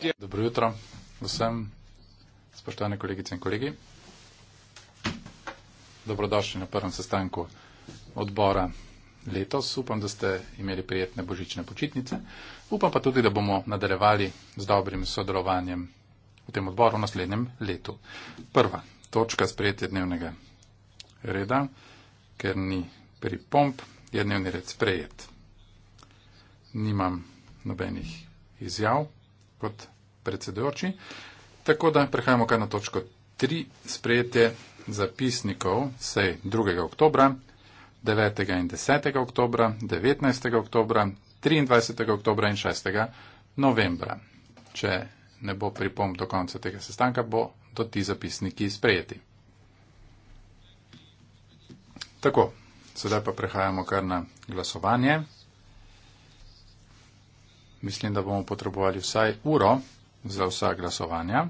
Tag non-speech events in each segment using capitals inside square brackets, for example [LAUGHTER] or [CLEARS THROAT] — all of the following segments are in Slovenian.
podjetje. Dobro jutro vsem, spoštovane kolegice in kolegi. Dobrodošli na prvem sestanku odbora letos. Upam, da ste imeli prijetne božične počitnice. Upam pa tudi, da bomo nadaljevali z dobrim sodelovanjem v tem odboru v naslednjem letu. Prva točka sprejetja dnevnega reda, ker ni pripomp, je dnevni red sprejet. Nimam nobenih izjav kot predsedujoči. Tako da prehajamo kar na točko 3, sprejetje zapisnikov sej 2. oktobra, 9. in 10. oktobra, 19. oktobra, 23. oktobra in 6. novembra. Če ne bo pripomb do konca tega sestanka, bo do ti zapisniki sprejeti. Tako, sedaj pa prehajamo kar na glasovanje. Mislim, da bomo potrebovali vsaj uro za vsa glasovanja.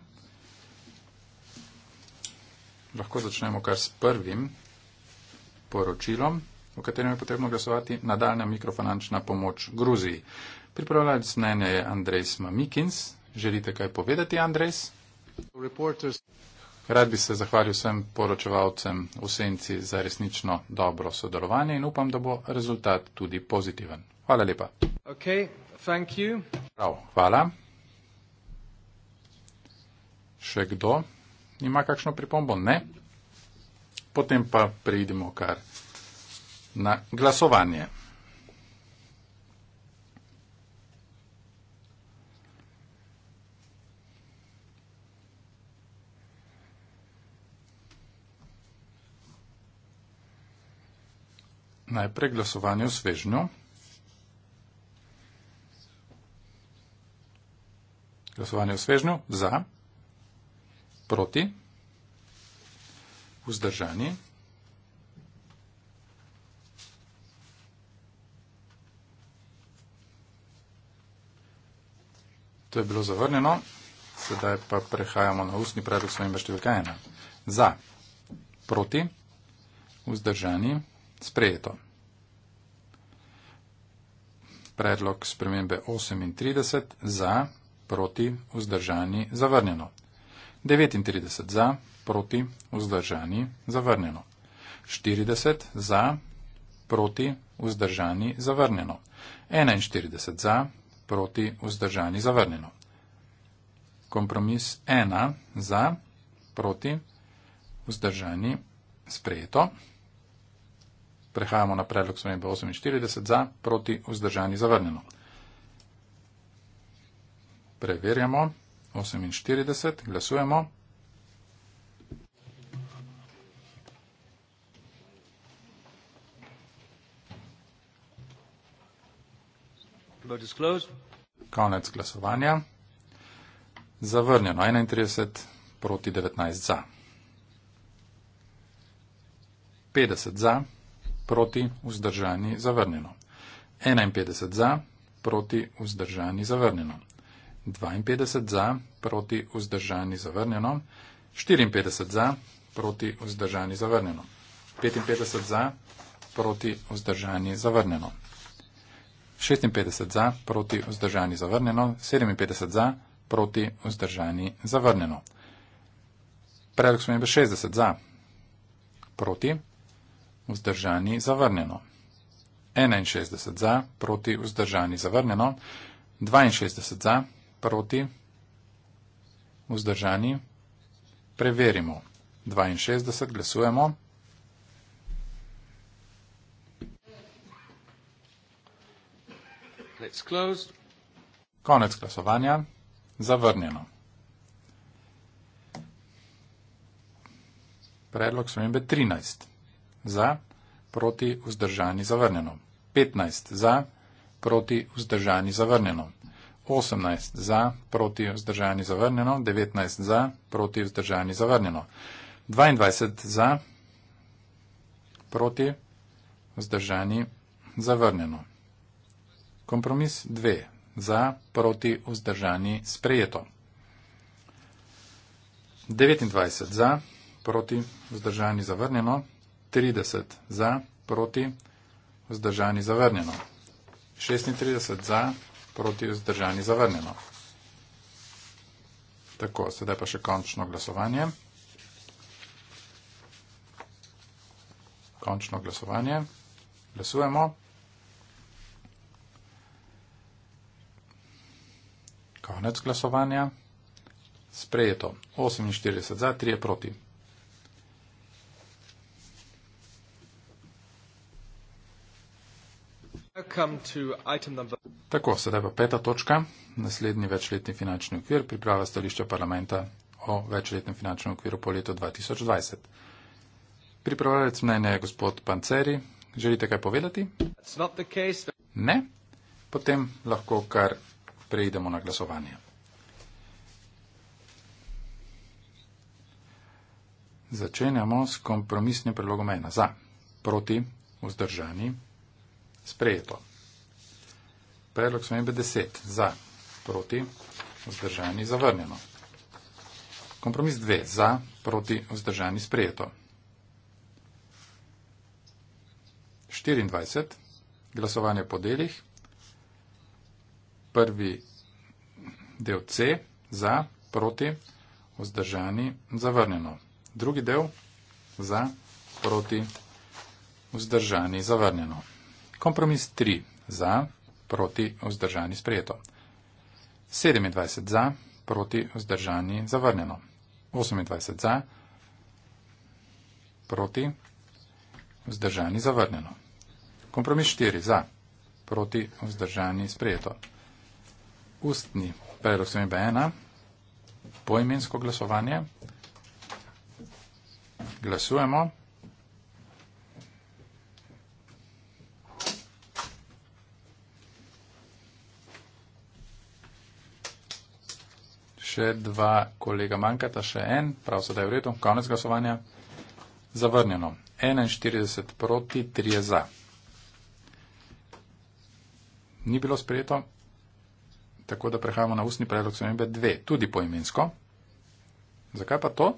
Lahko začnemo kar s prvim poročilom, o katerem je potrebno glasovati, nadaljna mikrofinančna pomoč Gruziji. Pripravljalec mnenja je Andrejs Mamikins. Želite kaj povedati, Andrejs? Rad bi se zahvalil vsem poročevalcem v senci za resnično dobro sodelovanje in upam, da bo rezultat tudi pozitiven. Hvala lepa. Okay. Thank you. Prav, hvala. Še kdo ima kakšno pripombo? Ne. Potem pa prejdemo kar na glasovanje. Najprej glasovanje o svežnju. Glasovanje v svežnju za, proti, vzdržani. To je bilo zavrnjeno. Sedaj pa prehajamo na ustni predlog svojega številka ena. Za, proti, vzdržani, sprejeto. Predlog spremembe 38 za, proti, vzdržani, zavrnjeno. 39 za, proti, vzdržani, zavrnjeno. 40 za, proti, vzdržani, zavrnjeno. 41 za, proti, vzdržani, zavrnjeno. Kompromis 1 za, proti, vzdržani, sprejeto. Prehajamo na predlog 48 za, proti, vzdržani, zavrnjeno. Preverjamo. 48. Glasujemo. Konec glasovanja. Zavrnjeno 31 proti 19 za. 50 za, proti vzdržani zavrnjeno. 51 za, proti vzdržani zavrnjeno. 52 za, proti vzdržani zavrnjeno, 54 za, proti vzdržani zavrnjeno, 55 za, proti vzdržani zavrnjeno, 56 za, proti vzdržani zavrnjeno, 57 za, proti vzdržani zavrnjeno. Predlog smo imeli 60 za, proti vzdržani zavrnjeno. 61 za, proti vzdržani zavrnjeno, 62 za, proti, vzdržani, preverimo. 62 glasujemo. Konec glasovanja. Zavrnjeno. Predlog spremembe 13. Za, proti, vzdržani, zavrnjeno. 15. Za, proti, vzdržani, zavrnjeno. 18 za, proti vzdržani zavrnjeno, 19 za, proti vzdržani zavrnjeno, 22 za, proti vzdržani zavrnjeno. Kompromis 2 za, proti vzdržani sprejeto. 29 za, proti vzdržani zavrnjeno, 30 za, proti vzdržani zavrnjeno, 36 za, proti vzdržani zavrnjeno. Tako, sedaj pa še končno glasovanje. Končno glasovanje. Glasujemo. Konec glasovanja. Sprejeto. 48 za, 3 proti. Tako, sedaj pa peta točka, naslednji večletni finančni okvir, priprava stališča parlamenta o večletnem finančnem okviru po letu 2020. Pripravljalec mnenja je gospod Panceri. Želite kaj povedati? Ne? Potem lahko kar preidemo na glasovanje. Začenjamo s kompromisnim predlogom 1. Za. Proti. Vzdržani sprejeto. Predlog smembe 10 za, proti, vzdržani, zavrnjeno. Kompromis 2 za, proti, vzdržani, sprejeto. 24. Glasovanje po delih. Prvi del C za, proti, vzdržani, zavrnjeno. Drugi del za, proti, vzdržani, zavrnjeno. Kompromis 3 za, proti, vzdržani, sprejeto. 27 za, proti, vzdržani, zavrnjeno. 28 za, proti, vzdržani, zavrnjeno. Kompromis 4 za, proti, vzdržani, sprejeto. Ustni predlog sprememba 1, poimensko glasovanje. Glasujemo. Še dva kolega manjkata, še en, prav sedaj v redu, konec glasovanja. Zavrnjeno. 41 proti 3 za. Ni bilo sprejeto, tako da prehajamo na ustni predlog spremembe 2, tudi poimensko. Zakaj pa to?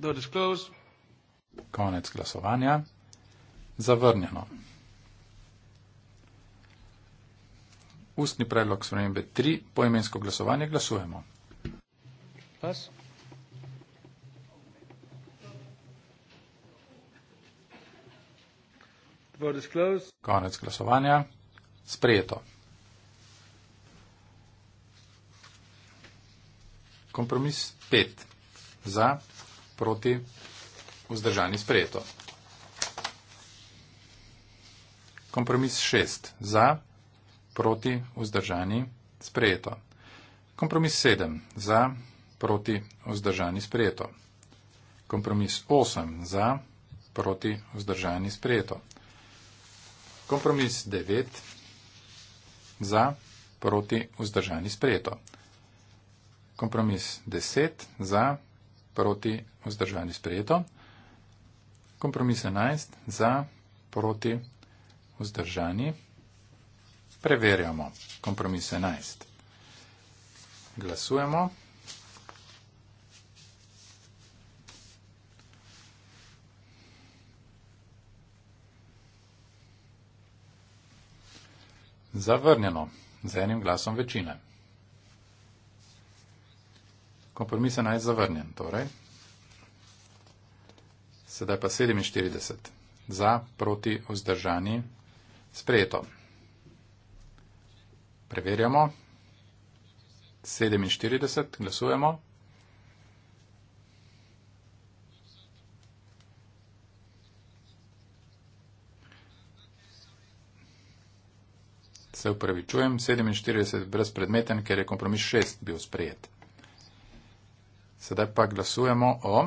Door disclose. Konec glasovanja. Zavrnjeno. Ustni predlog spremembe 3. Poimensko glasovanje glasujemo. Pas. Konec glasovanja. Sprejeto. Kompromis 5. Za, proti, vzdržani sprejeto. Kompromis 6. Za, proti, vzdržani sprejeto. Kompromis 7. Za, proti, vzdržani sprejeto. Kompromis 8. Za, proti, vzdržani sprejeto. Kompromis 9. Za, proti, vzdržani sprejeto. Kompromis 10. Za, proti, vzdržani sprejeto kompromis 11 za, proti, vzdržani. Preverjamo kompromis 11. Glasujemo. Zavrnjeno z enim glasom večine. Kompromis 11 zavrnjen, torej Sedaj pa 47. Za, proti, vzdržani. Sprejeto. Preverjamo. 47. Glasujemo. Se upravičujem. 47 brezpredmeten, ker je kompromis 6 bil sprejet. Sedaj pa glasujemo o.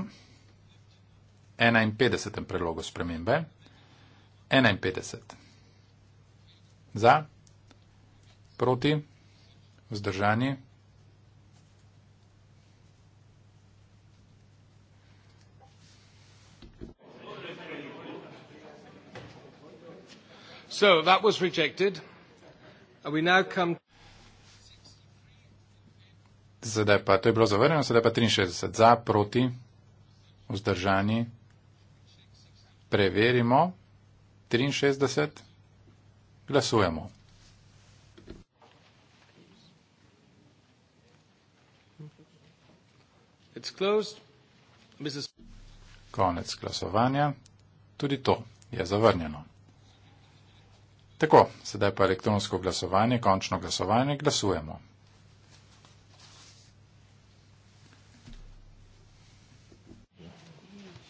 51. predlogu spremembe. 51. Za, proti, vzdržani. So, that was rejected. We now come... Zdaj pa, to je bilo zavrnjeno, sedaj pa 63 za, proti, vzdržani. Preverimo. 63. Glasujemo. Konec glasovanja. Tudi to je zavrnjeno. Tako, sedaj pa elektronsko glasovanje, končno glasovanje, glasujemo.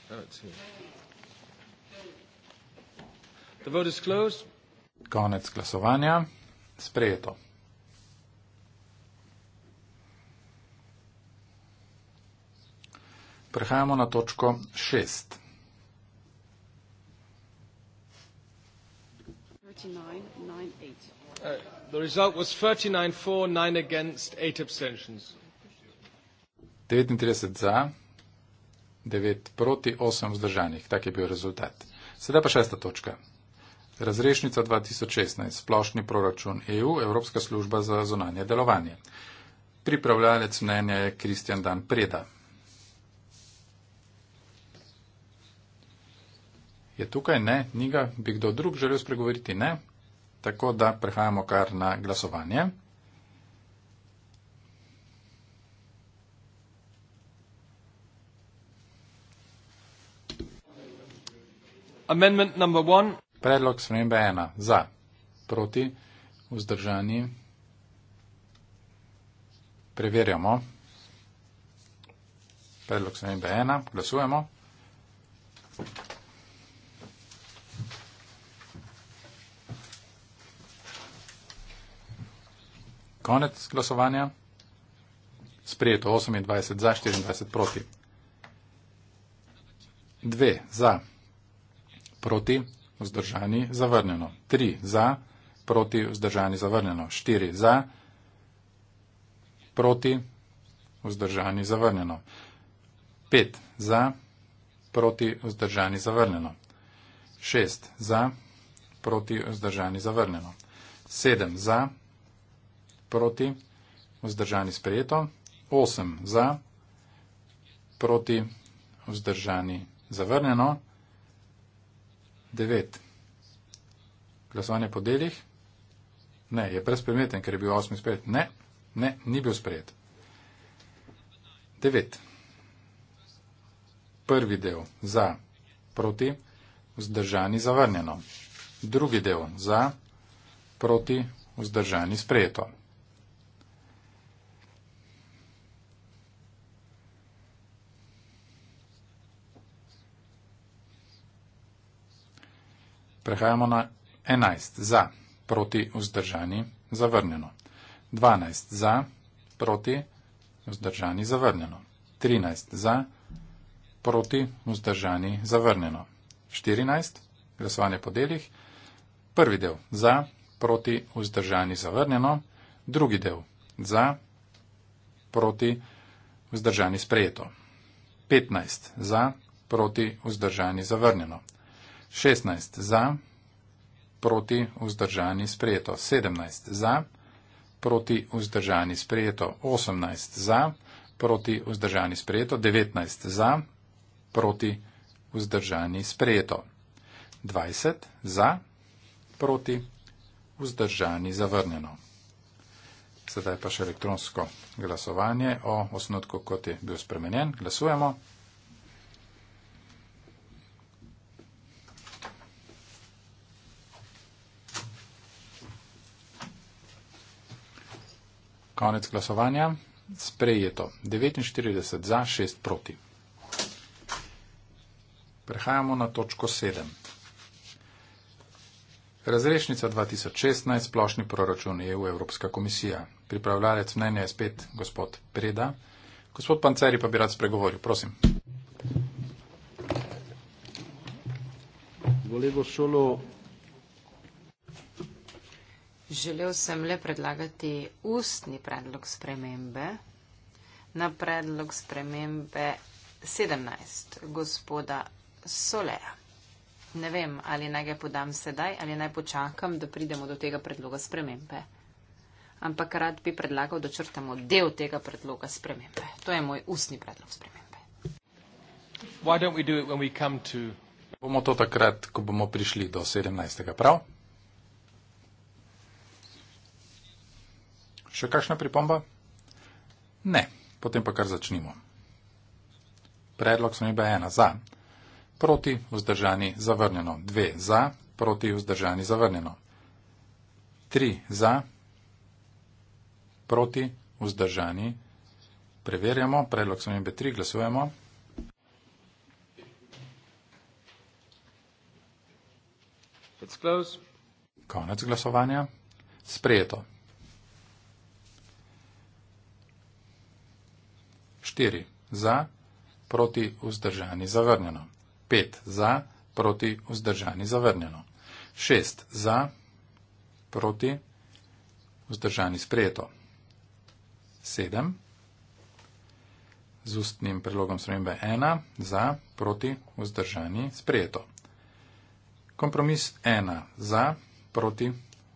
Let's oh, see. Konec glasovanja. Sprejeto. Prehajamo na točko šest. Uh, Devetintrideset za, devet proti, osem vzdržanih. Tak je bil rezultat. Sedaj pa šesta točka. Razrešnica 2016, splošni proračun EU, Evropska služba za zonanje delovanje. Pripravljalec mnenja je Kristjan Dan Preda. Je tukaj? Ne, ni ga. Bi kdo drug želel spregovoriti? Ne. Tako da prehajamo kar na glasovanje. Amendment number one. Predlog spremembe ena. Za. Proti. Vzdržani. Preverjamo. Predlog spremembe ena. Glasujemo. Konec glasovanja. Sprejeto 28 za, 24 proti. 2 za, proti, vzdržani, zavrnjeno. 3 za, proti, vzdržani, zavrnjeno. 4 za, proti, vzdržani, zavrnjeno. 5 za, proti, vzdržani, zavrnjeno. 6 za, proti, vzdržani, zavrnjeno. 7 za, proti, vzdržani, sprejeto. 8 za, proti, vzdržani, zavrnjeno. 9 za, proti, vzdržani, zavrnjeno. 9. Glasovanje po delih? Ne, je brezpremeten, ker je bil 8 sprejet. Ne, ne, ni bil sprejet. 9. Prvi del za, proti, vzdržani, zavrnjeno. Drugi del za, proti, vzdržani, sprejeto. Prehajamo na 11 za, proti vzdržani, zavrnjeno. 12 za, proti vzdržani, zavrnjeno. 13 za, proti vzdržani, zavrnjeno. 14, glasovanje po delih. Prvi del za, proti vzdržani, zavrnjeno. Drugi del za, proti vzdržani, sprejeto. 15 za, proti vzdržani, zavrnjeno. 16 za, proti vzdržani sprejeto. 17 za, proti vzdržani sprejeto. 18 za, proti vzdržani sprejeto. 19 za, proti vzdržani sprejeto. 20 za, proti vzdržani zavrnjeno. Sedaj pa še elektronsko glasovanje o osnotku, kot je bil spremenjen. Glasujemo. Konec glasovanja. Sprejeto. 49 za, 6 proti. Prehajamo na točko 7. Razrešnica 2016, splošni proračun EU, Evropska komisija. Pripravljalec mnenja je spet gospod Preda. Gospod Panceri pa bi rad spregovoril, prosim. Volevo šolo Želel sem le predlagati ustni predlog spremembe na predlog spremembe 17 gospoda Soleja. Ne vem, ali naj ga podam sedaj ali naj počakam, da pridemo do tega predloga spremembe. Ampak rad bi predlagal, da črtamo del tega predloga spremembe. To je moj ustni predlog spremembe. Bomo to takrat, ko bomo prišli do 17. prav? Še kakšna pripomba? Ne, potem pa kar začnimo. Predlog smembe ena za, proti vzdržani zavrnjeno, dve za, proti vzdržani zavrnjeno, tri za, proti vzdržani. Preverjamo, predlog smembe tri, glasujemo. Konec glasovanja. Sprejeto. 4. Za, proti, vzdržani, zavrnjeno. 5. Za, proti, vzdržani, zavrnjeno. 6. Za, proti, vzdržani, sprejeto. 7. Z ustnim prilogom spremembe 1. Za, proti, vzdržani, sprejeto. Kompromis 1. Za, proti,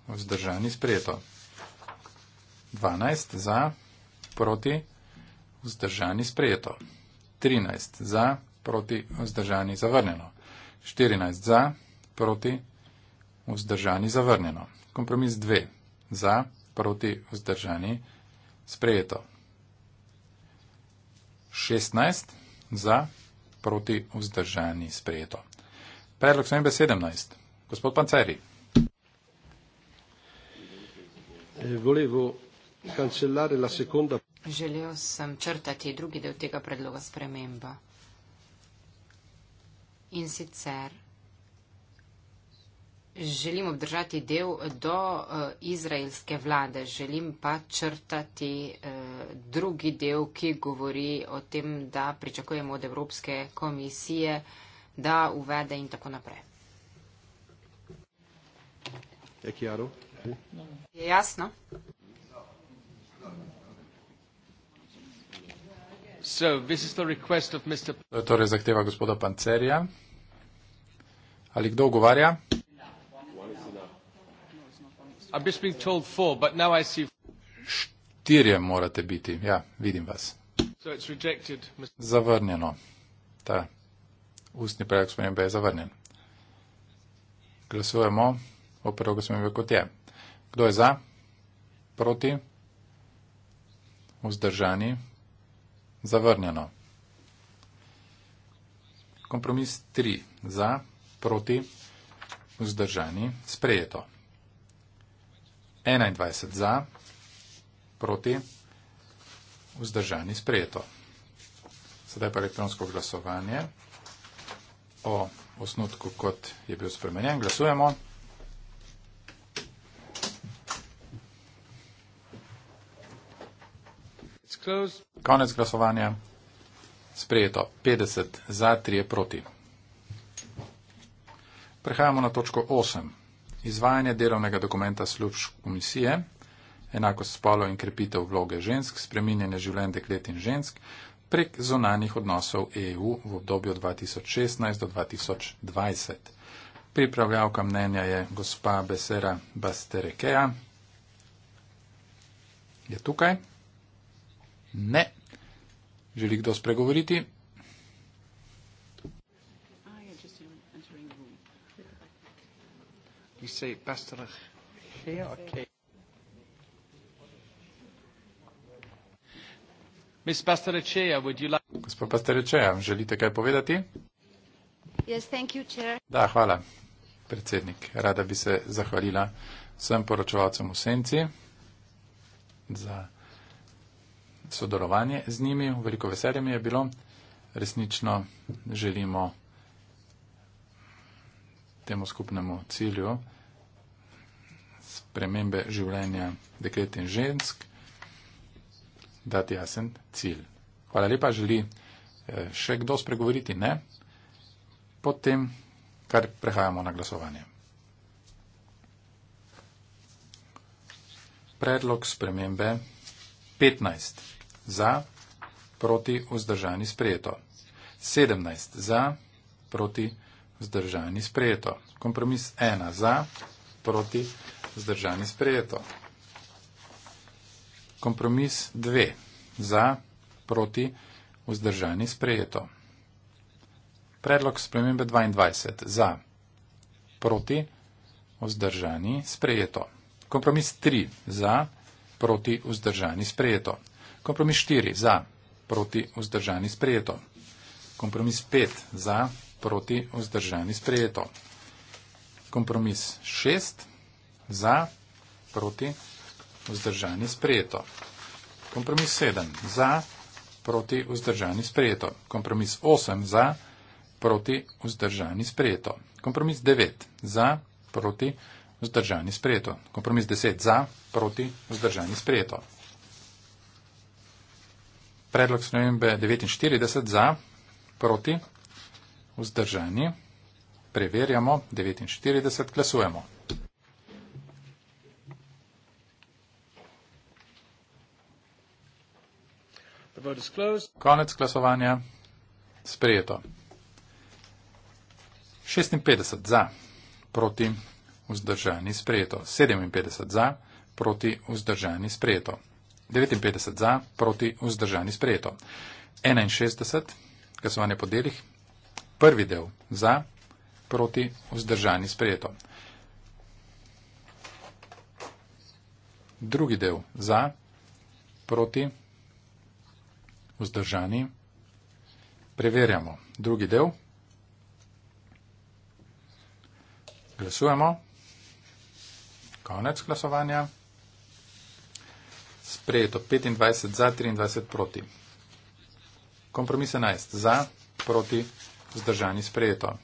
vzdržani, sprejeto. 12. Za, proti, vzdržani, sprejeto vzdržani sprejeto. 13 za, proti vzdržani zavrnjeno. 14 za, proti vzdržani zavrnjeno. Kompromis 2 za, proti vzdržani sprejeto. 16 za, proti vzdržani sprejeto. Predlog sem 17. Gospod Panceri. Eh, volevo Želel sem črtati drugi del tega predloga sprememba. In sicer želim obdržati del do uh, izraelske vlade, želim pa črtati uh, drugi del, ki govori o tem, da pričakujemo od Evropske komisije, da uvede in tako naprej. Je jasno? So, this is the request of Mr. To je torej zahteva gospoda Pancerija. Ali kdo ogovarja? Štirje morate biti, ja, vidim vas. So it's rejected, Mr. Zavrnjeno. Ta ustni predlog spremembe je zavrnjen. Glasujemo o predlogu spremembe kot je. Kdo je za? Proti? Vzdržani? zavrnjeno. Kompromis 3. Za, proti, vzdržani, sprejeto. 21. Za, proti, vzdržani, sprejeto. Sedaj pa elektronsko glasovanje o osnutku, kot je bil spremenjen. Glasujemo. Konec glasovanja. Sprejeto. 50 za, 3 proti. Prehajamo na točko 8. Izvajanje delovnega dokumenta služb komisije, enakost spolo in krepitev vloge žensk, spreminjanje življenj deklet in žensk prek zonanih odnosov EU v obdobju 2016 do 2020. Pripravljavka mnenja je gospa Besera Basterekeja. Je tukaj? Ne. Želi kdo spregovoriti? Gospod Pastorečeja, želite kaj povedati? Yes, you, da, hvala, predsednik. Rada bi se zahvalila vsem poročevalcem v Senci za sodelovanje z njimi. Veliko veselje mi je bilo. Resnično želimo temu skupnemu cilju spremembe življenja deklet in žensk dati jasen cilj. Hvala lepa, želi eh, še kdo spregovoriti? Ne. Potem, kar prehajamo na glasovanje. Predlog spremembe 15 za, proti, vzdržani, sprejeto. 17 za, proti, vzdržani, sprejeto. Kompromis 1 za, proti, vzdržani, sprejeto. Kompromis 2 za, proti, vzdržani, sprejeto. Predlog spremembe 22 za, proti, vzdržani, sprejeto. Kompromis 3 za, proti, vzdržani, sprejeto. Kompromis 4 za, proti vzdržani sprejeto. Kompromis 5 za, proti vzdržani sprejeto. Kompromis 6 za, proti vzdržani sprejeto. Kompromis 7 za, proti vzdržani sprejeto. Kompromis 8 za, proti vzdržani sprejeto. Kompromis 9 za, proti vzdržani sprejeto. Kompromis 10 za, proti vzdržani sprejeto predlog spremembe 49 za, proti, vzdržani. Preverjamo 49, glasujemo. Konec glasovanja. Sprejeto. 56 za, proti, vzdržani. Sprejeto. 57 za, proti, vzdržani. Sprejeto. 59 za, proti vzdržani sprejeto. 61, glasovanje po delih. Prvi del za, proti vzdržani sprejeto. Drugi del za, proti vzdržani. Preverjamo drugi del. Glasujemo. Konec glasovanja sprejeto 25 za, 23 proti. Kompromis 11 za, proti, zdržani sprejeto.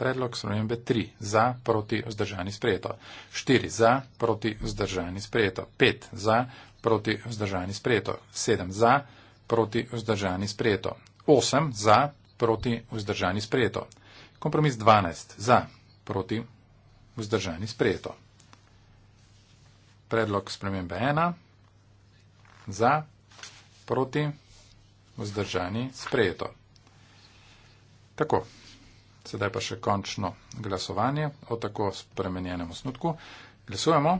Predlog spremembe 3 za, proti, zdržani sprejeto. 4 za, proti, zdržani sprejeto. 5 za, proti, zdržani sprejeto. 7 za, proti, zdržani sprejeto. 8 za, proti, zdržani sprejeto. Kompromis 12 za, proti, zdržani sprejeto predlog spremembe 1, za, proti, vzdržani, sprejeto. Tako, sedaj pa še končno glasovanje o tako spremenjenem osnutku. Glasujemo.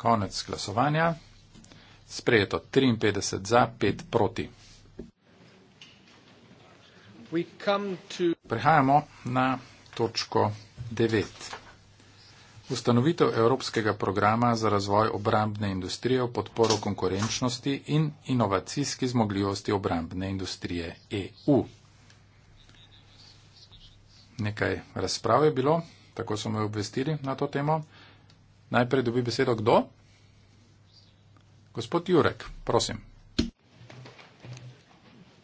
Konec glasovanja. Sprejeto 53 za, 5 proti. Prihajamo na točko 9. Ustanovitev Evropskega programa za razvoj obrambne industrije v podporo konkurenčnosti in inovacijski zmogljivosti obrambne industrije EU. Nekaj razprav je bilo, tako so me obvestili na to temo. Najprej dobi besedo kdo? Gospod Jurek, prosim.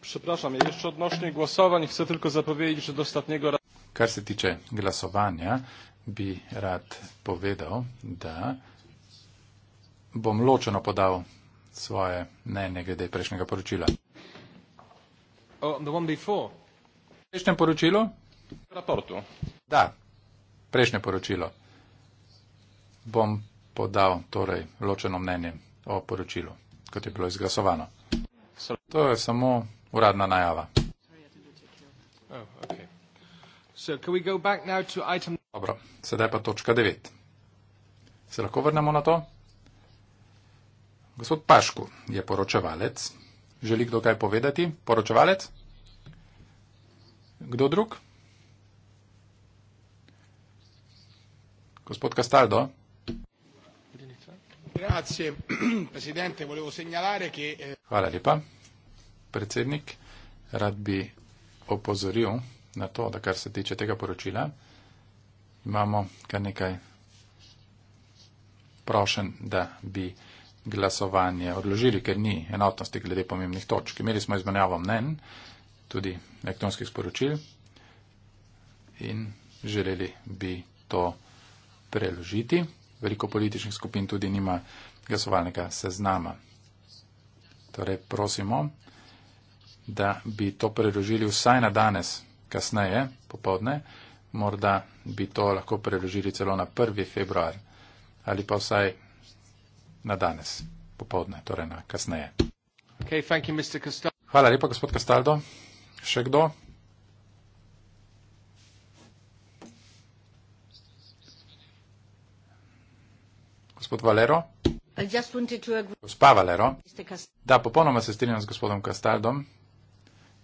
Przepraszam, ja jeszcze odnośnie głosowań chcę tylko zapowiedzieć, że do ostatniego Kar se tiče glasovanja, bi rad povedal, da bom ločeno podal svoje mnenje glede prejšnjega poročila. Oh, Prejšnjem poročilu? Raportu. Da, prejšnje poročilo. Bom podal torej ločeno mnenje o poročilu, kot je bilo izglasovano. To je samo uradna najava. Oh, okay. So can we go back now to item... Dobro, sedaj pa točka 9. Se lahko vrnemo na to? Gospod Pašku je poročevalec. Želi kdo kaj povedati? Poročevalec? Kdo drug? Gospod Castaldo? Eh, Hvala lepa, predsednik. Rad bi opozoril, na to, da kar se tiče tega poročila, imamo kar nekaj prošen, da bi glasovanje odložili, ker ni enotnosti glede pomembnih točk. Imeli smo izmenjavo mnen, tudi elektronskih sporočil in želeli bi to preložiti. Veliko političnih skupin tudi nima glasovalnega seznama. Torej prosimo, da bi to preložili vsaj na danes kasneje, popovdne, morda bi to lahko preložili celo na 1. februar ali pa vsaj na danes, popovdne, torej na kasneje. Okay, you, Hvala lepa, gospod Castaldo. Še kdo? Gospod Valero? Gospa Valero? Da, popolnoma se strinjam z gospodom Castaldom.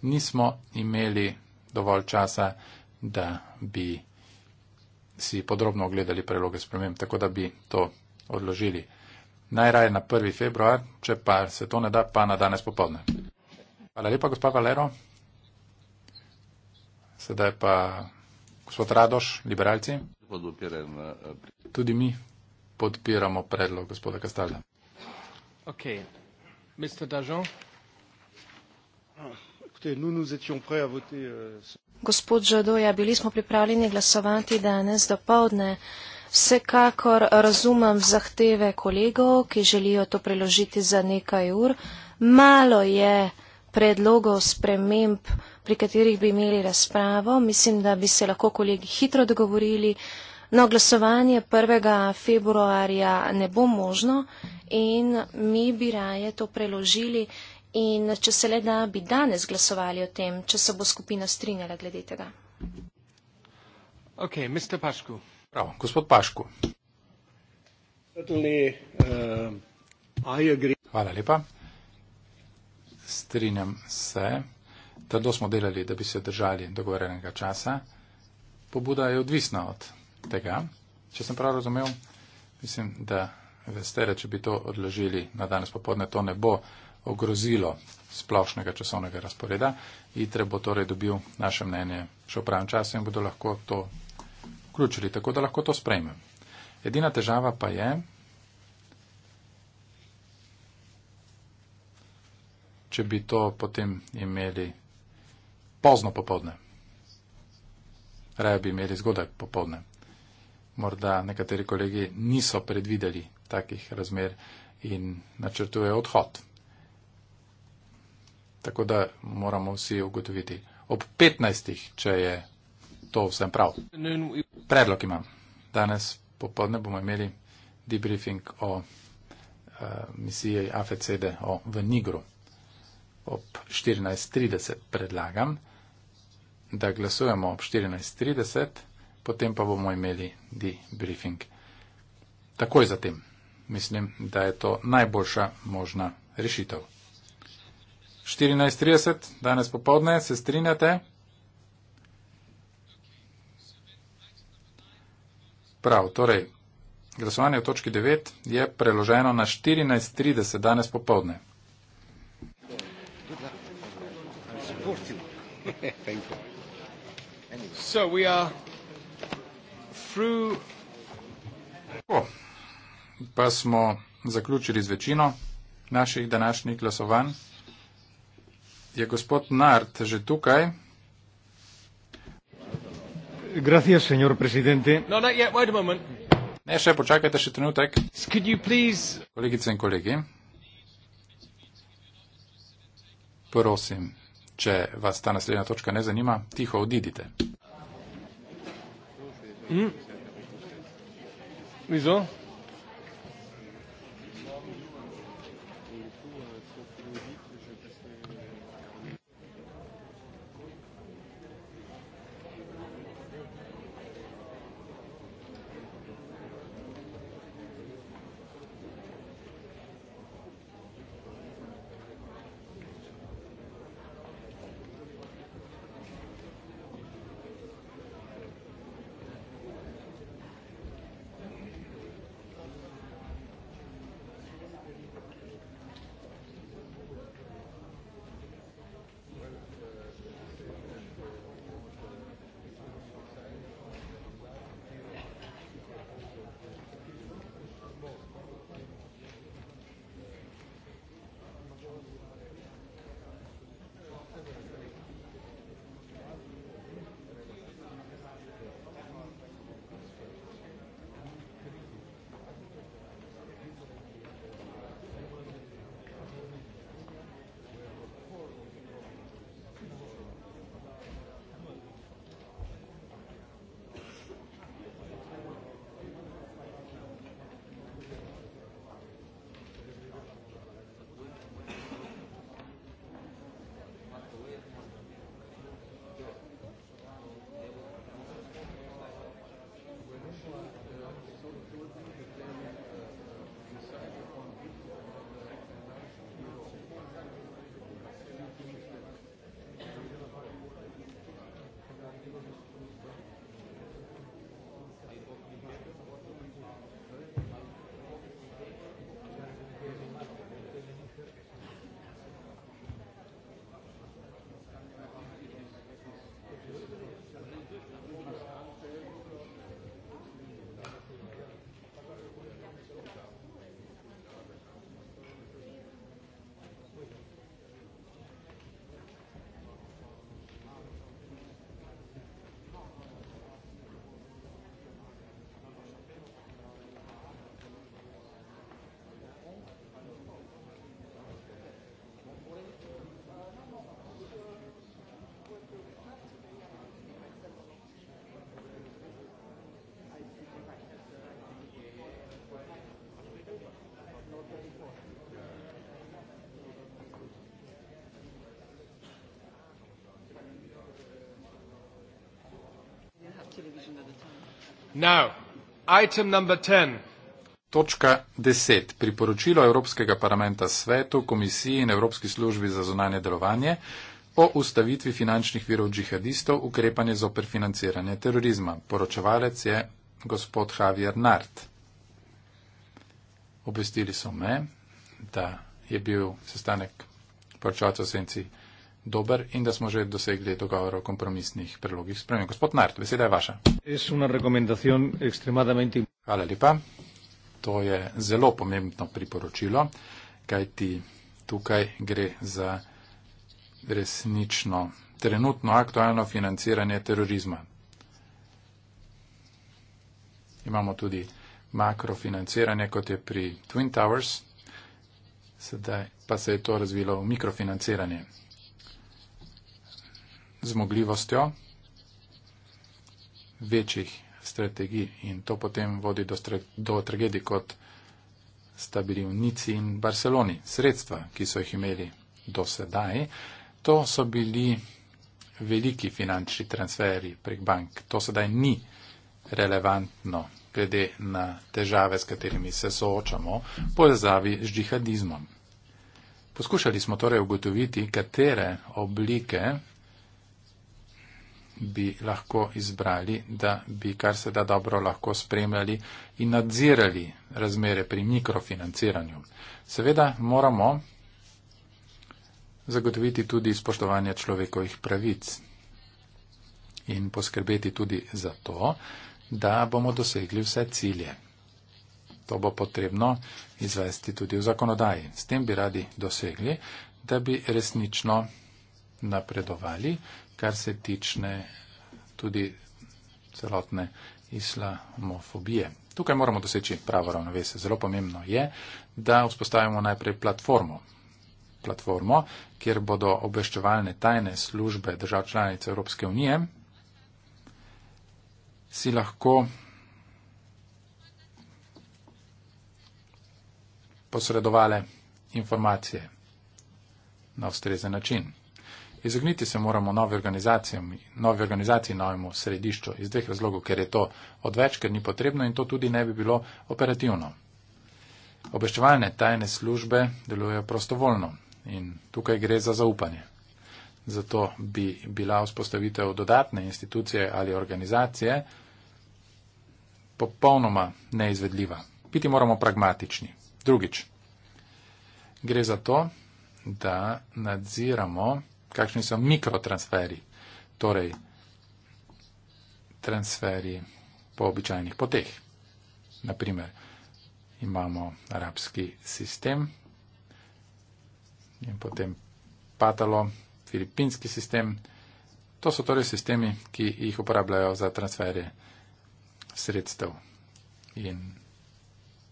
Nismo imeli dovolj časa, da bi si podrobno ogledali preloge sprememb, tako da bi to odložili. Najraje na 1. februar, če pa se to ne da, pa na danes popovdne. Hvala lepa, gospod Valero. Sedaj pa gospod Radoš, liberalci. Tudi mi podpiramo predlog gospoda Kastalda. Okay. Mr. Dajon. Oh. Ah. Euh, Gospod Žadoja, bili smo pripravljeni glasovati danes do povdne. Vsekakor razumem zahteve kolegov, ki želijo to preložiti za nekaj ur. Malo je predlogov sprememb, pri katerih bi imeli razpravo. Mislim, da bi se lahko kolegi hitro dogovorili. No, glasovanje 1. februarja ne bo možno in mi bi raje to preložili in če se le da bi danes glasovali o tem, če se bo skupina strinjala glede tega. Ok, Mr. Pašku. Prav, gospod Pašku. Eh, Hvala lepa. Strinjam se, da smo delali, da bi se držali dogovorenega časa. Pobuda je odvisna od tega. Če sem prav razumel, mislim, da veste, da če bi to odložili na danes popodne, to ne bo ogrozilo splošnega časovnega razporeda. ITRE bo torej dobil naše mnenje še v pravem času in bodo lahko to vključili, tako da lahko to sprejme. Edina težava pa je, če bi to potem imeli pozno popovdne. Raje bi imeli zgodaj popovdne. Morda nekateri kolegi niso predvideli takih razmer in načrtujejo odhod. Tako da moramo vsi ugotoviti. Ob 15. če je to vsem prav. Predlog imam. Danes popodne bomo imeli debriefing o uh, misiji AFCD o, v Nigru. Ob 14.30 predlagam, da glasujemo ob 14.30, potem pa bomo imeli debriefing. Takoj zatem mislim, da je to najboljša možna rešitev. 14.30, danes popovdne, se strinjate? Prav, torej, glasovanje v točki 9 je preloženo na 14.30, danes popovdne. Tako, pa smo zaključili z večino naših današnjih glasovanj. Je gospod Nart že tukaj? Gracias, señor presidente. No, not yet. Wait a moment. Ne, še počakajte še trenutek. Could you please... Kolegice in kolegi, prosim, če vas ta naslednja točka ne zanima, tiho odidite. Mm. Vizo? television at the time. Now, item number 10. Točka 10. Priporočilo Evropskega parlamenta svetu, komisiji in Evropski službi za zunanje delovanje o ustavitvi finančnih virov džihadistov, ukrepanje za operfinanciranje terorizma. Poročevalec je gospod Javier Nart. Obvestili so me, da je bil sestanek poročevalcev senci dober in da smo že dosegli dogovor o kompromisnih prelogih. Spremem, gospod Nart, beseda je vaša. Hvala lepa. To je zelo pomembno priporočilo, kaj ti tukaj gre za resnično trenutno aktualno financiranje terorizma. Imamo tudi makrofinanciranje, kot je pri Twin Towers, sedaj pa se je to razvilo v mikrofinanciranje zmogljivostjo večjih strategij in to potem vodi do, do tragedij, kot sta bili v Nici in Barceloni. Sredstva, ki so jih imeli do sedaj, to so bili veliki finančni transferi prek bank. To sedaj ni relevantno glede na težave, s katerimi se soočamo, povezavi z džihadizmom. Poskušali smo torej ugotoviti, katere oblike bi lahko izbrali, da bi kar se da dobro lahko spremljali in nadzirali razmere pri mikrofinanciranju. Seveda moramo zagotoviti tudi spoštovanje človekovih pravic in poskrbeti tudi za to, da bomo dosegli vse cilje. To bo potrebno izvesti tudi v zakonodaji. S tem bi radi dosegli, da bi resnično napredovali kar se tiče tudi celotne islamofobije. Tukaj moramo doseči pravo ravnovesje. Zelo pomembno je, da vzpostavimo najprej platformo. platformo, kjer bodo obveščevalne tajne službe držav članic Evropske unije si lahko posredovale informacije na ustrezen način. Izogniti se moramo novi organizaciji, novi organizaciji, novemu središču iz dveh razlogov, ker je to odveč, ker ni potrebno in to tudi ne bi bilo operativno. Obeščevalne tajne službe delujejo prostovoljno in tukaj gre za zaupanje. Zato bi bila vzpostavitev dodatne institucije ali organizacije popolnoma neizvedljiva. Biti moramo pragmatični. Drugič, gre za to, da nadziramo kakšni so mikrotransferi, torej transferi po običajnih poteh. Naprimer, imamo arabski sistem in potem patalo, filipinski sistem. To so torej sistemi, ki jih uporabljajo za transferje sredstev in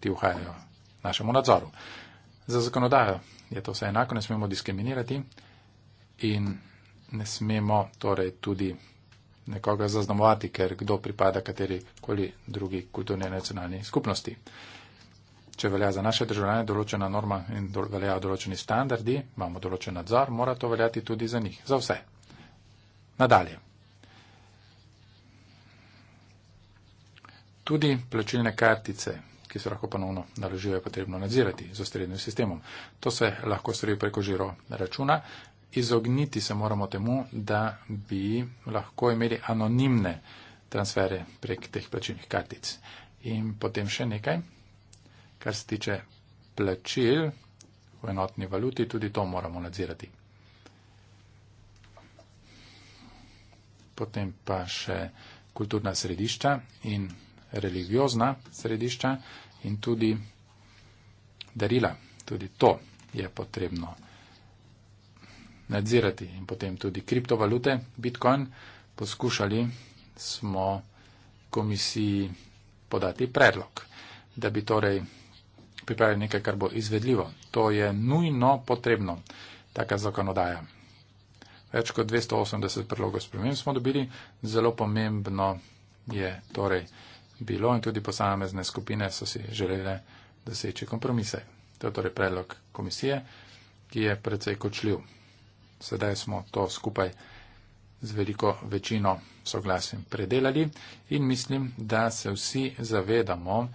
ti vhajajo našemu nadzoru. Za zakonodajo je to vse enako, ne smemo diskriminirati in ne smemo torej tudi nekoga zaznamovati, ker kdo pripada kateri koli drugi kulturni nacionalni skupnosti. Če velja za naše državljane določena norma in do, veljajo določeni standardi, imamo določen nadzor, mora to veljati tudi za njih, za vse. Nadalje. Tudi plačilne kartice, ki se lahko ponovno naložijo, je potrebno nadzirati z ustrednim sistemom. To se lahko stori preko žiro računa, izogniti se moramo temu, da bi lahko imeli anonimne transfere prek teh plačilnih kartic. In potem še nekaj, kar se tiče plačil v enotni valuti, tudi to moramo nadzirati. Potem pa še kulturna središča in religiozna središča in tudi darila. Tudi to je potrebno nadzirati in potem tudi kriptovalute, bitcoin, poskušali smo komisiji podati predlog, da bi torej pripravili nekaj, kar bo izvedljivo. To je nujno potrebno, taka zakonodaja. Več kot 280 predlogov sprememb smo dobili, zelo pomembno je torej bilo in tudi posamezne skupine so si želele doseči kompromise. To je torej predlog komisije, ki je precej kočljiv sedaj smo to skupaj z veliko večino soglasjem predelali in mislim, da se vsi zavedamo,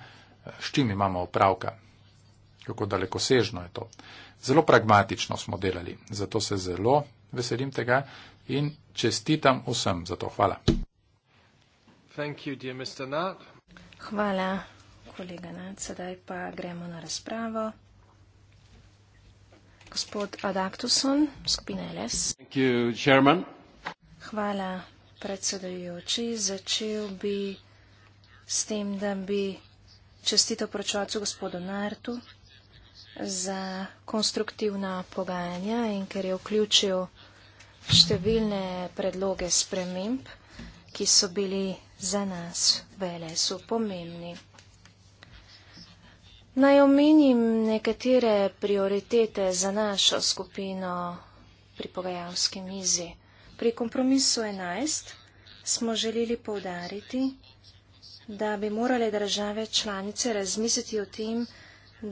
s čim imamo opravka, kako dalekosežno je to. Zelo pragmatično smo delali, zato se zelo veselim tega in čestitam vsem za to. Hvala. You, Hvala, kolega Nat. Sedaj pa gremo na razpravo. Gospod Adaktuson, skupina LS. Hvala, predsedajoči. Začel bi s tem, da bi čestitev pročovacu gospodu Nartu za konstruktivna pogajanja in ker je vključil številne predloge sprememb, ki so bili za nas v LS-u pomembni. Naj omenim nekatere prioritete za našo skupino pri pogajalski mizi. Pri kompromisu 11 smo želeli povdariti, da bi morale države članice razmisliti o tem,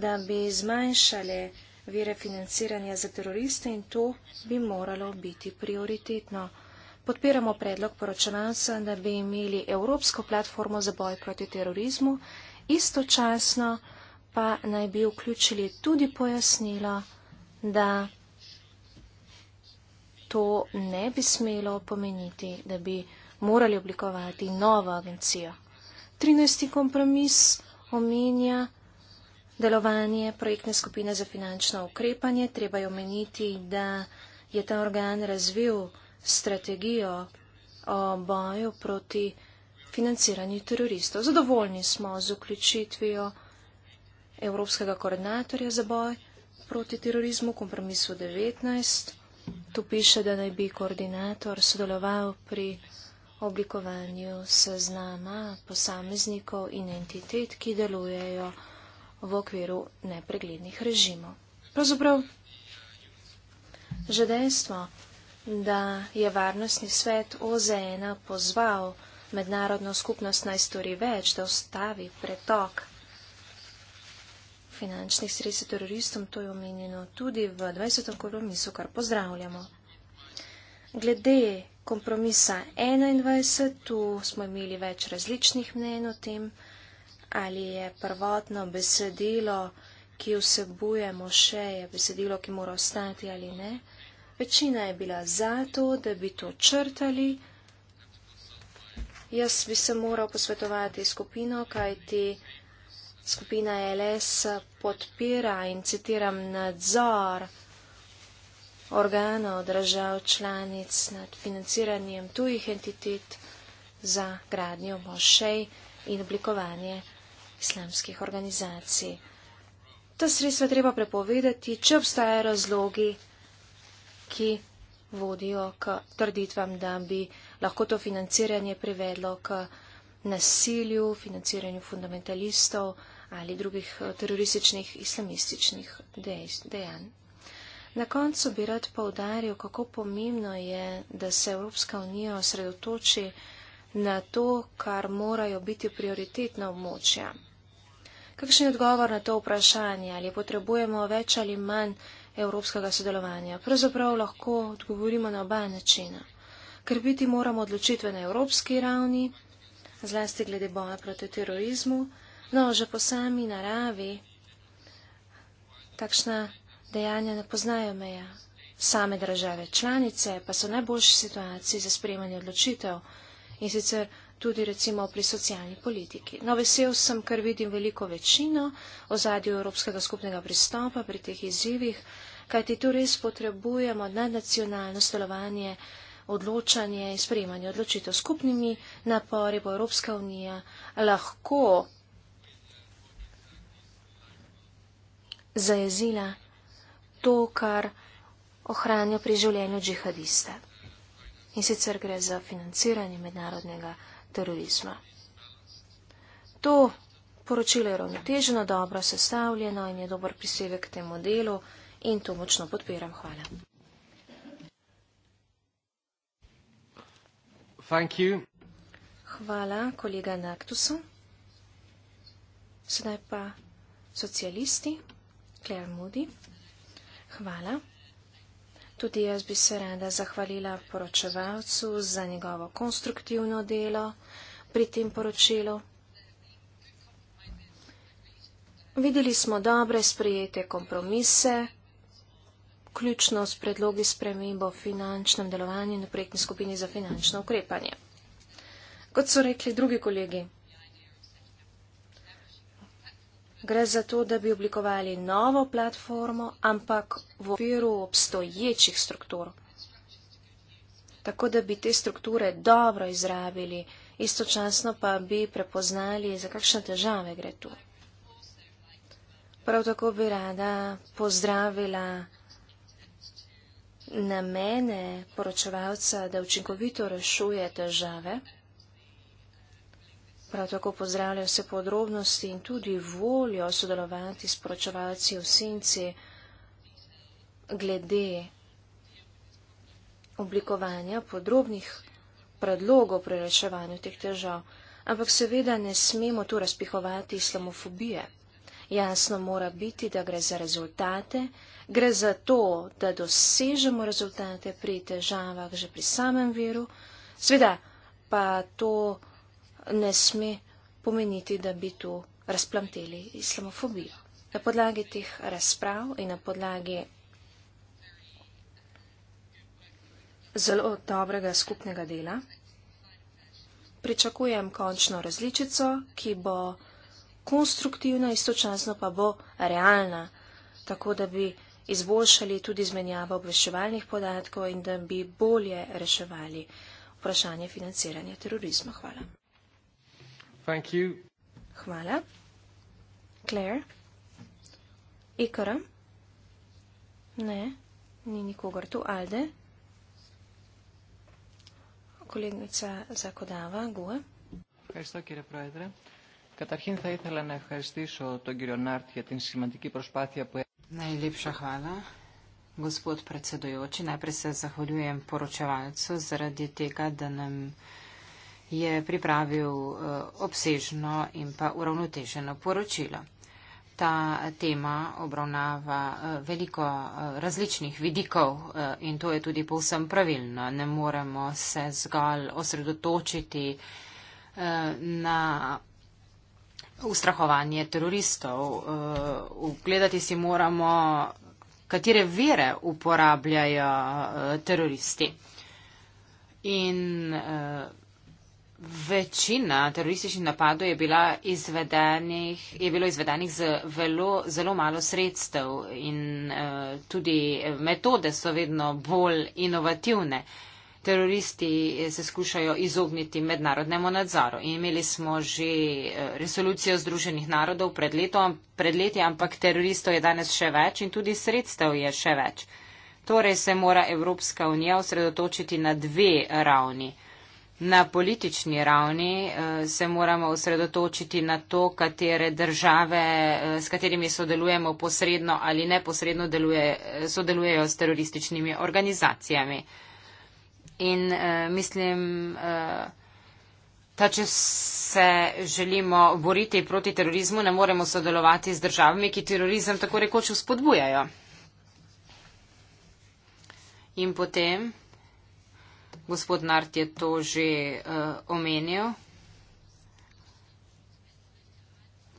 da bi zmanjšale vire financiranja za teroriste in to bi moralo biti prioritetno. Podpiramo predlog poročevalca, da bi imeli Evropsko platformo za boj proti terorizmu istočasno, pa naj bi vključili tudi pojasnilo, da to ne bi smelo pomeniti, da bi morali oblikovati novo agencijo. 13. kompromis omenja delovanje projektne skupine za finančno ukrepanje. Treba je omeniti, da je ta organ razvil strategijo o boju proti financiranju teroristov. Zadovoljni smo z vključitvijo. Evropskega koordinatorja za boj proti terorizmu, kompromisu 19. Tu piše, da naj bi koordinator sodeloval pri oblikovanju seznama posameznikov in entitet, ki delujejo v okviru nepreglednih režimov. Pravzaprav, že dejstvo, da je Varnostni svet OZN pozval mednarodno skupnost naj stori več, da ustavi pretok finančnih sredstev teroristom, to je omenjeno tudi v 20. kompromisu, kar pozdravljamo. Glede kompromisa 21, tu smo imeli več različnih mnen o tem, ali je prvotno besedilo, ki vsebujemo še, je besedilo, ki mora ostati ali ne. Večina je bila za to, da bi to črtali. Jaz bi se moral posvetovati skupino, kajti Skupina LS podpira in citiram nadzor organov držav članic nad financiranjem tujih entitet za gradnjo mošej in oblikovanje islamskih organizacij. Ta sredstva treba prepovedati, če obstajajo razlogi, ki vodijo k trditvam, da bi lahko to financiranje privedlo k nasilju, financiranju fundamentalistov, ali drugih eh, terorističnih islamističnih dejanj. Na koncu bi rad poudaril, kako pomembno je, da se Evropska unija osredotoči na to, kar morajo biti prioritetna območja. Kakšen je odgovor na to vprašanje, ali potrebujemo več ali manj evropskega sodelovanja? Pravzaprav lahko odgovorimo na oba načina. Ker biti moramo odločitve na evropski ravni, zlasti glede boja proti terorizmu, No, že po sami naravi takšna dejanja ne poznajo meja. Same države članice pa so v najboljši situaciji za sprejemanje odločitev in sicer tudi recimo pri socialni politiki. No, vesel sem, ker vidim veliko večino o zadju Evropskega skupnega pristopa pri teh izzivih, kajti tu res potrebujemo nadnacionalno stelovanje, odločanje in sprejemanje odločitev. Skupnimi napori bo Evropska unija lahko zajezila to, kar ohranijo pri življenju džihadiste. In sicer gre za financiranje mednarodnega terorizma. To poročilo je ravnoteženo, dobro sestavljeno in je dober prisevek k temu delu in to močno podpiram. Hvala. Thank you. Hvala, kolega Naktusu. Sedaj pa socialisti. Claire Moody. Hvala. Tudi jaz bi se rada zahvalila poročevalcu za njegovo konstruktivno delo pri tem poročilu. Videli smo dobre sprejete kompromise, ključno s predlogi spremembo finančnem delovanju na projektni skupini za finančno ukrepanje. Kot so rekli drugi kolegi, Gre za to, da bi oblikovali novo platformo, ampak v okviru obstoječih struktur. Tako da bi te strukture dobro izrabili, istočasno pa bi prepoznali, za kakšne težave gre tu. Prav tako bi rada pozdravila namene poročevalca, da učinkovito rešuje težave. Prav tako pozdravljam vse podrobnosti in tudi voljo sodelovati s poročevalci v senci glede oblikovanja podrobnih predlogov pri reševanju teh težav. Ampak seveda ne smemo tu razpihovati islamofobije. Jasno mora biti, da gre za rezultate, gre za to, da dosežemo rezultate pri težavah že pri samem viru. Sveda pa to ne sme pomeniti, da bi tu razplamteli islamofobijo. Na podlagi teh razprav in na podlagi zelo dobrega skupnega dela pričakujem končno različico, ki bo konstruktivna, istočasno pa bo realna, tako da bi izboljšali tudi izmenjavo obveščevalnih podatkov in da bi bolje reševali vprašanje financiranja terorizma. Hvala. Thank you. Hvala. Claire? Ikara? Ne, ni nikogar tu. Alde? Kolegnica Zakodava, Gua? Ευχαριστώ κύριε Πρόεδρε. Καταρχήν θα ήθελα να ευχαριστήσω τον κύριο Νάρτ για την σημαντική προσπάθεια που έκανε. Gospod predsedujoči, najprej se zahvaljujem poročevalcu zaradi tega, da nam je pripravil eh, obsežno in pa uravnoteženo poročilo. Ta tema obravnava eh, veliko eh, različnih vidikov in to je tudi povsem pravilno. Ne moremo se zgolj osredotočiti na ustrahovanje teroristov. Ugledati si moramo, katere vere uporabljajo teroristi. In Večina terorističnih napadov je, bila izvedenih, je bilo izvedenih z velo, zelo malo sredstev in uh, tudi metode so vedno bolj inovativne. Teroristi eh, se skušajo izogniti mednarodnemu nadzoru. Imeli smo že eh, resolucijo Združenih narodov pred, leto, pred leti, ampak teroristov je danes še več in tudi sredstev je še več. Torej se mora Evropska unija osredotočiti na dve ravni. Na politični ravni eh, se moramo osredotočiti na to, katere države, eh, s katerimi sodelujemo posredno ali neposredno deluje, eh, sodelujejo s terorističnimi organizacijami. In mislim, da če se želimo boriti proti terorizmu, ne moremo sodelovati z državami, ki terorizem tako rekoč spodbujajo. In potem. Gospod Nart je to že uh, omenil.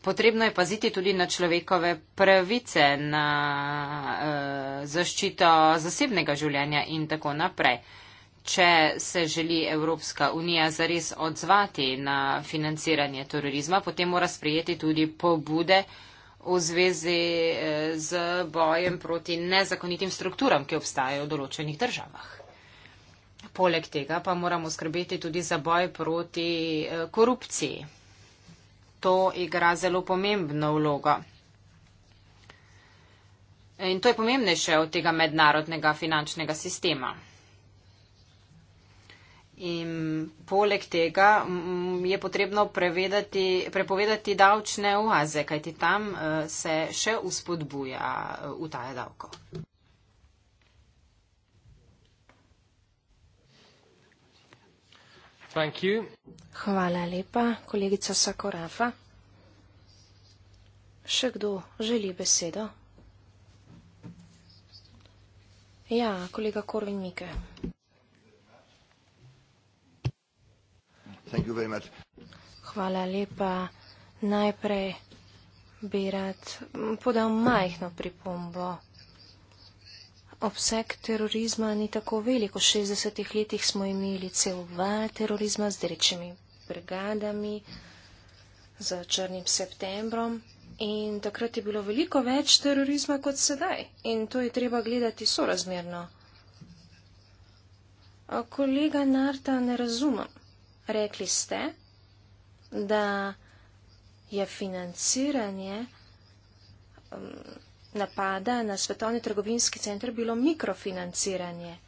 Potrebno je paziti tudi na človekove pravice, na uh, zaščito zasebnega življenja in tako naprej. Če se želi Evropska unija zares odzvati na financiranje terorizma, potem mora sprejeti tudi pobude v zvezi eh, z bojem proti nezakonitim strukturam, ki obstajajo v določenih državah. Poleg tega pa moramo skrbeti tudi za boj proti eh, korupciji. To igra zelo pomembno vlogo. In to je pomembnejše od tega mednarodnega finančnega sistema. In poleg tega je potrebno prepovedati davčne oaze, kajti tam eh, se še uspodbuja eh, utaja davko. Thank you. Hvala lepa, kolegica Sakorafa. Še kdo želi besedo? Ja, kolega Korvin Mike. Thank you very much. Hvala lepa. Najprej bi rad podal majhno pripombo obseg terorizma ni tako velik. V 60-ih letih smo imeli cel val terorizma z rečimi brigadami za črnim septembrom in takrat je bilo veliko več terorizma kot sedaj in to je treba gledati sorazmerno. A kolega Narta, ne razumem. Rekli ste, da je financiranje um, napada na svetovni trgovinski center bilo mikrofinanciranje.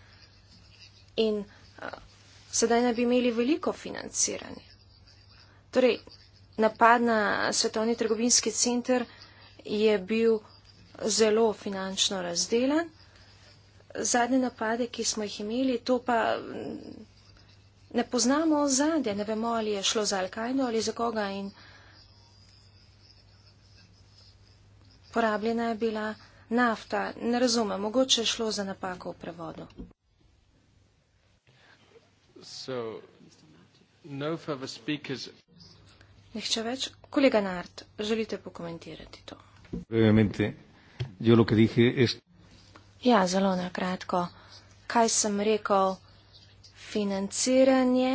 In uh, sedaj ne bi imeli veliko financiranje. Torej, napad na svetovni trgovinski center je bil zelo finančno razdelan. Zadnje napade, ki smo jih imeli, to pa mm, ne poznamo ozadje, ne vemo, ali je šlo za Al-Kaido ali za koga. In, uh, Porabljena je bila nafta, ne razumem, mogoče je šlo za napako v prevodu. So, no Nihče več? Kolega Nart, želite pokomentirati to? Ja, zelo na kratko. Kaj sem rekel? Financiranje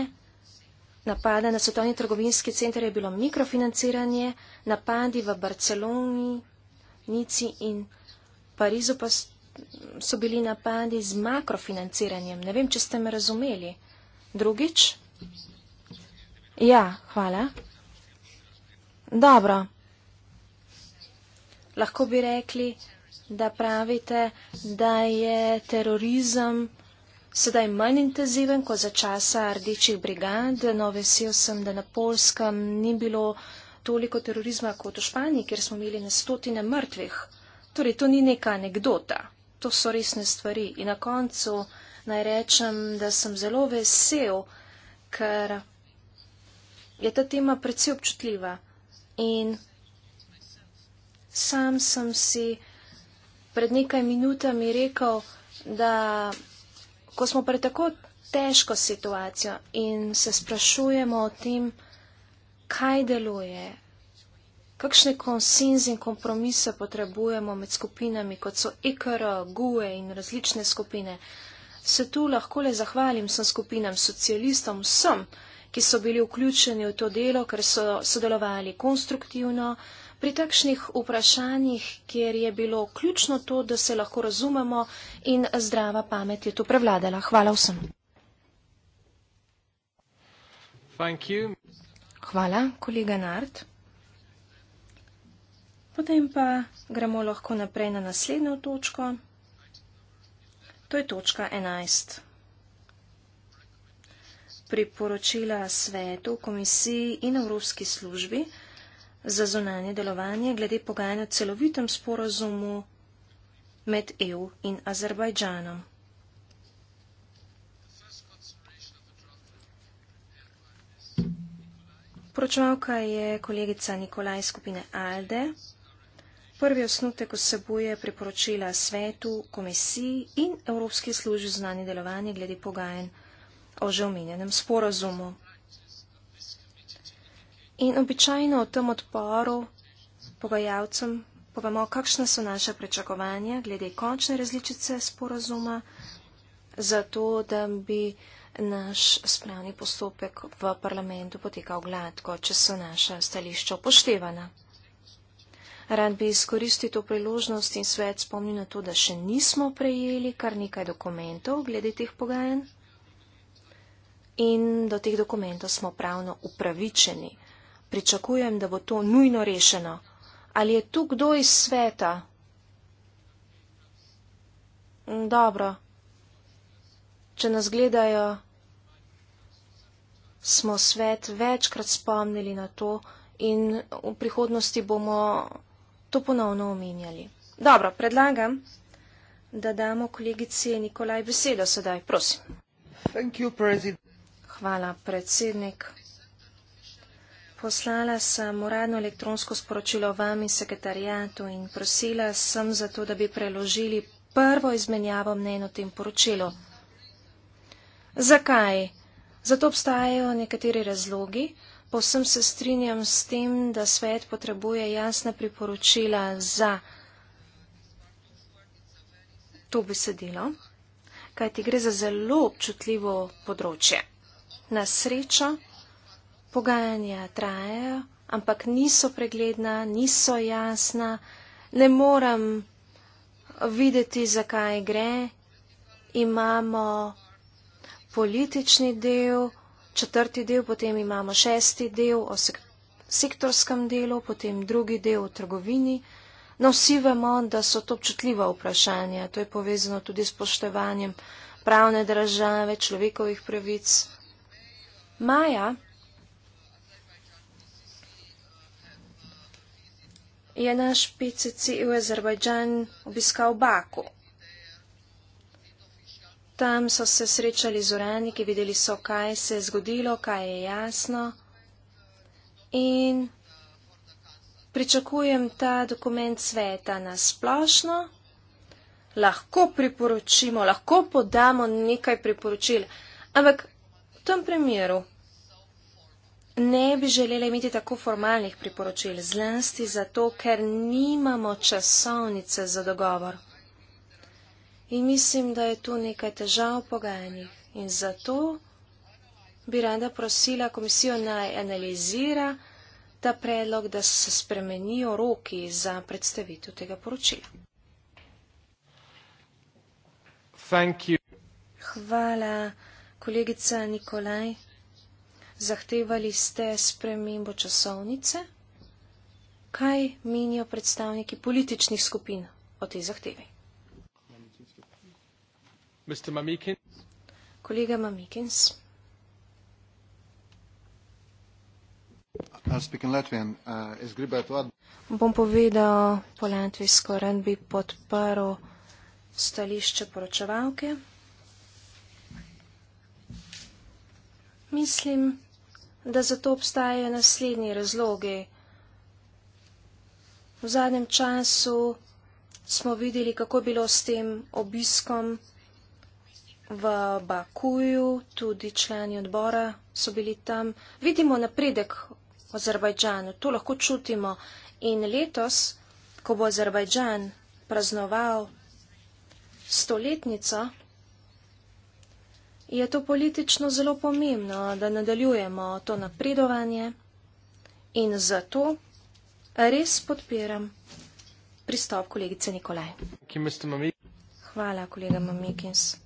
napada na svetovni trgovinski center je bilo mikrofinanciranje, napadi v Barceloni Nici in Parizu pa so bili napadi z makrofinanciranjem. Ne vem, če ste me razumeli. Drugič? Ja, hvala. Dobro. Lahko bi rekli, da pravite, da je terorizem sedaj manj intenziven kot za časa rdečih brigad. Novesel sem, da na Polskem ni bilo toliko terorizma kot v Španiji, kjer smo imeli nestotine mrtvih. Torej, to ni neka anekdota, to so resne stvari. In na koncu naj rečem, da sem zelo vesel, ker je ta tema predvsej občutljiva. In sam sem si pred nekaj minutami rekel, da ko smo pred tako težko situacijo in se sprašujemo o tem, kaj deluje, kakšne konsenze in kompromise potrebujemo med skupinami, kot so IKR, GUE in različne skupine. Se tu lahko le zahvalim vsem skupinam, socialistom, vsem, ki so bili vključeni v to delo, ker so sodelovali konstruktivno pri takšnih vprašanjih, kjer je bilo ključno to, da se lahko razumemo in zdrava pamet je tu prevladala. Hvala vsem. Thank you. Hvala, kolega Nart. Potem pa gremo lahko naprej na naslednjo točko. To je točka 11. Priporočila svetu, komisiji in Evropski službi za zunanje delovanje glede pogajanja celovitem sporozumu med EU in Azerbajdžanom. Poročevalka je kolegica Nikolaj skupine Alde. Prvi osnutek vsebuje priporočila svetu, komisiji in Evropski službi znanje delovanje glede pogajen o že omenjenem sporazumu. In običajno o tem odporu pogajalcem povemo, kakšne so naše pričakovanja glede končne različice sporazuma, zato da bi naš spravni postopek v parlamentu potekal gladko, če so naša stališča upoštevana. Rad bi izkoristil to priložnost in svet spomnil na to, da še nismo prejeli kar nekaj dokumentov glede teh pogajanj in do teh dokumentov smo pravno upravičeni. Pričakujem, da bo to nujno rešeno. Ali je tu kdo iz sveta? Dobro. Če nas gledajo, smo svet večkrat spomnili na to in v prihodnosti bomo to ponovno omenjali. Dobro, predlagam, da damo kolegici Nikolaj besedo sedaj. Prosim. You, Hvala, predsednik. Poslala sem uradno elektronsko sporočilo vam in sekretarijatu in prosila sem za to, da bi preložili prvo izmenjavo mnen o tem poročilu. Zakaj? Zato obstajajo nekateri razlogi. Povsem se strinjam s tem, da svet potrebuje jasna priporočila za to besedilo, kajti gre za zelo občutljivo področje. Na srečo pogajanja trajajo, ampak niso pregledna, niso jasna, ne moram videti, zakaj gre. Imamo politični del, četrti del, potem imamo šesti del o sektorskem delu, potem drugi del o trgovini. No, vsi vemo, da so to občutljiva vprašanja. To je povezano tudi s poštevanjem pravne države, človekovih pravic. Maja je naš PCC v Azerbajdžan obiskal Baku. Tam so se srečali z uraniki, videli so, kaj se je zgodilo, kaj je jasno. In pričakujem ta dokument sveta na splošno. Lahko priporočimo, lahko podamo nekaj priporočil, ampak v tem primeru ne bi želeli imeti tako formalnih priporočil, zlasti zato, ker nimamo časovnice za dogovor in mislim, da je tu nekaj težav v pogajanjih. In zato bi rada prosila komisijo naj analizira ta predlog, da se spremenijo roki za predstavitev tega poročila. Hvala, kolegica Nikolaj. Zahtevali ste spremembo časovnice? Kaj menijo predstavniki političnih skupin o tej zahtevi? Mr. Mamikins. Kolega Mamikins. Latvian, uh, bom povedal po latvijsko, ren bi podprl stališče poročevalke. Mislim, da za to obstajajo naslednji razlogi. V zadnjem času smo videli, kako je bilo s tem obiskom v Bakuju, tudi člani odbora so bili tam. Vidimo napredek v Azerbajdžanu, to lahko čutimo. In letos, ko bo Azerbajdžan praznoval stoletnico, je to politično zelo pomembno, da nadaljujemo to napredovanje in zato res podpiram pristop kolegice Nikolaj. Hvala, kolega Mamikins.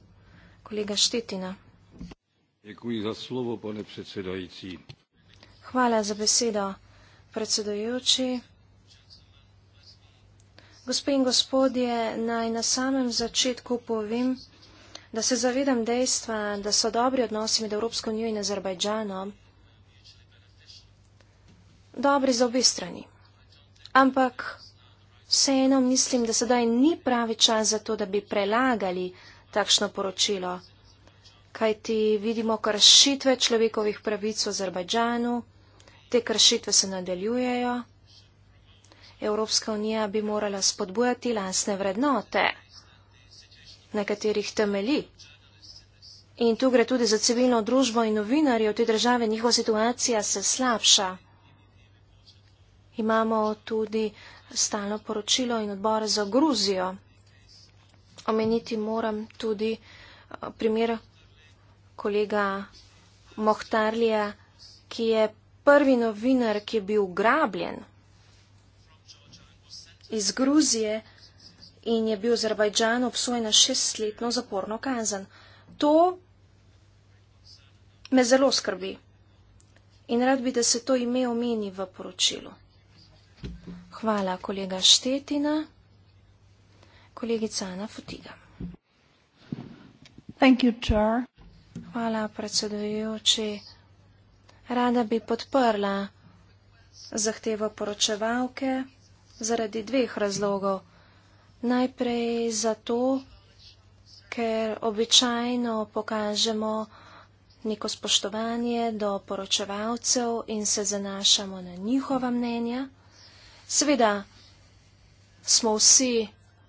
Děkuji za slovo, pane předsedající. Hvala za besedo, predsedujoči. Gospod in gospodje, naj na samem začetku povem, da se zavedam dejstva, da so dobri odnosi med Evropsko unijo in Azerbajdžanom dobri za obe strani. Ampak vseeno mislim, da sedaj ni pravi čas za to, da bi prelagali takšno poročilo. Kaj ti vidimo kršitve človekovih pravic v Azerbajdžanu, te kršitve se nadaljujejo. Evropska unija bi morala spodbujati lasne vrednote, na katerih temeli. In tu gre tudi za civilno družbo in novinarje v tej državi, njihova situacija se slabša. Imamo tudi stalno poročilo in odbor za Gruzijo omeniti moram tudi eh, primer kolega Mohtarlija, ki je prvi novinar, ki je bil ugrabljen iz Gruzije in je bil v Azerbajdžanu obsojen na šestletno zaporno kazen. To me zelo skrbi in rad bi, da se to ime omeni v poročilu. Hvala, kolega Štetina. Kolegica Ana Fotiga. Hvala, predsedujoči. Rada bi podprla zahtevo poročevalke zaradi dveh razlogov. Najprej zato, ker običajno pokažemo neko spoštovanje do poročevalcev in se zanašamo na njihova mnenja. Seveda smo vsi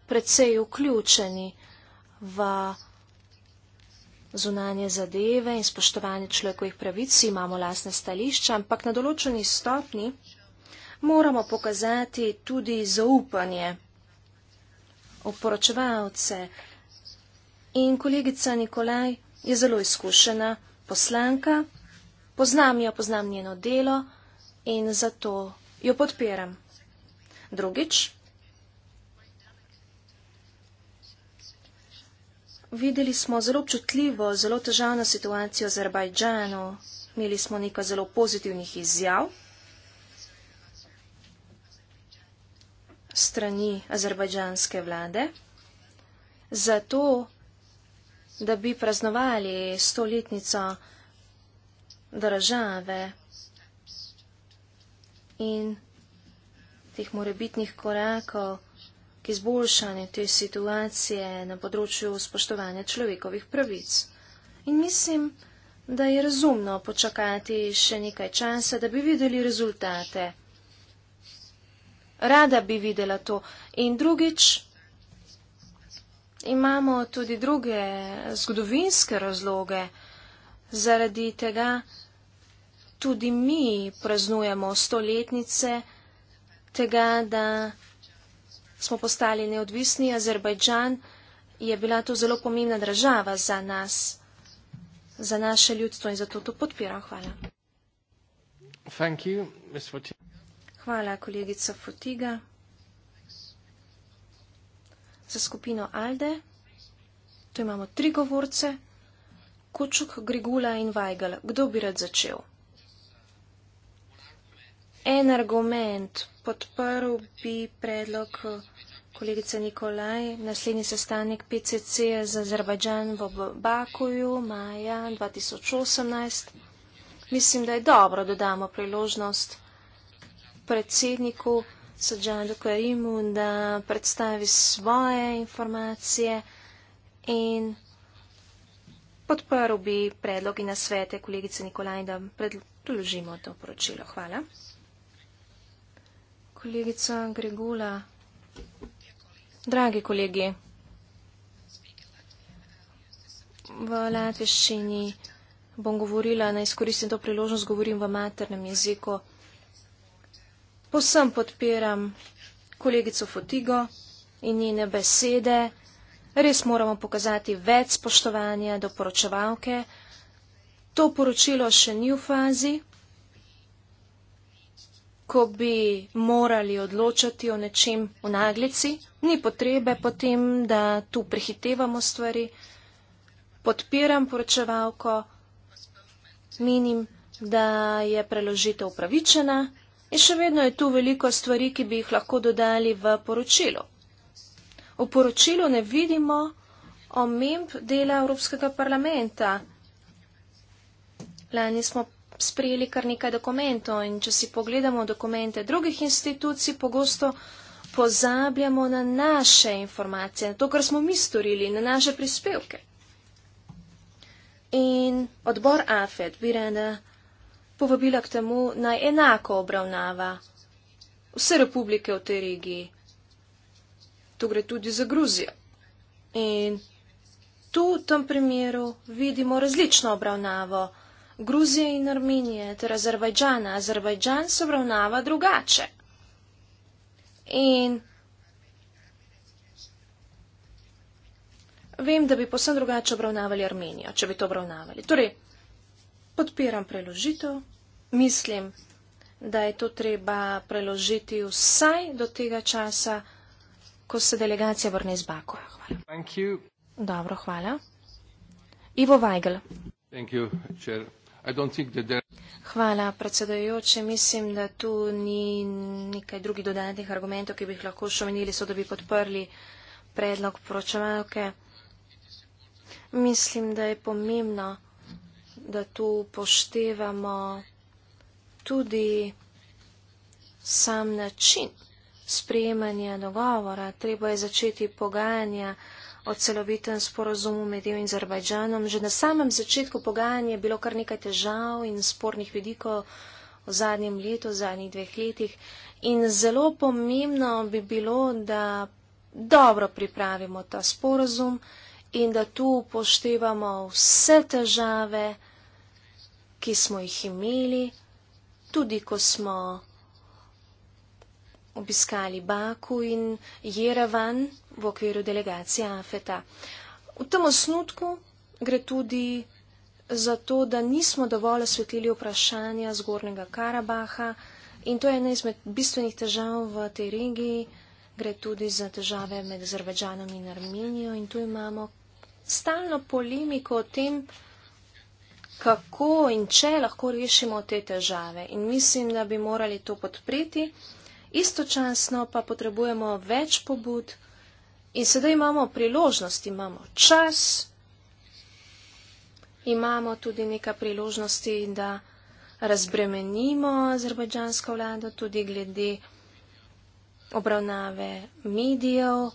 precej vključeni v zunanje zadeve in spoštovanje človekovih pravic, imamo lastne stališča, ampak na določeni stopni moramo pokazati tudi zaupanje v poročevalce. In kolegica Nikolaj je zelo izkušena poslanka, poznam jo, poznam njeno delo in zato jo podpiram. Drugič, Videli smo zelo občutljivo, zelo težavno situacijo v Azerbajdžanu. Imeli smo nekaj zelo pozitivnih izjav strani azerbajdžanske vlade. Zato, da bi praznovali stoletnico države in teh morebitnih korakov, izboljšanje te situacije na področju spoštovanja človekovih pravic. In mislim, da je razumno počakati še nekaj časa, da bi videli rezultate. Rada bi videla to. In drugič, imamo tudi druge zgodovinske razloge. Zaradi tega tudi mi praznujemo stoletnice tega, da smo postali neodvisni, Azerbajdžan je bila to zelo pomembna država za nas, za naše ljudstvo in zato to podpiram. Hvala. Thank you, Ms. Hvala, kolegica Fotiga. Za skupino Alde, tu imamo tri govorce, Kučuk, Grigula in Vajgal. Kdo bi rad začel? En argument podprl bi predlog kolegice Nikolaj. Naslednji sestanek PCC je za Azerbajdžan v Bakuju maja 2018. Mislim, da je dobro, da damo priložnost predsedniku Sadžadu Karimu, da predstavi svoje informacije in podprl bi predlog in nasvete kolegice Nikolaj, da predložimo to poročilo. Hvala. Kolegica Gregula. Dragi kolegi, v latviščini bom govorila, naj izkoristim to priložnost, govorim v maternem jeziku. Posem podpiram kolegico Fotigo in njene besede. Res moramo pokazati več spoštovanja do poročevalke. To poročilo še ni v fazi ko bi morali odločati o nečem v naglici, ni potrebe potem, da tu prehitevamo stvari. Podpiram poročevalko, menim, da je preložitev upravičena in še vedno je tu veliko stvari, ki bi jih lahko dodali v poročilo. V poročilu ne vidimo omemb dela Evropskega parlamenta. Lani smo sprejeli kar nekaj dokumentov in če si pogledamo dokumente drugih institucij, pogosto pozabljamo na naše informacije, na to, kar smo mi storili, na naše prispevke. In odbor AFED bi rada povabila k temu, naj enako obravnava vse republike v tej regiji. To gre tudi za Gruzijo. In tu, v tem primeru, vidimo različno obravnavo. Грузия и Армения – это Азербайджан, а Азербайджан се обравнава другаче. In... Vem, da bi posem drugače obravnavali Armenijo, če bi to obravnavali. Torej, podpiram preložitev, mislim, da je to treba preložiti vsaj do tega časa, ko se delegacija vrne iz Bakuja. Hvala. Dobro, hvala. Ivo Weigl. Thank you, chair. Hvala, predsedajoče. Mislim, da tu ni nekaj drugih dodatnih argumentov, ki bi jih lahko še omenili, so da bi podprli predlog poročevalke. Mislim, da je pomembno, da tu poštevamo tudi sam način sprejemanja dogovora. Treba je začeti pogajanja o celovitem sporozumu med EU in Azerbajdžanom. Že na samem začetku pogajanja je bilo kar nekaj težav in spornih vidikov v zadnjem letu, v zadnjih dveh letih. In zelo pomembno bi bilo, da dobro pripravimo ta sporozum in da tu upoštevamo vse težave, ki smo jih imeli, tudi ko smo obiskali Baku in Jerevan, v okviru delegacije AFETA. V tem osnutku gre tudi za to, da nismo dovolj osvetlili vprašanja zgornjega Karabaha in to je ena izmed bistvenih težav v tej regiji. Gre tudi za težave med Azerbajdžanom in Armenijo in tu imamo stalno polemiko o tem, kako in če lahko rešimo te težave. In mislim, da bi morali to podpreti. Istočasno pa potrebujemo več pobud In sedaj imamo priložnost, imamo čas, imamo tudi neka priložnosti, da razbremenimo azerbajdžansko vlado tudi glede obravnave medijev,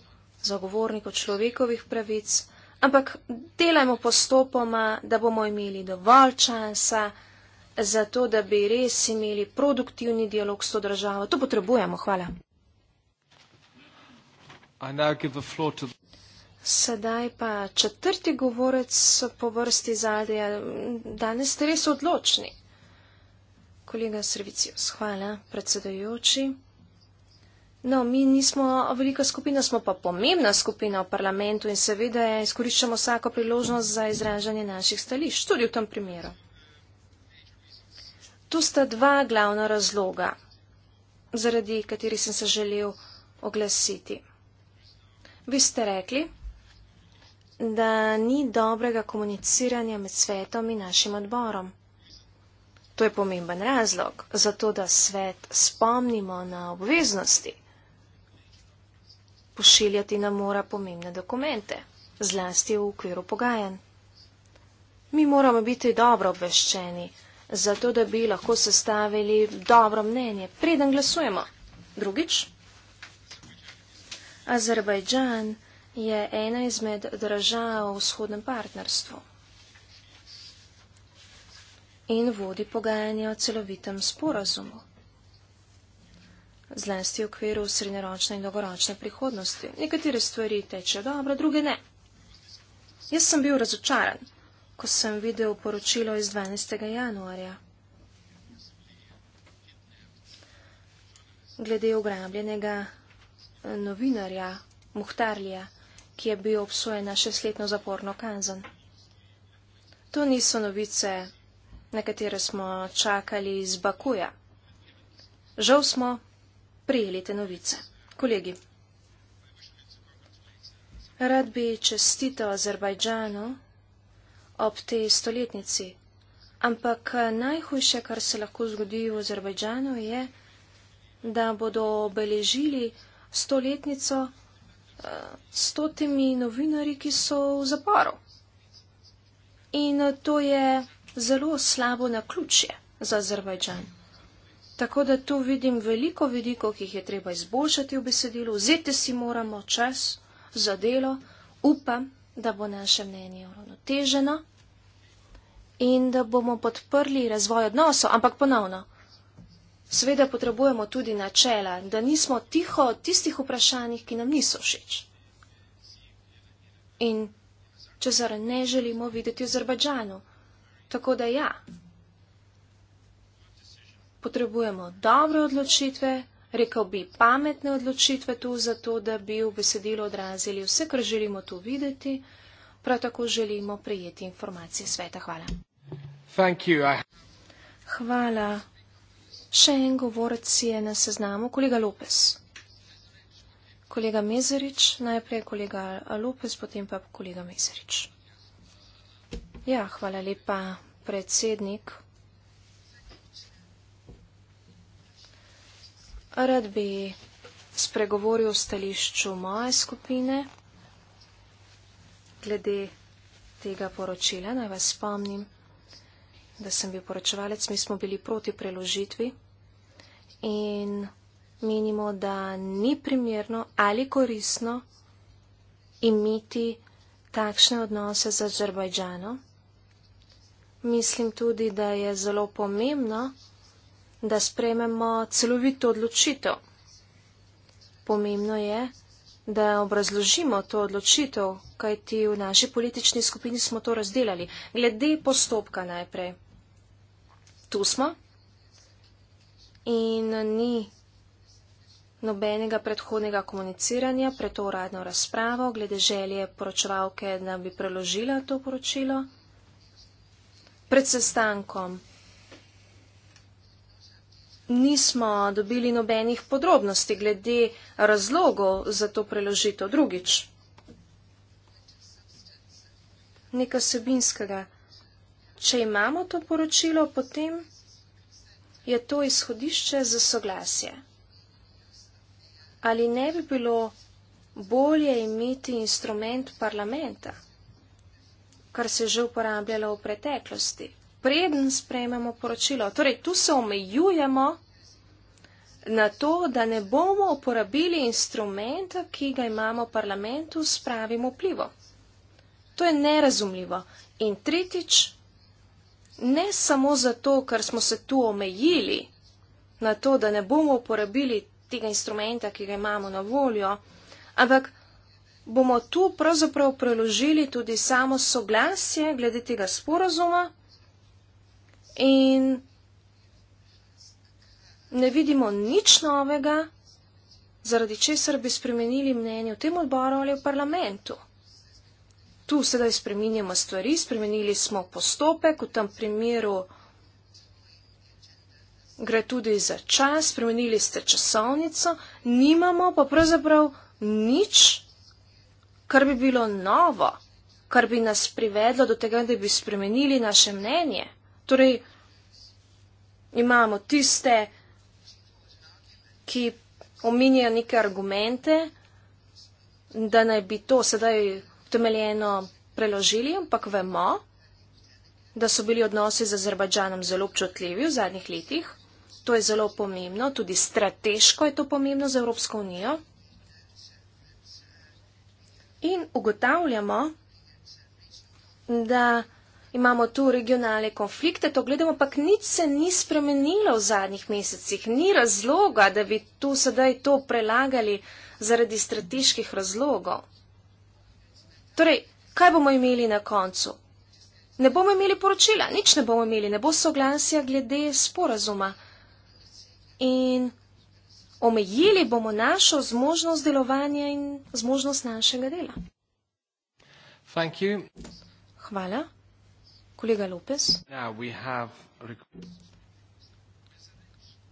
zagovornikov človekovih pravic, ampak delajmo postopoma, da bomo imeli dovolj časa, zato da bi res imeli produktivni dialog s to državo. To potrebujemo. Hvala. Sedaj pa četrti govorec po vrsti zadeja. Danes ste res odločni. Kolega Servicius, hvala, predsedujoči. No, mi nismo velika skupina, smo pa pomembna skupina v parlamentu in seveda izkoriščamo vsako priložnost za izražanje naših stališč, tudi v tem primeru. Tu sta dva glavna razloga, zaradi katerih sem se želel oglasiti. Vi ste rekli, da ni dobrega komuniciranja med svetom in našim odborom. To je pomemben razlog, zato da svet spomnimo na obveznosti. Pošiljati nam mora pomembne dokumente, zlasti v okviru pogajanj. Mi moramo biti dobro obveščeni, zato da bi lahko sestavili dobro mnenje, preden glasujemo. Drugič, Azerbajdžan je ena izmed držav v vzhodnem partnerstvu in vodi pogajanje o celovitem sporazumu, zlasti v okviru srednjeročne in dolgoročne prihodnosti. Nekatere stvari tečejo dobro, druge ne. Jaz sem bil razočaran, ko sem videl poročilo iz 12. januarja. Glede ugrabljenega novinarja Muhtarlija, ki je bil obsojen na šestletno zaporno kazen. To niso novice, na katere smo čakali iz Bakuja. Žal smo prijeli te novice. Kolegi, rad bi čestital Azerbajdžanu ob tej stoletnici, ampak najhujše, kar se lahko zgodi v Azerbajdžanu, je, da bodo obeležili stoletnico s eh, stotimi novinari, ki so v zaporu. In eh, to je zelo slabo na ključje za Azerbajdžan. Tako da tu vidim veliko vidikov, ki jih je treba izboljšati v besedilu, vzeti si moramo čas za delo, upam, da bo naše mnenje uravnoteženo in da bomo podprli razvoj odnosov, ampak ponovno seveda potrebujemo tudi načela, da nismo tiho o tistih vprašanjih, ki nam niso všeč. In če zara ne želimo videti v Azerbajdžanu, tako da ja, potrebujemo dobre odločitve, rekel bi pametne odločitve tu, zato da bi v besedilo odrazili vse, kar želimo tu videti, prav tako želimo prijeti informacije sveta. Hvala. Thank you. I... Hvala. Še en govorec je na seznamu, kolega Lopes. Kolega Mezerič, najprej kolega Lopes, potem pa kolega Mezerič. Ja, hvala lepa, predsednik. Rad bi spregovoril o stališču moje skupine glede tega poročila. Naj vas spomnim, da sem bil poročevalec, mi smo bili proti preložitvi in menimo, da ni primerno ali korisno imeti takšne odnose z Azerbajdžanom. Mislim tudi, da je zelo pomembno, da sprememo celovito odločitev. Pomembno je, da obrazložimo to odločitev, kajti v naši politični skupini smo to razdelali. Glede postopka najprej. Tu smo in ni nobenega predhodnega komuniciranja pred to uradno razpravo glede želje poročevalke, da bi preložila to poročilo. Pred sestankom nismo dobili nobenih podrobnosti glede razlogov za to preložitev drugič. Nekaj sebinskega. Če imamo to poročilo, potem je to izhodišče za soglasje. Ali ne bi bilo bolje imeti instrument parlamenta, kar se je že uporabljalo v preteklosti, preden sprejmemo poročilo? Torej, tu se omejujemo na to, da ne bomo uporabili instrumenta, ki ga imamo v parlamentu s pravim vplivom. To je nerazumljivo. In tretjič, ne samo zato, ker smo se tu omejili na to, da ne bomo uporabili tega instrumenta, ki ga imamo na voljo, ampak bomo tu pravzaprav preložili tudi samo soglasje glede tega sporazuma in ne vidimo nič novega, zaradi česar bi spremenili mnenje v tem odboru ali v parlamentu tu sedaj spreminjamo stvari, spremenili smo postopek, v tem primeru gre tudi za čas, spremenili ste časovnico, nimamo pa pravzaprav nič, kar bi bilo novo, kar bi nas privedlo do tega, da bi spremenili naše mnenje. Torej, imamo tiste, ki omenjajo neke argumente, da naj bi to sedaj utemeljeno preložili, ampak vemo, da so bili odnosi z Azerbajdžanom zelo občutljivi v zadnjih letih. To je zelo pomembno, tudi strateško je to pomembno za Evropsko unijo. In ugotavljamo, da imamo tu regionalne konflikte, to gledamo, ampak nič se ni spremenilo v zadnjih mesecih. Ni razloga, da bi tu sedaj to prelagali zaradi strateških razlogov. Torej, kaj bomo imeli na koncu? Ne bomo imeli poročila, nič ne bomo imeli, ne bo soglasja glede sporazuma. In omejili bomo našo zmožnost delovanja in zmožnost našega dela. Hvala. Kolega Lopes. Have...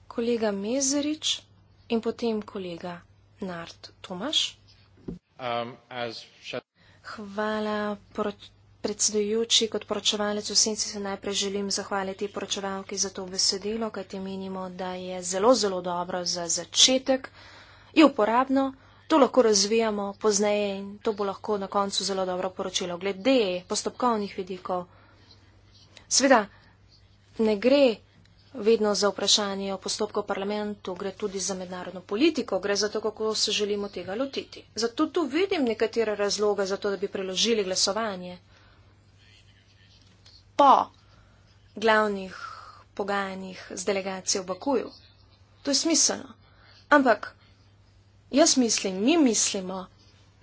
Kolega Mezerič in potem kolega Nart Tomaš. Um, Hvala, predsedujoči. Kot poročevalec v senci se najprej želim zahvaliti poročevalki za to besedilo, kaj ti menimo, da je zelo, zelo dobro za začetek. Je uporabno, to lahko razvijamo pozneje in to bo lahko na koncu zelo dobro poročilo. Glede postopkovnih vidikov. Sveda, ne gre vedno za vprašanje o postopku v parlamentu, gre tudi za mednarodno politiko, gre za to, kako se želimo tega lotiti. Zato tu vidim nekatere razloge za to, da bi preložili glasovanje po glavnih pogajanjih z delegacijo v Bakuju. To je smiselno. Ampak jaz mislim, mi mislimo,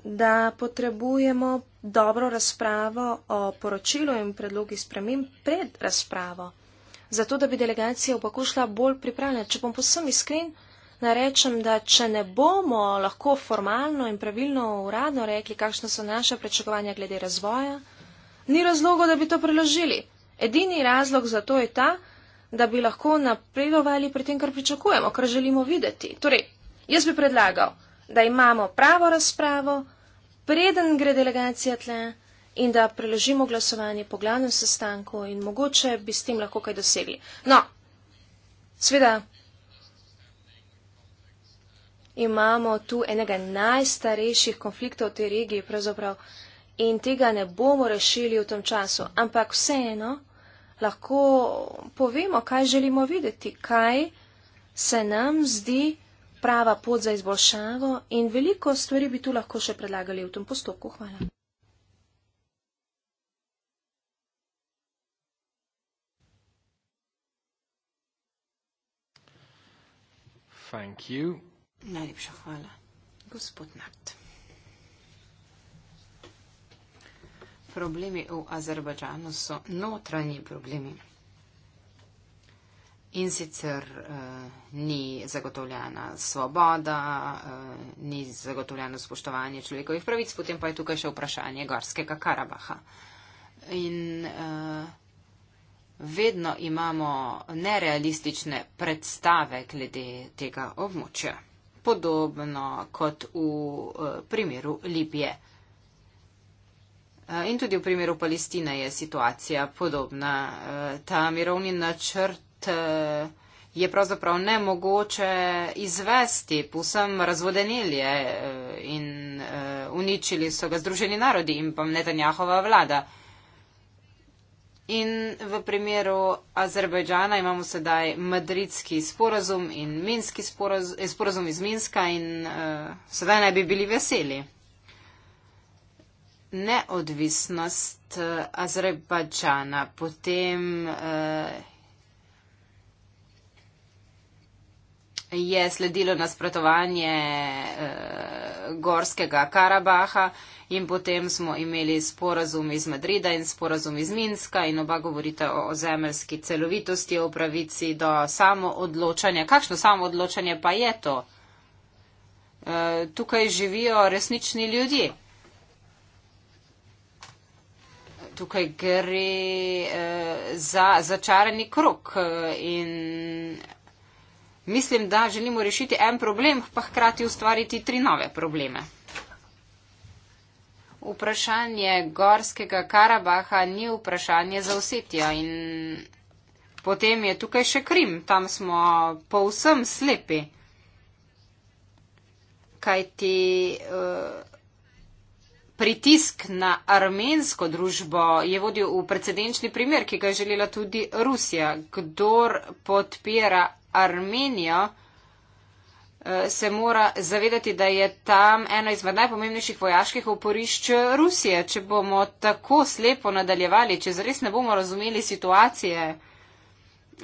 da potrebujemo dobro razpravo o poročilu in predlogi spremem pred razpravo zato da bi delegacija v Baku šla bolj pripravljena. Če bom posem iskren, narečem, da če ne bomo lahko formalno in pravilno uradno rekli, kakšno so naše prečakovanja glede razvoja, ni razlogo, da bi to preložili. Edini razlog za to je ta, da bi lahko napredovali pri tem, kar pričakujemo, kar želimo videti. Torej, jaz bi predlagal, da imamo pravo razpravo, preden gre delegacija tle, in da preložimo glasovanje po glavnem sestanku in mogoče bi s tem lahko kaj dosegli. No, sveda imamo tu enega najstarejših konfliktov v tej regiji pravzaprav in tega ne bomo rešili v tem času, ampak vseeno lahko povemo, kaj želimo videti, kaj se nam zdi prava pot za izboljšavo in veliko stvari bi tu lahko še predlagali v tem postopku. Hvala. Thank you. Najlepša hvala. Gospod Nart. Problemi v Azerbajdžanu so notranji problemi. In sicer eh, ni zagotovljena svoboda, eh, ni zagotovljeno spoštovanje človekovih pravic, potem pa je tukaj še vprašanje Gorskega Karabaha. In eh, vedno imamo nerealistične predstave glede tega območja. Podobno kot v eh, primeru Libije. Eh, in tudi v primeru Palestine je situacija podobna. Eh, ta mirovni načrt je pravzaprav nemogoče izvesti, povsem razvodenelje in uničili so ga Združeni narodi in pa Netanjahova vlada. In v primeru Azerbajdžana imamo sedaj madridski sporazum in minski sporaz, eh, sporazum iz Minska in uh, sedaj naj bi bili veseli. Neodvisnost eh, Azerbajdžana potem uh, je sledilo nasprotovanje eh, Gorskega Karabaha in potem smo imeli sporazum iz Madrida in sporazum iz Minska in oba govorite o ozemeljski celovitosti, o pravici do samoodločanja. Kakšno samoodločanje pa je to? Eh, tukaj živijo resnični ljudje. Tukaj gre eh, za začarani krok eh, in Mislim, da želimo rešiti en problem, pa hkrati ustvariti tri nove probleme. Vprašanje Gorskega Karabaha ni vprašanje za Osetijo in potem je tukaj še Krim, tam smo povsem slepi. Kaj ti. Uh, eh, pritisk na armensko družbo je vodil v precedenčni primer, ki ga je želela tudi Rusija. Kdor podpira Armenijo, eh, se mora zavedati, da je tam eno izmed najpomembnejših vojaških oporišč Rusije. Če bomo tako slepo nadaljevali, če zares ne bomo razumeli situacije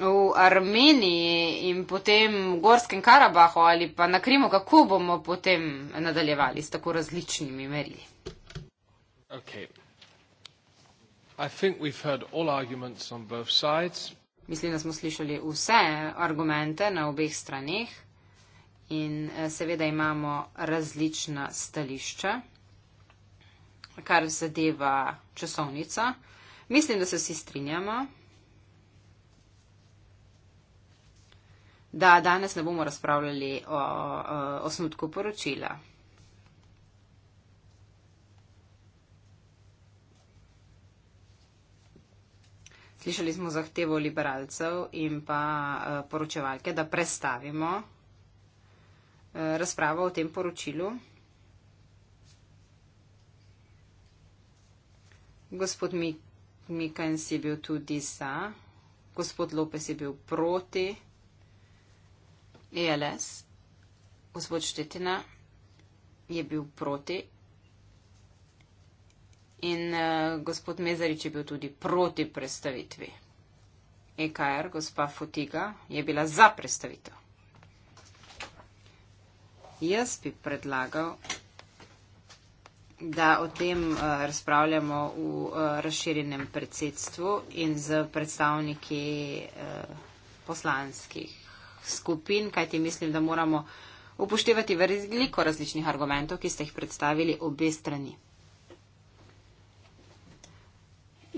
v Armeniji in potem v Gorskem Karabahu ali pa na Krimu, kako bomo potem nadaljevali s tako različnimi merili? Okay. I think we've heard all arguments on both sides. Mislim, da smo slišali vse argumente na obeh straneh in eh, seveda imamo različna stališča, kar zadeva časovnica. Mislim, da se vsi strinjamo, da danes ne bomo razpravljali o eh, osnutku poročila. Slišali smo zahtevo liberalcev in pa eh, poročevalke, da prestavimo eh, razpravo o tem poročilu. Gospod Mikens je bil tudi za, gospod Lopes je bil proti, ELS, gospod Štetina je bil proti, In uh, gospod Mezarič je bil tudi proti predstavitvi. EKR, er, gospa Futiga, je bila za predstavitev. Jaz bi predlagal, da o tem uh, razpravljamo v uh, razširjenem predsedstvu in z predstavniki uh, poslanskih skupin, kajti mislim, da moramo upoštevati veliko različnih argumentov, ki ste jih predstavili obe strani.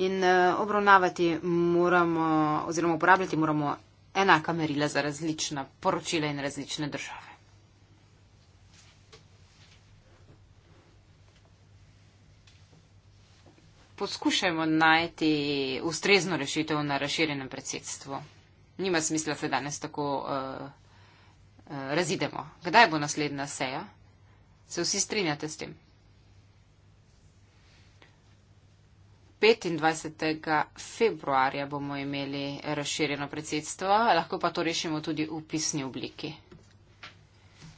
In uh, obravnavati moramo, oziroma uporabljati moramo enaka merila za različna poročila in različne države. Poskušajmo najti ustrezno rešitev na razširjenem predsedstvu. Nima smisla se danes tako uh, uh, razidemo. Kdaj bo naslednja seja? Se vsi strinjate s tem? 25. februarja bomo imeli razširjeno predsedstvo, lahko pa to rešimo tudi v pisni obliki.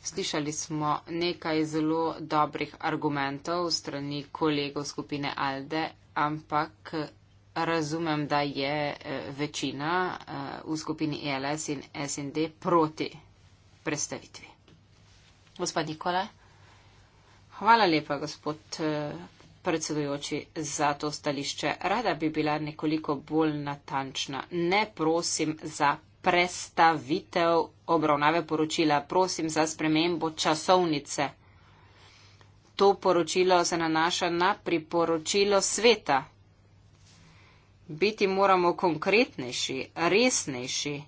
Slišali smo nekaj zelo dobrih argumentov strani kolegov skupine Alde, ampak razumem, da je eh, večina eh, v skupini ELS in SND proti predstavitvi. Gospod Nikola. Hvala lepa, gospod eh, predsedujoči za to stališče. Rada bi bila nekoliko bolj natančna. Ne prosim za prestavitev obravnave poročila, prosim za spremembo časovnice. To poročilo se nanaša na priporočilo sveta. Biti moramo konkretnejši, resnejši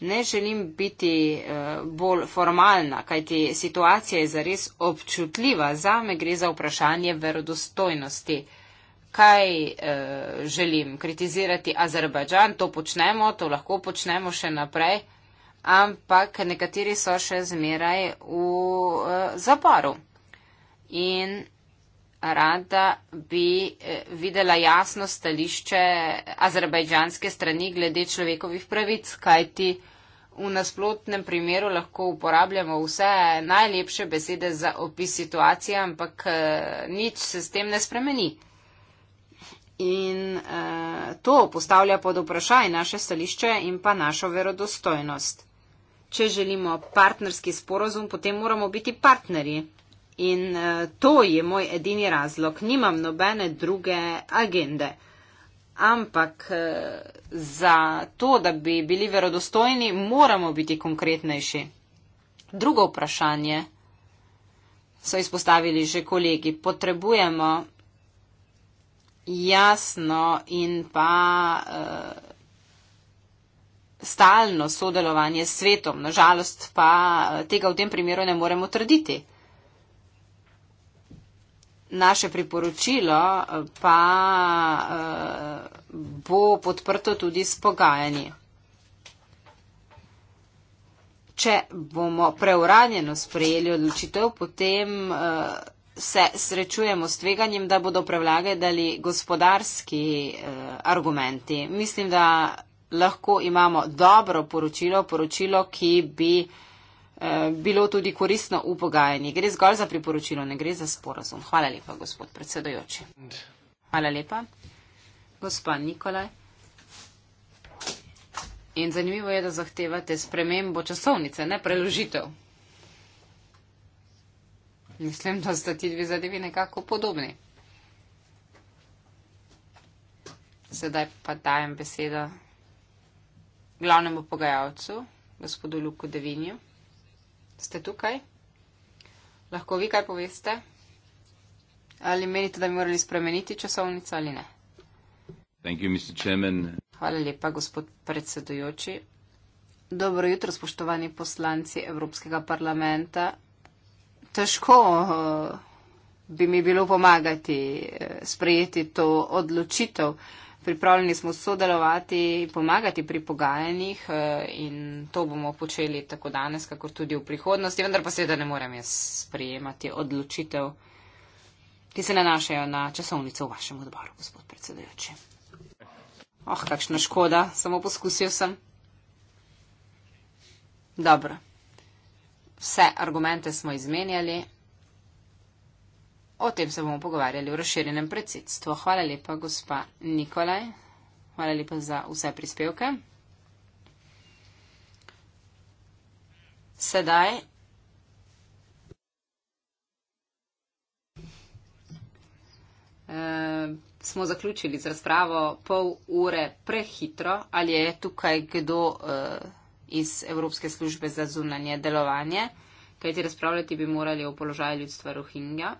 ne želim biti eh, bolj formalna, kajti situacija je zares občutljiva. Za me gre za vprašanje verodostojnosti. Kaj eh, želim kritizirati Azerbajdžan? To počnemo, to lahko počnemo še naprej, ampak nekateri so še zmeraj v eh, zaporu. In rada bi eh, videla jasno stališče azerbajdžanske strani glede človekovih pravic, kajti v nasprotnem primeru lahko uporabljamo vse najlepše besede za opis situacije, ampak eh, nič se s tem ne spremeni. In eh, to postavlja pod vprašaj naše stališče in pa našo verodostojnost. Če želimo partnerski sporozum, potem moramo biti partnerji. In uh, to je moj edini razlog. Nimam nobene druge agende. Ampak uh, za to, da bi bili verodostojni, moramo biti konkretnejši. Drugo vprašanje so izpostavili že kolegi. Potrebujemo jasno in pa uh, stalno sodelovanje s svetom. Nažalost pa uh, tega v tem primeru ne moremo trditi. Naše priporočilo eh, pa eh, bo podprto tudi s pogajanji. Če bomo preuranjeno sprejeli odločitev, potem eh, se srečujemo s tveganjem, da bodo prevlagali gospodarski argumenti. Mislim, da lahko imamo dobro poročilo, poročilo, ki bi. Eh, bilo tudi koristno v pogajanji. Gre zgolj za priporočilo, ne gre za sporazum. Hvala lepa, gospod predsedojoči. Hvala lepa, gospa Nikolaj. In zanimivo je, da zahtevate spremembo časovnice, ne preložitev. Mislim, da sta ti dve zadevi nekako podobni. Sedaj pa dajem besedo glavnemu pogajalcu, gospodu Luku Devinju ste tukaj? Lahko vi kaj poveste? Ali menite, da bi morali spremeniti časovnico ali ne? You, Hvala lepa, gospod predsedujoči. Dobro jutro, spoštovani poslanci Evropskega parlamenta. Težko eh, bi mi bilo pomagati eh, sprejeti to odločitev pripravljeni smo sodelovati in pomagati pri pogajanjih eh, in to bomo počeli tako danes, kako tudi v prihodnosti, vendar pa seveda ne morem jaz sprejemati odločitev, ki se nanašajo na časovnico v vašem odboru, gospod predsedujoči. Oh, kakšna škoda, samo poskusil sem. Dobro. Vse argumente smo izmenjali. O tem se bomo pogovarjali v razširjenem predsedstvu. Hvala lepa, gospa Nikolaj. Hvala lepa za vse prispevke. Sedaj. Uh, smo zaključili z razpravo pol ure prehitro. Ali je tukaj kdo uh, iz Evropske službe za zunanje delovanje? Kajti razpravljati bi morali o položaju ljudstva Rohingja.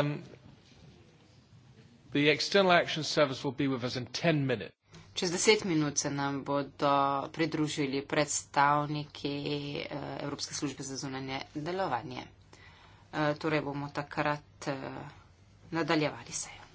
um, the external action service will be with us in 10 minutes. Čez deset minut se nam bodo pridružili predstavniki eh, Evropske službe za zunanje delovanje. Eh, torej bomo takrat eh, nadaljevali sejo.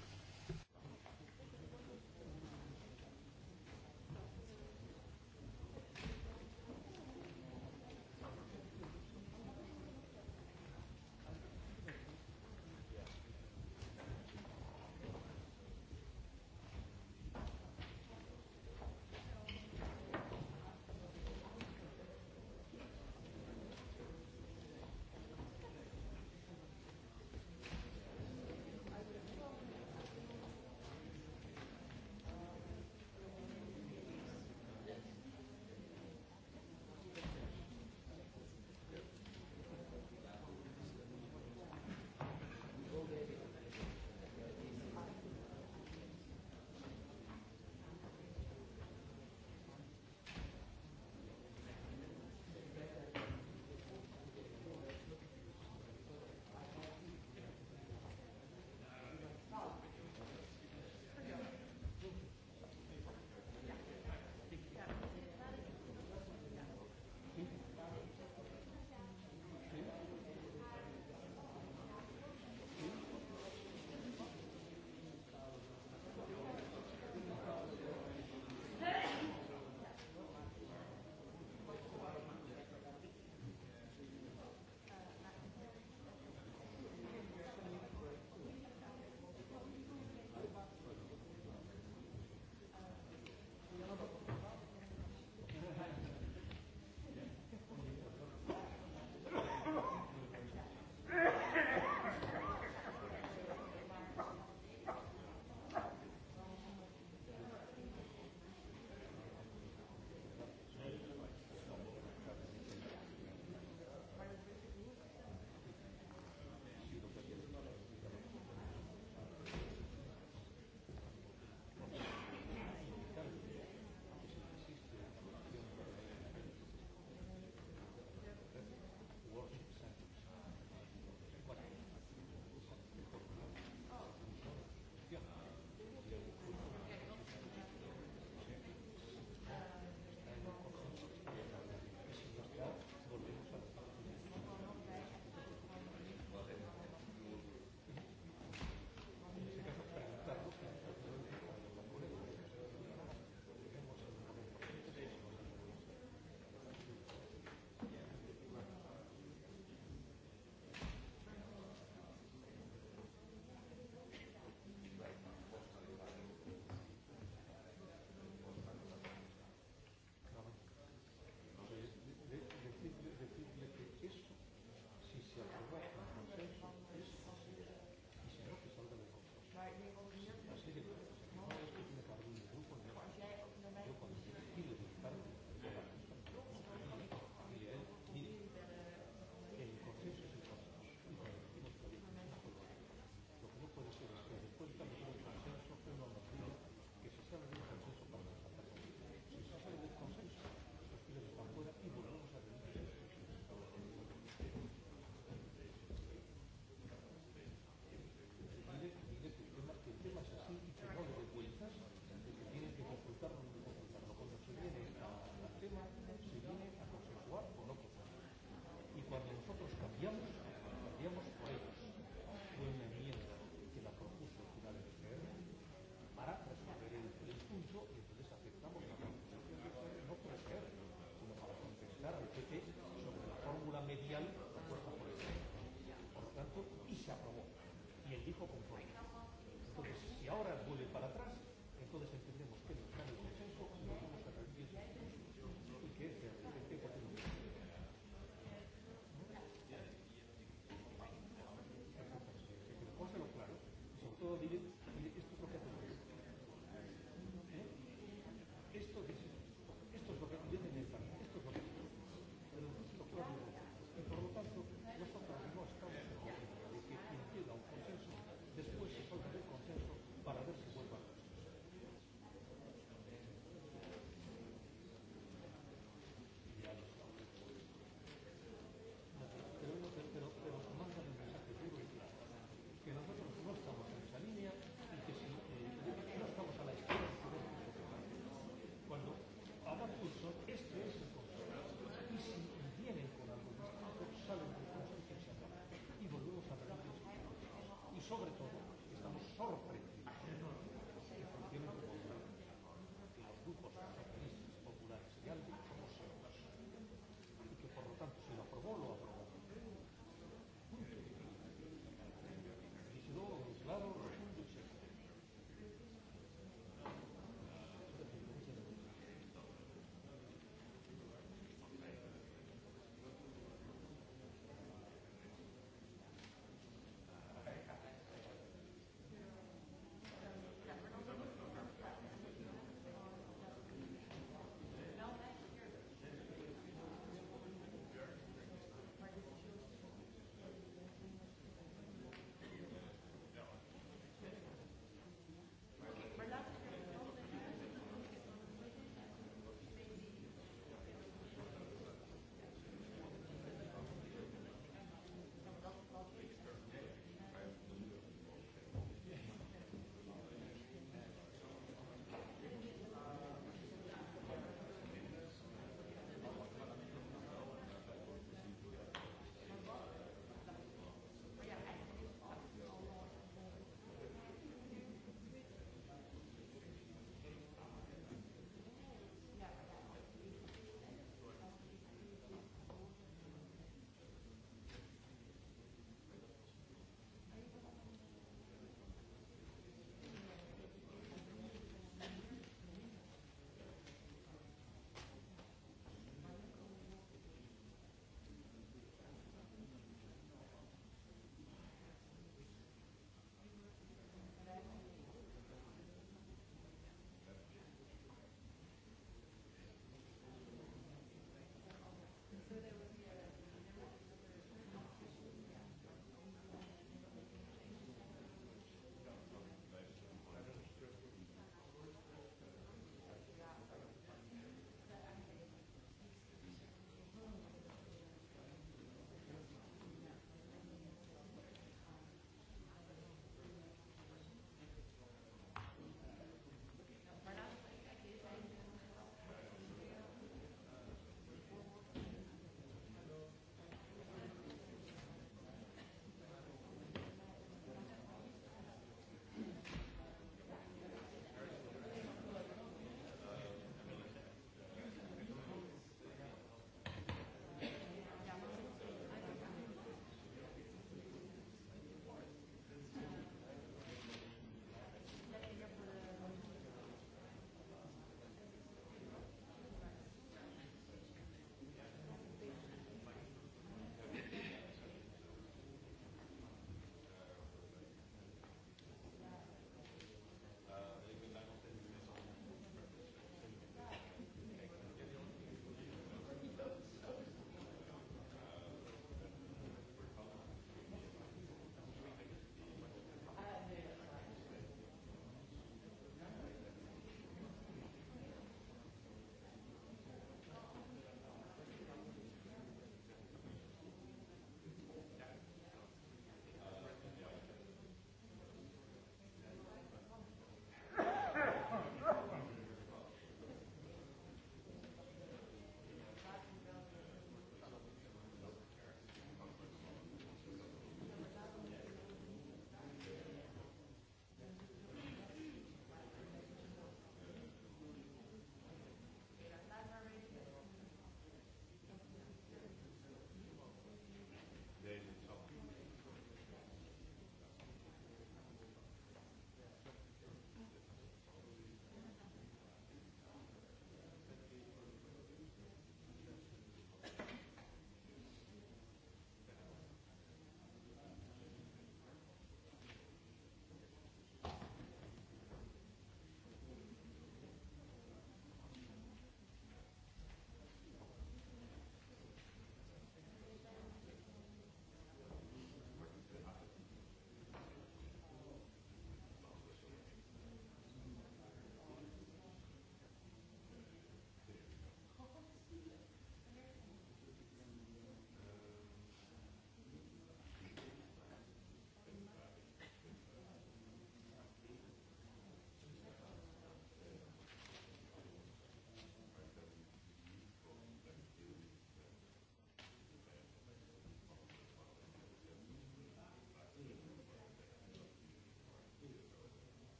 de septiembre.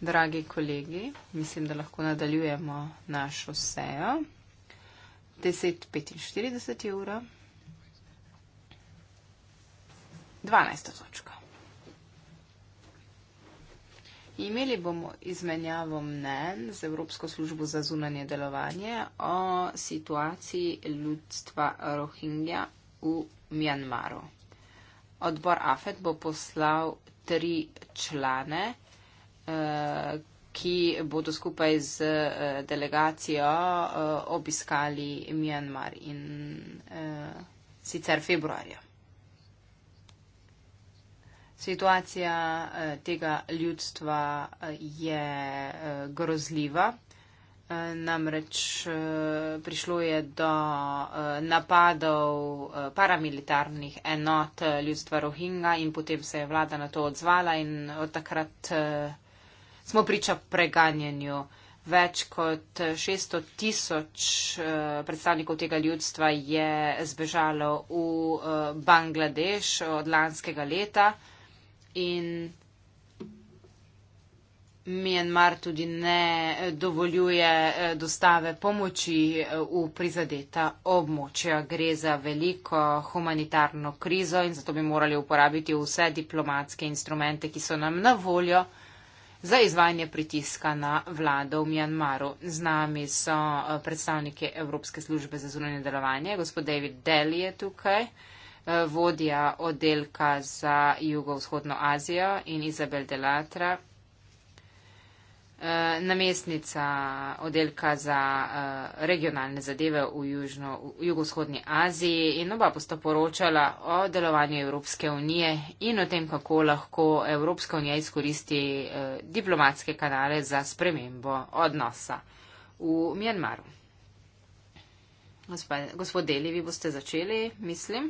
Dragi kolegi, mislim, da lahko nadaljujemo našo sejo. 10.45 je ura. 12. točka. Imeli bomo izmenjavo mnen z Evropsko službo za zunanje delovanje o situaciji ljudstva Rohingja v Mjanmaru. Odbor AFET bo poslal tri člane, eh, ki bodo skupaj z eh, delegacijo eh, obiskali Mjanmar in sicer februarja. Situacija tega ljudstva je grozljiva. Eh, namreč eh, prišlo je do eh, napadov paramilitarnih enot ljudstva Rohinga in potem se je vlada na to odzvala in od takrat smo priča preganjanju. Več kot 600 tisoč predstavnikov tega ljudstva je zbežalo v Bangladeš od lanskega leta in Mjenmar tudi ne eh, dovoljuje eh, dostave pomoči eh, v prizadeta območja. Gre za veliko humanitarno krizo in zato bi morali uporabiti vse diplomatske instrumente, ki so nam na voljo za izvajanje pritiska na vlado v Mjanmaru. Z nami so predstavniki Evropske službe za zunanje delovanje. Gospod David Deli je tukaj, vodja oddelka za jugovzhodno Azijo in Izabel Delatra, Eh, namestnica oddelka za eh, regionalne zadeve v, južno, v jugovzhodnji Aziji in oba posta poročala o delovanju Evropske unije in o tem, kako lahko Evropska unija izkoristi eh, diplomatske kanale za spremembo odnosa v Mjanmaru. Gospod, gospod Deli, vi boste začeli, mislim,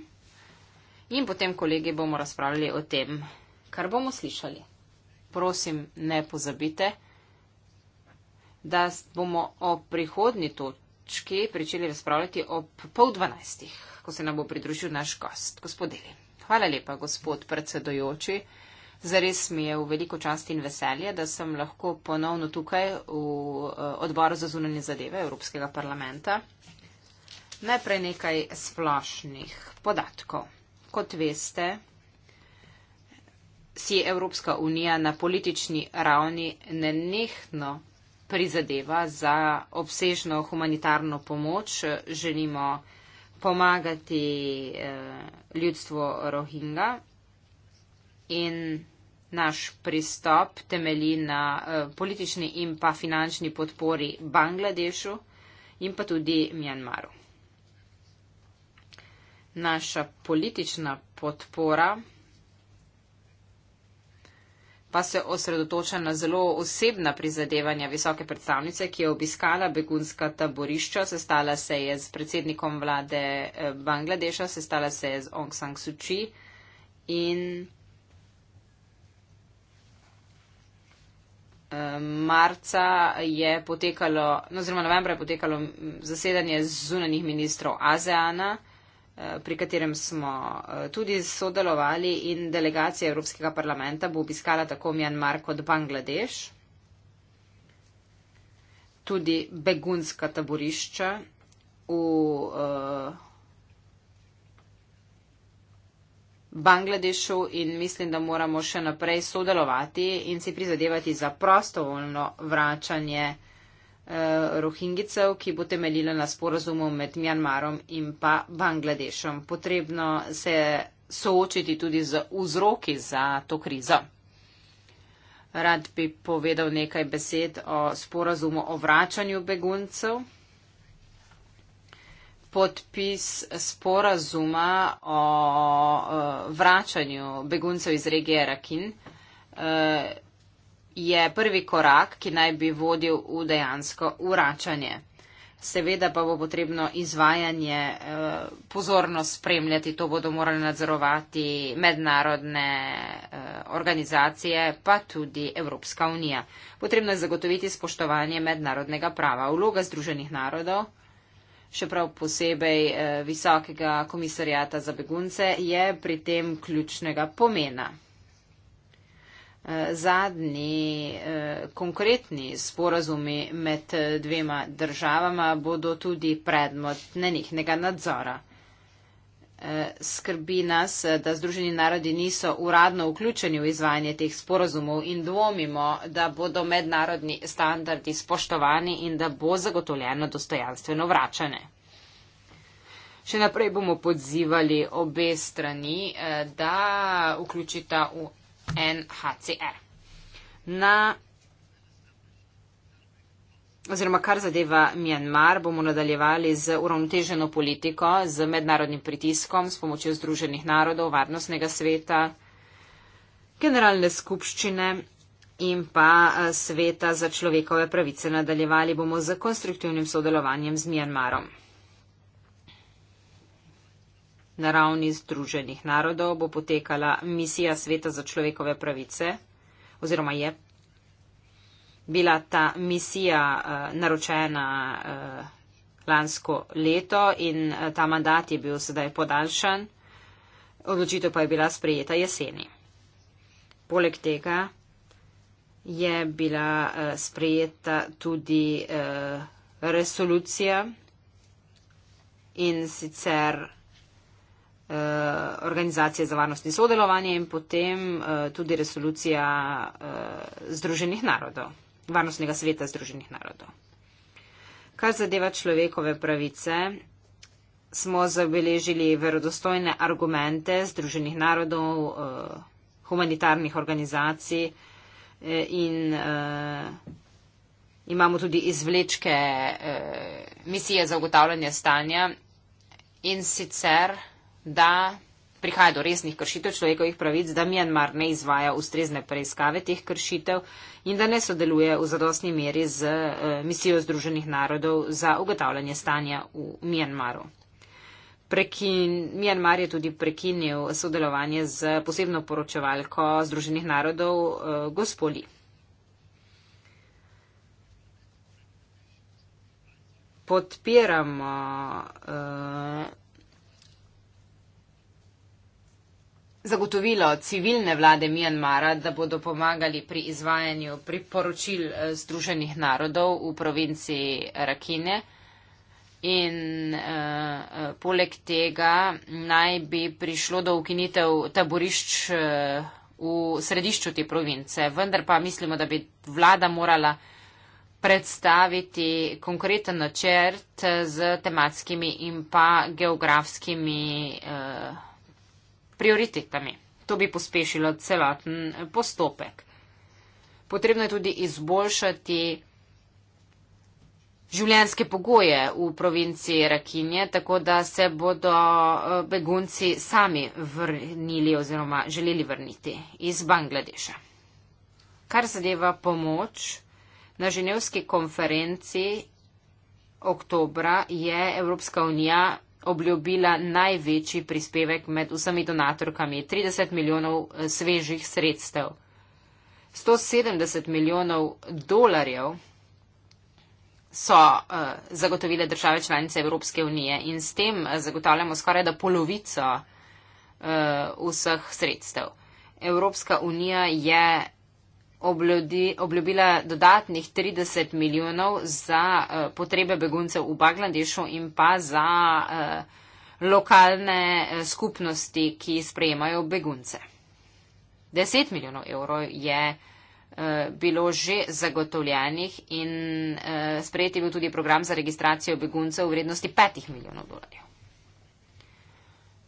in potem kolegi bomo razpravljali o tem, kar bomo slišali. Prosim, ne pozabite da bomo o prihodni točki pričeli razpravljati ob pol dvanajstih, ko se nam bo pridružil naš gost, gospod Eli. Hvala lepa, gospod predsedojoči. Zares mi je v veliko čast in veselje, da sem lahko ponovno tukaj v eh, odboru za zunanje zadeve Evropskega parlamenta. Najprej nekaj splošnih podatkov. Kot veste, si Evropska unija na politični ravni nenehno prizadeva za obsežno humanitarno pomoč. Želimo pomagati eh, ljudstvo Rohinga in naš pristop temeli na eh, politični in pa finančni podpori Bangladešu in pa tudi Mjanmaru. Naša politična podpora pa se osredotoča na zelo osebna prizadevanja visoke predstavnice, ki je obiskala begunska taborišča, sestala se je z predsednikom vlade eh, Bangladeša, sestala se je z Aung San Suu Kyi in eh, marca je potekalo, no, oziroma novembra je potekalo mm, zasedanje zunanih ministrov ASEANA. Eh, pri katerem smo eh, tudi sodelovali in delegacija Evropskega parlamenta bo obiskala tako Mjanmar kot Bangladeš, tudi begunska taborišča v eh, Bangladešu in mislim, da moramo še naprej sodelovati in si prizadevati za prostovoljno vračanje. Eh, rohingicev, ki bo temeljila na sporazumu med Mjanmarom in pa Bangladešom. Potrebno se soočiti tudi z vzroki za to krizo. Rad bi povedal nekaj besed o sporazumu o vračanju beguncev. Podpis sporazuma o eh, vračanju beguncev iz regije Rakin eh, je prvi korak, ki naj bi vodil v dejansko uračanje. Seveda pa bo potrebno izvajanje eh, pozorno spremljati, to bodo morali nadzorovati mednarodne eh, organizacije, pa tudi Evropska unija. Potrebno je zagotoviti spoštovanje mednarodnega prava. Vloga Združenih narodov, še prav posebej eh, Visokega komisarjata za begunce, je pri tem ključnega pomena. Zadnji eh, konkretni sporazumi med eh, dvema državama bodo tudi predmet nenihnega nadzora. Eh, skrbi nas, da Združeni narodi niso uradno vključeni v izvajanje teh sporazumov in dvomimo, da bodo mednarodni standardi spoštovani in da bo zagotovljeno dostojanstveno vračanje. Še naprej bomo podzivali obe strani, da vključita v UNHCR. Na, oziroma, kar zadeva Mjanmar, bomo nadaljevali z uravnoteženo politiko, z mednarodnim pritiskom, s pomočjo Združenih narodov, Varnostnega sveta, Generalne skupščine in pa eh, Sveta za človekove pravice. Nadaljevali bomo z konstruktivnim sodelovanjem z Mjanmarom na ravni Združenih narodov bo potekala misija Sveta za človekove pravice, oziroma je bila ta misija uh, naročena uh, lansko leto in uh, ta mandat je bil sedaj podaljšan, odločitev pa je bila sprejeta jeseni. Poleg tega je bila uh, sprejeta tudi uh, resolucija in sicer Eh, organizacije za varnost in sodelovanje in potem eh, tudi resolucija eh, Združenih narodov, Varnostnega sveta Združenih narodov. Kar zadeva človekove pravice, smo zabeležili verodostojne argumente Združenih narodov, humanitarnih organizacij in imamo tudi izvlečke misije za ugotavljanje stanja in sicer da prihaja do resnih kršitev človekovih pravic, da Mjanmar ne izvaja ustrezne preiskave teh kršitev in da ne sodeluje v zadostni meri z eh, misijo Združenih narodov za ugotavljanje stanja v Mjanmaru. Prekin, Mjanmar je tudi prekinil sodelovanje z posebno poročevalko Združenih narodov eh, gospodi. Podpiramo uh, zagotovilo civilne vlade Mjanmara, da bodo pomagali pri izvajanju priporočil eh, Združenih narodov v provinciji Rakine. In uh, poleg tega naj bi prišlo do ukinitev taborišč v središču te province. Vendar pa mislimo, da bi vlada morala predstaviti konkreten načrt z tematskimi in pa geografskimi. Uh, prioritetami. To bi pospešilo celoten eh, postopek. Potrebno je tudi izboljšati življenske pogoje v provinci Rakinje, tako da se bodo eh, begunci sami vrnili oziroma želeli vrniti iz Bangladeša. Kar zadeva pomoč, na ženevski konferenci oktobra je Evropska unija obljubila največji prispevek med vsemi donatorkami - 30 milijonov eh, svežih sredstev. 170 milijonov dolarjev so uh, zagotovile države članice Evropske unije in s tem eh, zagotavljamo skoraj da polovico uh, vseh sredstev. Evropska unija je obljubila dodatnih 30 milijonov za uh, potrebe beguncev v Bangladešu in pa za uh, lokalne uh, skupnosti, ki sprejemajo begunce. 10 milijonov evrov je bilo že zagotovljenih in uh, sprejeti bil tudi program za registracijo beguncev v vrednosti 5 milijonov dolarjev.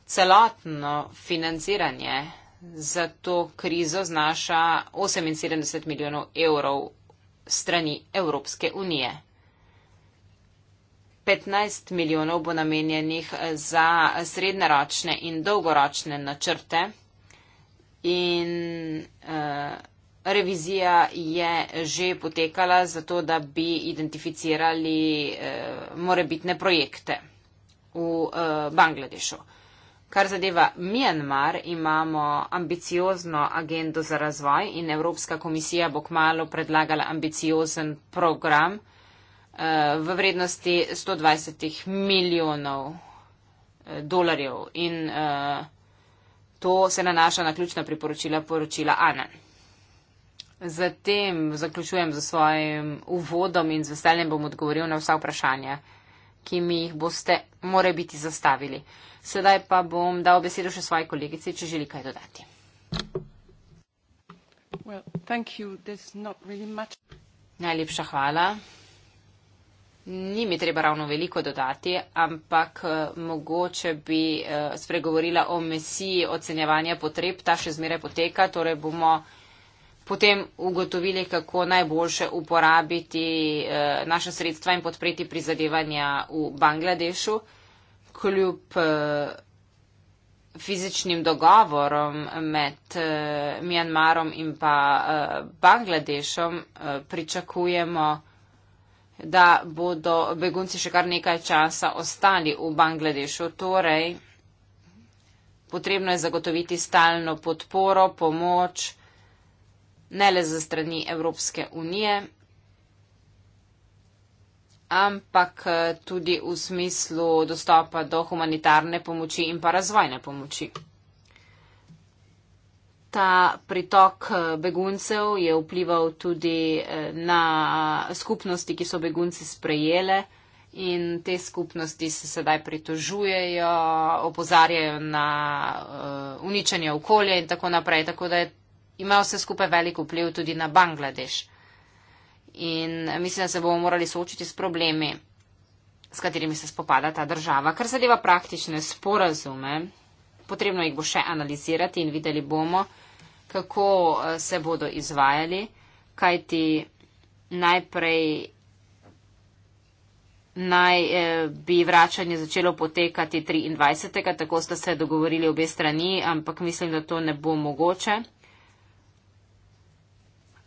Celotno financiranje uh, za to krizo znaša 78 milijonov evrov strani Evropske unije. 15 milijonov bo namenjenih za srednjeročne in dolgoročne načrte in uh, revizija je že potekala za to, da bi identificirali uh, morebitne projekte v uh, Bangladešu. Kar zadeva Mjanmar, imamo ambiciozno agendo za razvoj in Evropska komisija bo kmalo predlagala ambiciozen program eh, v vrednosti 120 milijonov eh, dolarjev in eh, to se nanaša na ključna priporočila poročila Anan. Zatem zaključujem z svojim uvodom in z veseljem bom odgovoril na vsa vprašanja, ki mi jih boste more biti zastavili. Sedaj pa bom dal besedo še svoji kolegici, če želi kaj dodati. Well, really much... Najlepša hvala. Ni mi treba ravno veliko dodati, ampak eh, mogoče bi eh, spregovorila o misiji ocenjevanja potreb. Ta še zmeraj poteka, torej bomo potem ugotovili, kako najboljše uporabiti eh, naša sredstva in podpreti prizadevanja v Bangladešu kljub eh, fizičnim dogovorom med eh, Mjanmarom in pa eh, Bangladešom pričakujemo, da bodo begunci še kar nekaj časa ostali v Bangladešu. Torej, potrebno je zagotoviti stalno podporo, pomoč, ne le za strani Evropske unije, ampak eh, tudi v smislu dostopa do humanitarne pomoči in pa razvojne pomoči. Ta pritok eh, beguncev je vplival tudi eh, na skupnosti, ki so begunci sprejele in te skupnosti se sedaj pritožujejo, opozarjajo na uničenje okolja in tako naprej. Tako da ima vse skupaj velik vpliv tudi na Bangladeš in mislim, da se bomo morali soočiti s problemi, s katerimi se spopada ta država. Kar zadeva praktične sporazume, potrebno jih bo še analizirati in videli bomo, kako eh, se bodo izvajali, kajti najprej naj eh, bi vračanje začelo potekati 23. tako sta se dogovorili obe strani, ampak mislim, da to ne bo mogoče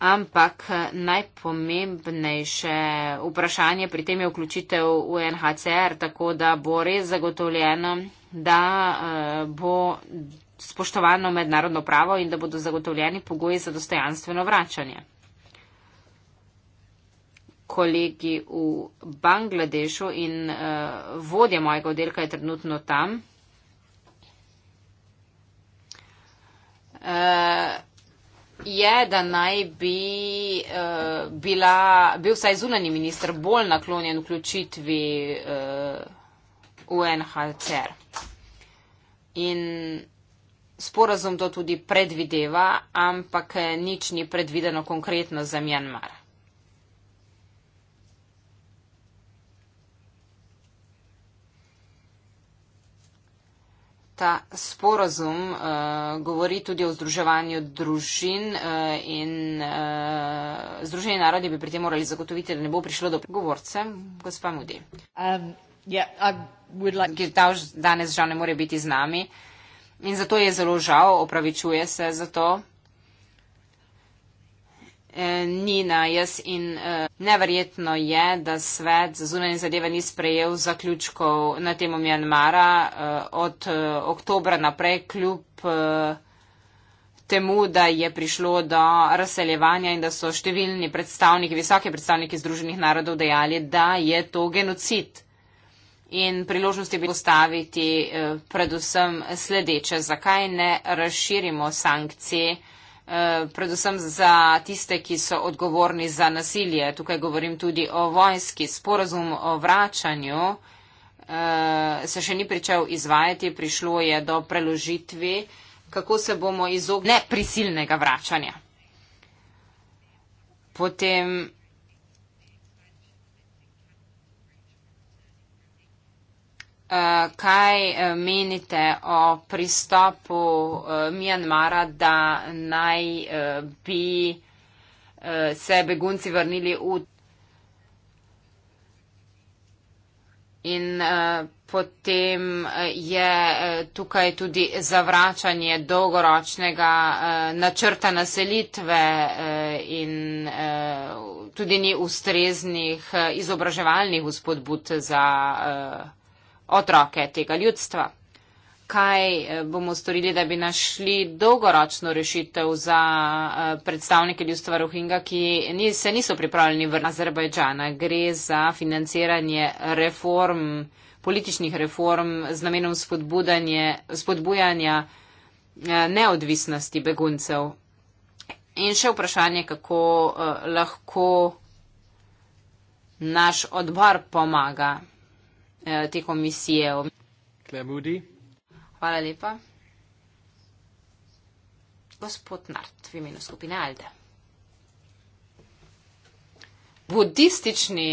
ampak eh, najpomembnejše vprašanje pri tem je vključitev UNHCR, tako da bo res zagotovljeno, da eh, bo spoštovano mednarodno pravo in da bodo zagotovljeni pogoji za dostojanstveno vračanje. Kolegi v Bangladešu in uh, vodja mojega oddelka je trenutno tam. Uh, je, da naj bi uh, bila, bil vsaj zunani minister bolj naklonjen vključitvi uh, eh, UNHCR. In sporazum to tudi predvideva, ampak eh, nič ni predvideno konkretno za Mjanmar. ta sporazum uh, govori tudi o združevanju družin uh, in uh, združeni narodi bi pri tem morali zagotoviti, da ne bo prišlo do govorce. Gospa Mudi. Um, yeah, like... Ta už danes žal ne more biti z nami in zato je zelo žal, opravičuje se za to. Eh, Nina, jaz in eh, neverjetno je, da svet za zunanje zadeve ni sprejel zaključkov na temo Mjanmara eh, od oktobra naprej, kljub temu, da je prišlo do razseljevanja in da so številni predstavniki, visoki predstavniki Združenih narodov dejali, da je to genocid. In priložnosti bi postaviti predvsem sledeče, zakaj ne razširimo sankcije. Eh, predvsem za tiste, ki so odgovorni za nasilje. Tukaj govorim tudi o vojski. Sporazum o vračanju eh, se še ni pričel izvajati, prišlo je do preložitvi, kako se bomo izognili neprisilnega vračanja. Potem Eh, kaj eh, menite o pristopu eh, Mjanmara, da naj bi se begunci vrnili v. In potem je tukaj tudi zavračanje dolgoročnega načrta naselitve in tudi ni ustreznih izobraževalnih vzpodbud za otroke tega ljudstva. Kaj eh, bomo storili, da bi našli dolgoročno rešitev za eh, predstavnike ljudstva Rohinga, ki se niso pripravljeni vrniti Azerbajdžana? Gre za financiranje reform, političnih reform z namenom spodbujanja eh, neodvisnosti beguncev. In še vprašanje, kako lahko naš odbor pomaga. Eh, te komisije. Klemudi. Hvala lepa. Gospod Nart, v imenu skupine Alde. Budistični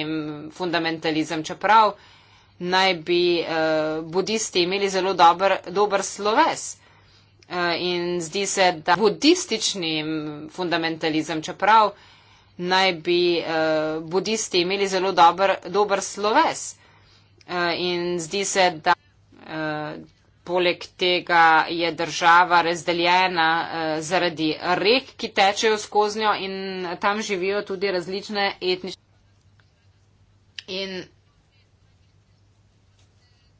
fundamentalizem, čeprav naj bi uh, budisti imeli zelo dober, dober sloves. Uh, in zdi se, da budistični fundamentalizem, čeprav naj bi uh, budisti imeli zelo dober, dober sloves. Uh, Eh, in zdi se, da eh, poleg tega je država razdeljena eh, zaradi rek, ki tečejo skozi njo in tam živijo tudi različne etnične. In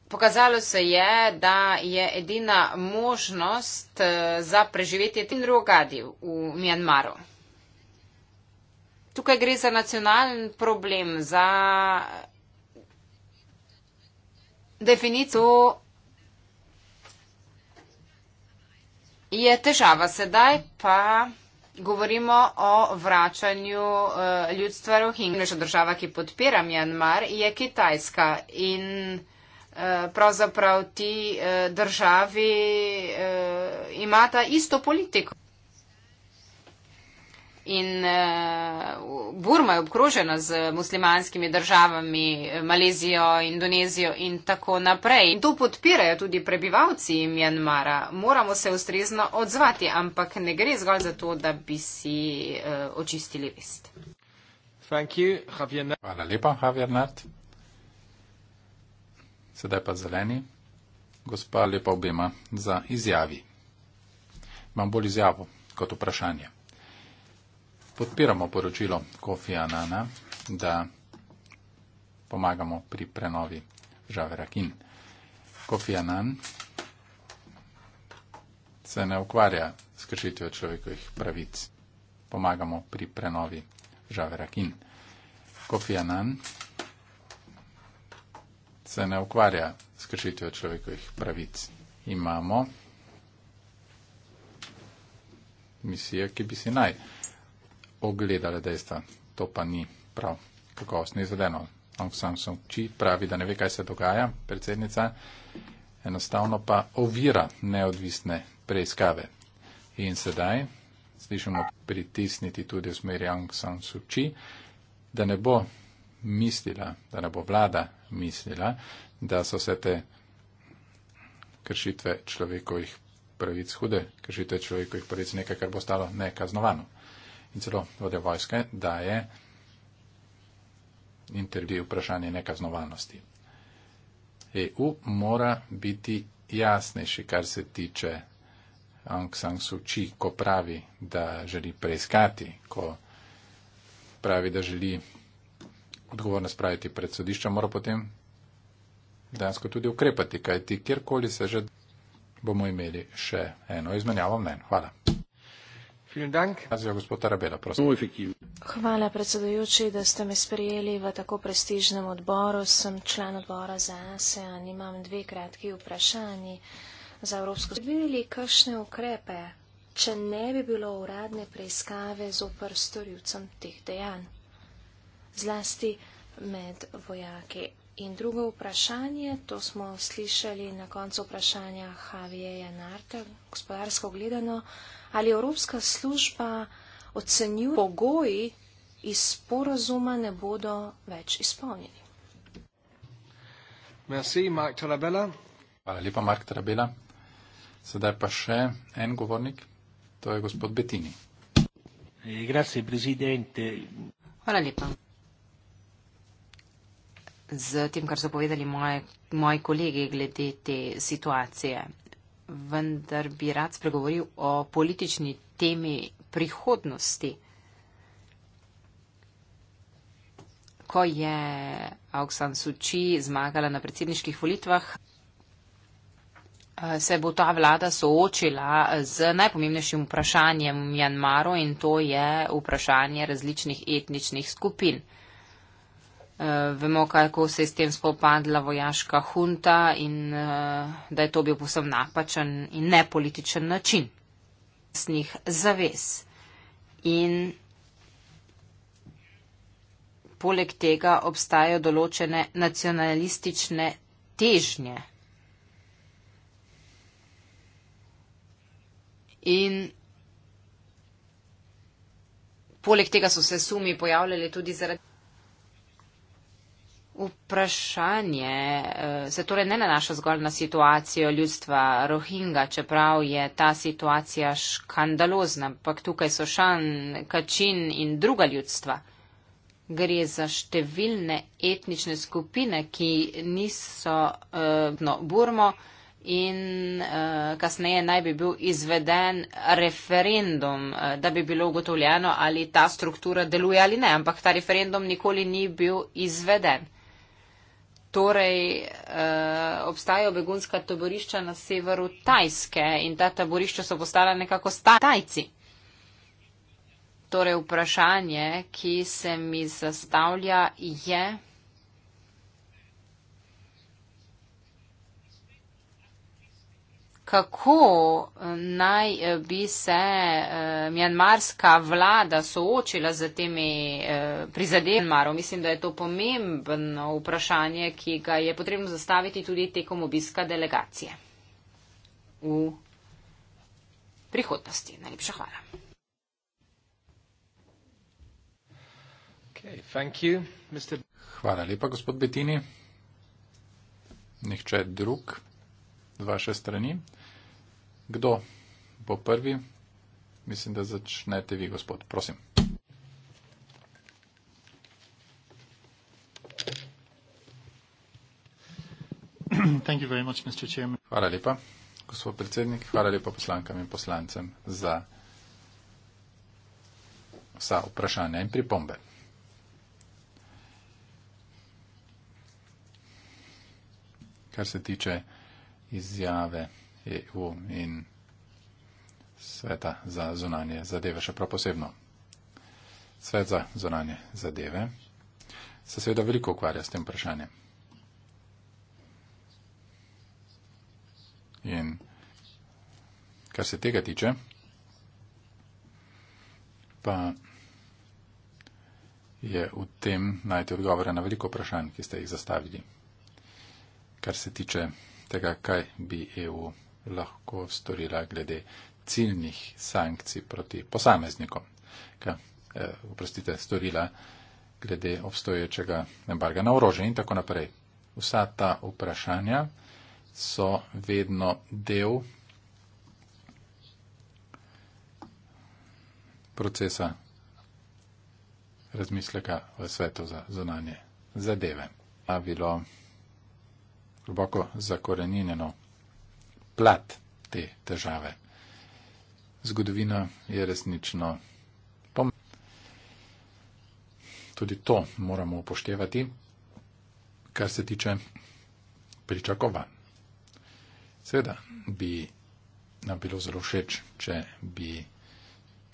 pokazalo se je, da je edina možnost za preživetje tim drugadi v Mjanmaru. Tukaj gre za nacionalen problem, za definit to je težava. Sedaj pa govorimo o vračanju uh, ljudstva Rohingja. Najboljša država, ki podpira Mjanmar, je Kitajska. In eh, Pravzaprav ti eh, državi imata isto politiko. In uh, Burma je obkrožena z muslimanskimi državami, Malezijo, Indonezijo in tako naprej. In to podpirajo tudi prebivalci Mjanmara. Moramo se ustrezno odzvati, ampak ne gre zgolj za to, da bi si uh, očistili vest. You, Hvala lepa, Javier Nart. Sedaj pa zeleni. Gospa, lepa obema za izjavi. Imam bolj izjavo kot vprašanje podpiramo poročilo Kofija Nana, da pomagamo pri prenovi žave Rakin. Kofija Nan se ne ukvarja s kršitvijo človekovih pravic. Pomagamo pri prenovi žave Rakin. Kofija Nan se ne ukvarja s kršitvijo človekovih pravic. Imamo misije, ki bi si naj ogledale dejstva. To pa ni prav kakovostno izvedeno. Aung San Suu Kyi pravi, da ne ve, kaj se dogaja, predsednica, enostavno pa ovira neodvisne preiskave. In sedaj slišimo pritisniti tudi v smeri Aung San Suu Kyi, da ne bo mislila, da ne bo vlada mislila, da so se te kršitve človekovih pravic, hude kršitve človekovih pravic, nekaj, kar bo stalo nekaznovano in celo vode vojske daje intervju vprašanje nekaznovanosti. EU mora biti jasnejši, kar se tiče Aung San Suu Kyi, ko pravi, da želi preiskati, ko pravi, da želi odgovorno spraviti pred sodišča, mora potem dejansko tudi ukrepati, kajti kjerkoli se že bomo imeli še eno izmenjavo mnen. Hvala. Hvala predsedujoči, da ste me sprijeli v tako prestižnem odboru. Sem član odbora za ASEAN. Imam dve kratki vprašanji za Evropsko skupino. Videli, kakšne ukrepe, če ne bi bilo uradne preiskave z oprstorjucem teh dejanj? Zlasti med vojake In drugo vprašanje, to smo slišali na koncu vprašanja Javija Narta, gospodarsko gledano, ali Evropska služba ocenjuje, da pogoji iz sporazuma ne bodo več izpolnjeni. Merci, Mark Hvala lepa, Mark Tarabela. Sedaj pa še en govornik, to je gospod Betini. Eh, grazie, Hvala lepa z tem, kar so povedali moje, moji kolegi glede te situacije. Vendar bi rad spregovoril o politični temi prihodnosti. Ko je Aung San Suu Kyi zmagala na predsedniških volitvah, eh, se bo ta vlada soočila z najpomembnejšim vprašanjem v Mjanmaru in to je vprašanje različnih etničnih skupin. Eh, vemo, kako se je s tem spopadla vojaška hunta in uh, da je to bil posebno napačen in nepolitičen način vlastnih zaves. In poleg tega obstajajo določene nacionalistične težnje. In poleg tega so se sumi pojavljali tudi zaradi Vprašanje eh, se torej ne nanaša zgolj na situacijo ljudstva Rohinga, čeprav je ta situacija škandalozna, ampak tukaj so Šan, Kačin in druga ljudstva. Gre za številne etnične skupine, ki niso uh, no, Burmo in uh, kasneje naj bi bil izveden referendum, uh, da bi bilo ugotovljeno, ali ta struktura deluje ali ne, ampak ta referendum nikoli ni bil izveden. Torej, eh, obstajajo begunska taborišča na severu Tajske in ta taborišča so postala nekako stajci. Torej, vprašanje, ki se mi zastavlja, je. kako eh, naj eh, bi se uh, mjanmarska vlada soočila z temi uh, prizadevanji. Mislim, da je to pomembno vprašanje, ki ga je potrebno zastaviti tudi tekom obiska delegacije v prihodnosti. Najlepša hvala. Okay, you, Mr... Hvala lepa, gospod Betini. Nihče drug z vaše strani. Kdo bo prvi? Mislim, da začnete vi, gospod. Prosim. [CLEARS THROAT] Much, hvala lepa, gospod predsednik. Hvala lepa poslankam in poslancem za vsa vprašanja in pripombe. Kar se tiče izjave EU in sveta za zunanje zadeve, še prav posebno. Svet za zunanje zadeve se seveda veliko ukvarja s tem vprašanjem. In kar se tega tiče, pa je v tem najti odgovore na veliko vprašanj, ki ste jih zastavili. Kar se tiče tega, kaj bi EU lahko storila glede ciljnih sankcij proti posameznikom. Kaj, eh, oprostite, storila glede obstoječega embarga na orožje in tako naprej. Vsa ta vprašanja so vedno del procesa razmisleka v svetu za zunanje zadeve. Pravilo globoko zakorenjeno plat te težave. Zgodovina je resnično pomembna. Tudi to moramo upoštevati, kar se tiče pričakovanj. Seveda bi nam bilo zelo všeč, če bi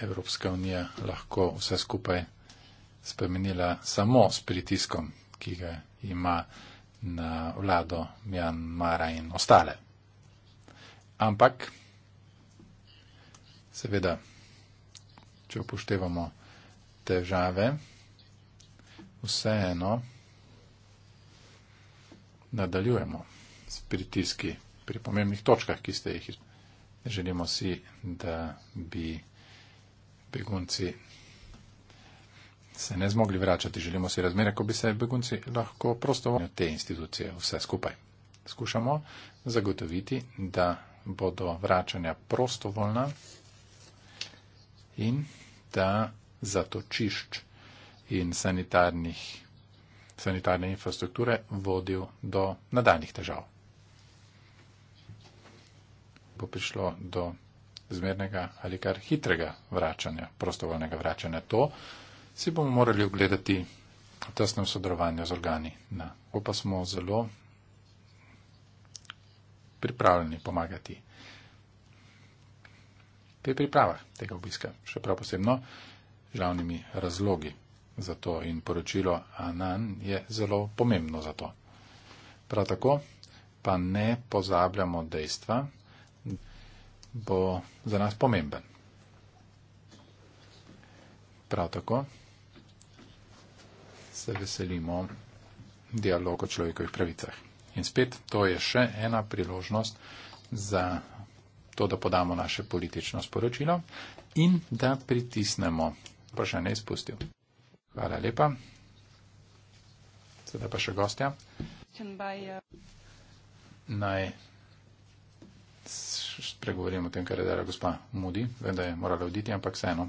Evropska unija lahko vse skupaj spremenila samo s pritiskom, ki ga ima na vlado Mjanmara in ostale. Ampak, seveda, če upoštevamo težave, vseeno nadaljujemo s pritiski pri pomembnih točkah, ki ste jih želimo si, da bi begunci se ne zmogli vračati. Želimo si razmere, ko bi se begunci lahko prostovoljno te institucije vse skupaj. Skušamo zagotoviti, da bodo vračanja prostovoljna in da zatočišč in sanitarnih, sanitarne infrastrukture vodijo do nadaljnih težav. Bo prišlo do zmernega ali kar hitrega vračanja, prostovoljnega vračanja. To si bomo morali ogledati v tesnem sodelovanju z organi. Na, opa smo zelo pripravljeni pomagati. To je priprava tega obiska, še prav posebno z glavnimi razlogi za to in poročilo Anan je zelo pomembno za to. Prav tako pa ne pozabljamo dejstva, bo za nas pomemben. Prav tako se veselimo dialogu o človekovih pravicah. In spet, to je še ena priložnost za to, da podamo naše politično sporočilo in da pritisnemo. Pa še ne izpustil. Hvala lepa. Sedaj pa še gostja. Naj spregovorim o tem, kar je dala gospa Mudi. Vem, da je morala oditi, ampak vseeno.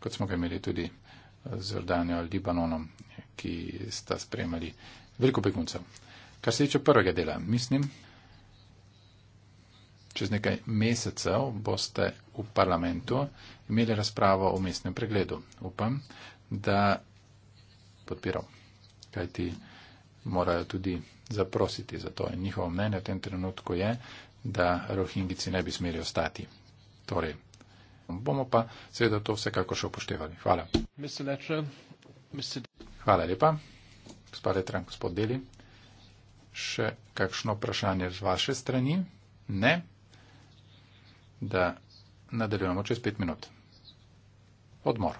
Kot smo ga imeli tudi z Jordanijo ali Libanonom, ki sta spremljali veliko beguncev. Kar se tiče prvega dela, mislim, čez nekaj mesecev boste v parlamentu imeli razpravo o mestnem pregledu. Upam, da podpiram, kajti morajo tudi zaprositi za to. In njihovo mnenje v tem trenutku je, da rohingici ne bi smeli ostati. Torej, bomo pa seveda to vsekako še upoštevali. Hvala. Mr. Letcher, Mr. Hvala lepa, gospod Letran, gospod Deli. Še kakšno vprašanje z vaše strani? Ne. Da nadaljujemo čez pet minut. Odmor.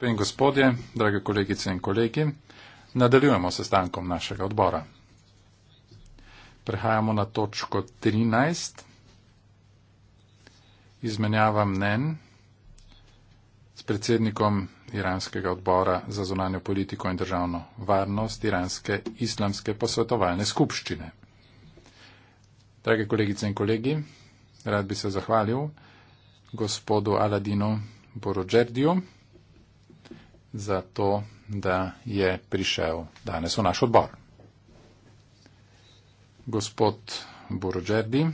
in gospodje, drage kolegice in kolegi, nadaljujemo se stankom našega odbora. Prehajamo na točko 13, izmenjava mnen s predsednikom iranskega odbora za zunanjo politiko in državno varnost iranske islamske posvetovalne skupščine. Drage kolegice in kolegi, rad bi se zahvalil, gospodu Aladinu Borodžerdiju za to, da je prišel danes v naš odbor. Gospod Borodžerdi,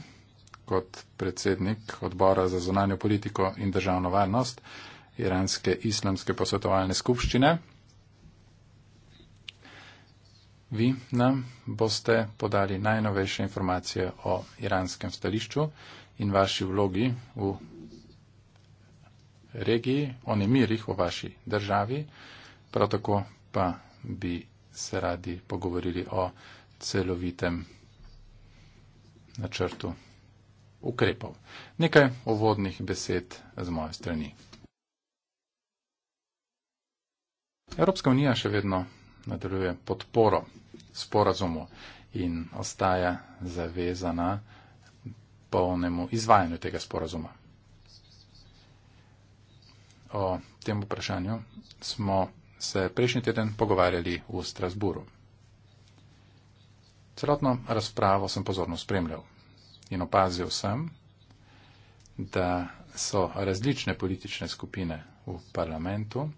kot predsednik odbora za zonanjo politiko in državno varnost Iranske islamske posvetovalne skupščine, vi nam boste podali najnovejše informacije o iranskem stališču in vaši vlogi v regiji, o nemirih v vaši državi, prav tako pa bi se radi pogovorili o celovitem načrtu ukrepov. Nekaj uvodnih besed z moje strani. Evropska unija še vedno nadaljuje podporo sporazumu in ostaja zavezana polnemu izvajanju tega sporazuma o tem vprašanju smo se prejšnji teden pogovarjali v Strasburu. Celotno razpravo sem pozorno spremljal in opazil sem, da so različne politične skupine v parlamentu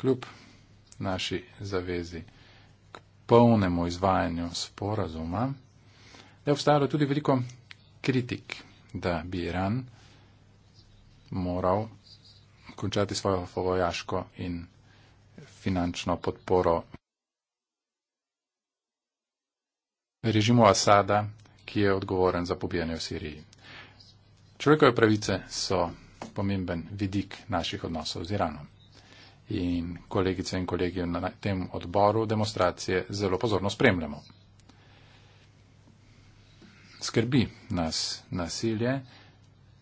kljub naši zavezi k polnemu izvajanju sporazuma, da je obstajalo tudi veliko kritik, da bi Iran moral končati svojo vojaško in finančno podporo režimu Asada, ki je odgovoren za pobijanje v Siriji. Človekove pravice so pomemben vidik naših odnosov z Iranom. In kolegice in kolegi na tem odboru demonstracije zelo pozorno spremljamo. Skrbi nas nasilje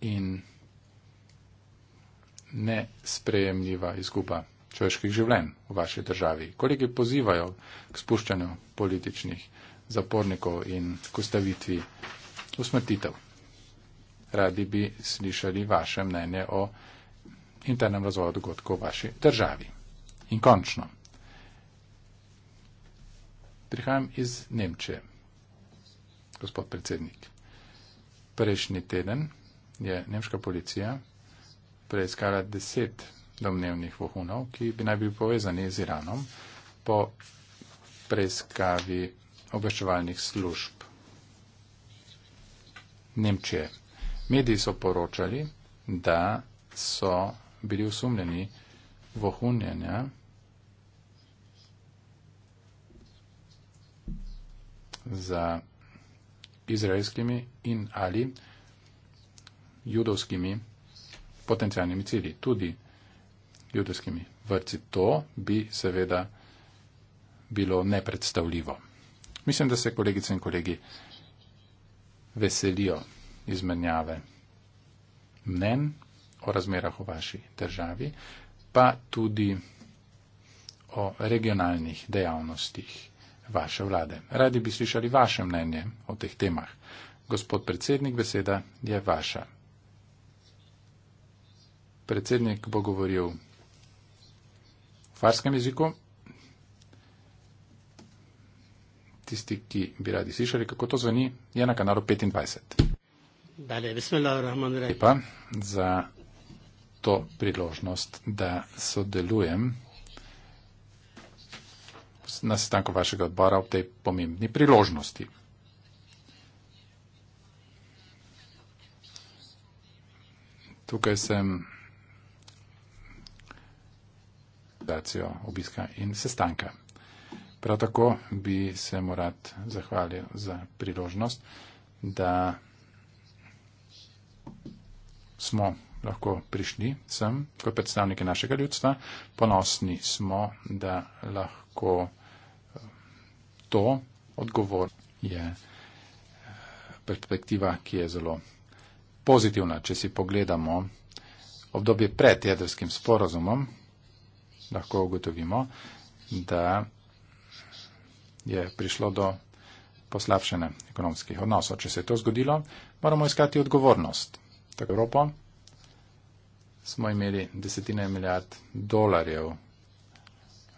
in nesprejemljiva izguba človeških življenj v vaši državi. Kolegi pozivajo k spuščanju političnih zapornikov in k ustavitvi usmrtitev. Radi bi slišali vaše mnenje o internem razvoju dogodkov v vaši državi. In končno. Prihajam iz Nemčije, gospod predsednik. Prejšnji teden je nemška policija preiskala deset domnevnih vohunov, ki bi naj bil povezani z Iranom po preiskavi obveščevalnih služb Nemčije. Mediji so poročali, da so bili usumljeni vohunjenja za izraelskimi in ali judovskimi potencijalnimi cilji, tudi judovskimi vrci. To bi seveda bilo nepredstavljivo. Mislim, da se kolegice in kolegi veselijo izmenjave mnen o razmerah v vaši državi, pa tudi o regionalnih dejavnostih vaše vlade. Radi bi slišali vaše mnenje o teh temah. Gospod predsednik, beseda je vaša predsednik bo govoril v farskem jeziku. Tisti, ki bi radi slišali, kako to zveni, je na kanalu 25. Lepa za to priložnost, da sodelujem na sestanku vašega odbora ob tej pomembni priložnosti. Tukaj sem organizacijo obiska in sestanka. Prav tako bi se mu rad zahvalil za priložnost, da smo lahko prišli sem kot predstavniki našega ljudstva. Ponosni smo, da lahko eh, to odgovor je eh, perspektiva, ki je zelo pozitivna, če si pogledamo obdobje pred jedrskim sporozumom lahko ugotovimo, da je prišlo do poslabšene ekonomskih odnosov. Če se je to zgodilo, moramo iskati odgovornost. Tako Evropo smo imeli desetine milijard dolarjev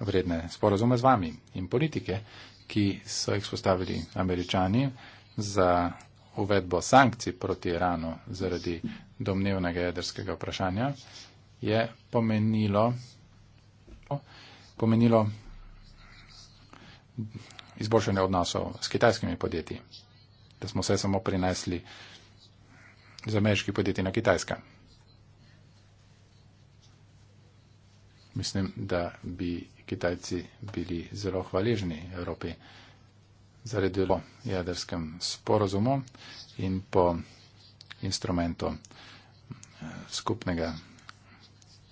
vredne sporozume z vami in politike, ki so jih spostavili američani za uvedbo sankcij proti Iranu zaradi domnevnega jedrskega vprašanja, je pomenilo pomenilo izboljšanje odnosov s kitajskimi podjetji, da smo vse samo prinesli z ameriških podjetij na kitajska. Mislim, da bi Kitajci bili zelo hvaležni Evropi zaradi po jedrskem sporozumu in po instrumentu eh, skupnega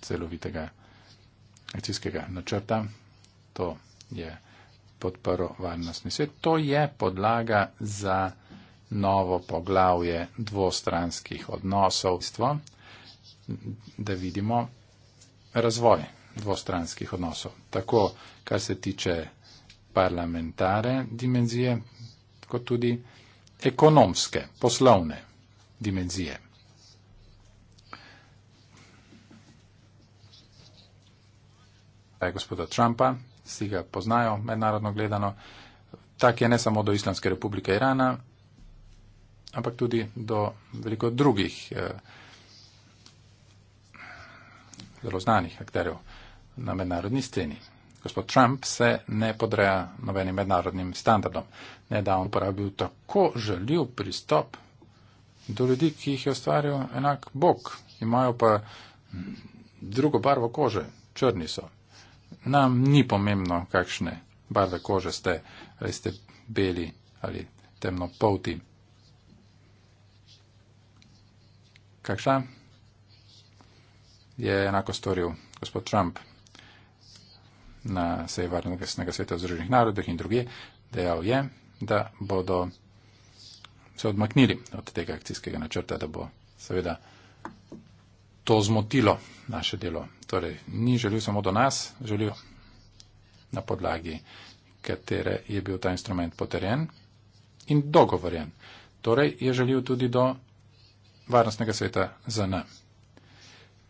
celovitega akcijskega načrta, to je podporo varnostni svet, to je podlaga za novo poglavje dvostranskih odnosov, da vidimo razvoj dvostranskih odnosov. Tako, kar se tiče parlamentare dimenzije, kot tudi ekonomske, poslovne dimenzije. je eh, gospoda Trumpa, vsi ga poznajo mednarodno gledano, tak je ne samo do Islamske republike Irana, ampak tudi do veliko drugih eh, zelo znanih akterjev na mednarodni sceni. Gospod Trump se ne podreja nobenim mednarodnim standardom. Nedavno uporabil tako želiv pristop do ljudi, ki jih je ustvaril enak Bog, imajo pa drugo barvo kože, črni so. Nam ni pomembno, kakšne barve kože ste, ali ste beli ali temnopolti. Kakšna je enako storil gospod Trump na seji Varnostnega sveta Združenih narodov in druge, dejal je, da bodo se odmaknili od tega akcijskega načrta, da bo seveda to zmotilo naše delo. Torej, ni želel samo do nas, želel na podlagi, katere je bil ta instrument poterjen in dogovorjen. Torej, je želel tudi do varnostnega sveta ZN.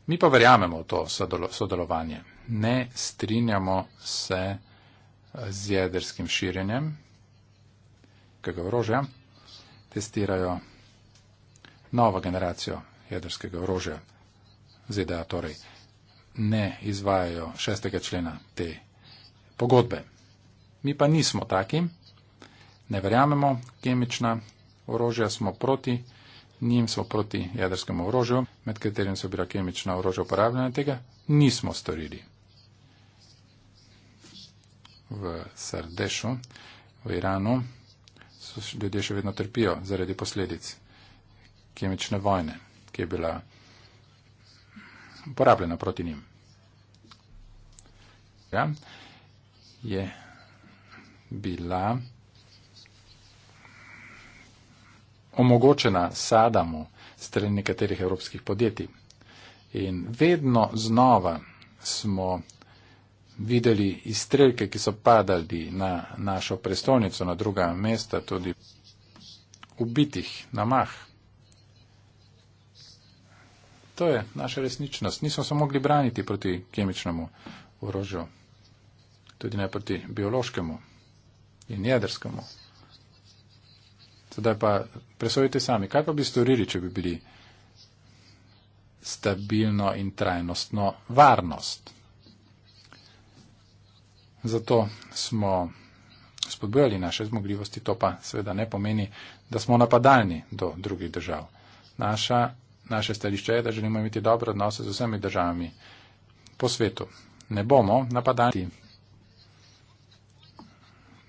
Mi pa verjamemo v to sodelovanje. Ne strinjamo se z jedrskim širjenjem, kakega orožja testirajo novo generacijo jedrskega orožja. ZDA torej ne izvajajo šestega člena te pogodbe. Mi pa nismo taki, ne verjamemo, kemična orožja smo proti, njim smo proti jedrskemu orožju, med katerim so bila kemična orožja uporabljena, tega nismo storili. V Sardešu, v Iranu, so ljudje še vedno trpijo zaradi posledic kemične vojne, ki je bila porabljena proti njim. Ja, je bila omogočena Sadamu strani nekaterih evropskih podjetij. In vedno znova smo videli izstrelke, ki so padali na našo prestolnico, na druga mesta, tudi ubitih na mah To je naša resničnost. Nismo se mogli braniti proti kemičnemu orožju, tudi ne proti biološkemu in jedrskemu. Sedaj pa presojite sami, kaj pa bi storili, če bi bili stabilno in trajnostno varnost. Zato smo spodbojali naše zmogljivosti, to pa seveda ne pomeni, da smo napadalni do drugih držav. Naša naše stališče je, da želimo imeti dobre odnose z vsemi državami po svetu. Ne bomo napadali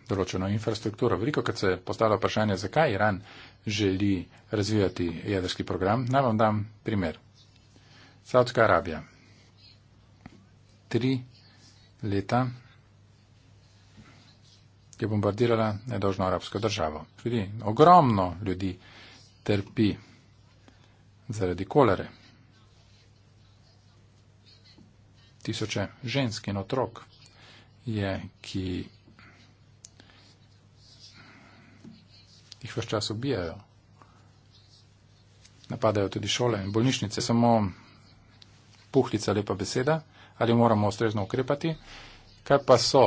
določeno infrastrukturo. Veliko, kad se je postalo vprašanje, zakaj Iran želi razvijati jedrski program, naj vam dam primer. Saudska Arabija. Tri leta je bombardirala nedožno arabsko državo. Vidi, ogromno ljudi trpi zaradi kolere. Tisoče žensk in otrok je, ki jih vse čas ubijajo. Napadajo tudi šole in bolnišnice. Samo puhlica lepa beseda, ali moramo ustrezno ukrepati. Kaj pa so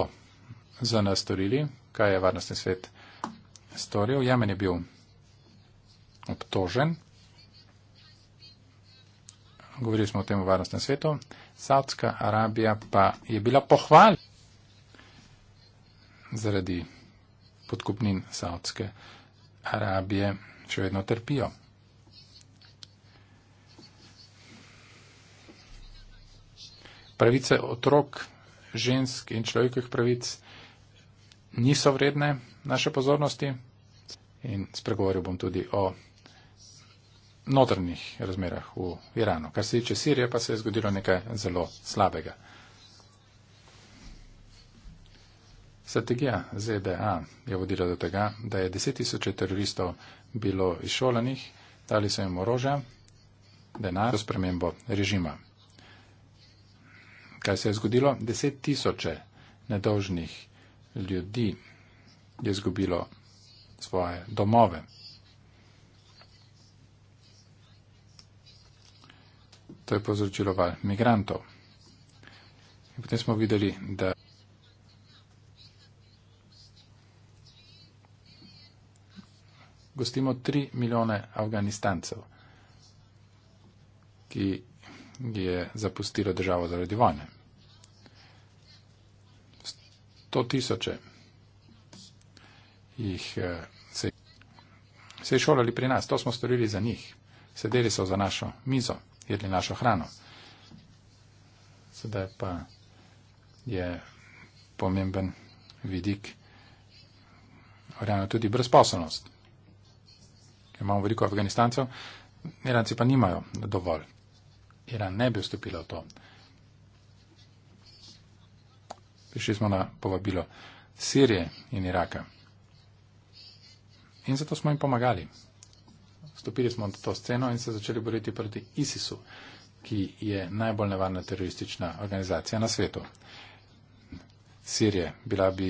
za nas storili, kaj je varnostni svet storil? Jemen je bil obtožen govorili smo o tem v varnostnem svetu, Saudska Arabija pa je bila pohval zaradi podkupnin Saudske Arabije, še vedno trpijo. Pravice otrok, žensk in človekovih pravic niso vredne naše pozornosti in spregovoril bom tudi o notrnih razmerah v Iranu. Kar se tiče Sirije, pa se je zgodilo nekaj zelo slabega. Strategija ZDA je vodila do tega, da je 10 tisoč teroristov bilo izšolanih, dali so jim orožja, denar, spremembo režima. Kaj se je zgodilo? 10 tisoče nedolžnih ljudi je izgubilo svoje domove. to je povzročilo val migrantov. In potem smo videli, da gostimo tri milijone Afganistancev, ki je zapustilo državo zaradi vojne. Sto tisoče jih eh, se je šolali pri nas, to smo storili za njih, sedeli so za našo mizo jedli našo hrano. Sedaj pa je pomemben vidik vrejeno tudi brezposobnost. Ker imamo veliko afganistancev, iranci pa nimajo dovolj. Iran ne bi vstopila v to. Prišli smo na povabilo Sirije in Iraka. In zato smo jim pomagali. Stopili smo na to sceno in se začeli boriti proti ISIS-u, ki je najbolj nevarna teroristična organizacija na svetu. Sirije bila bi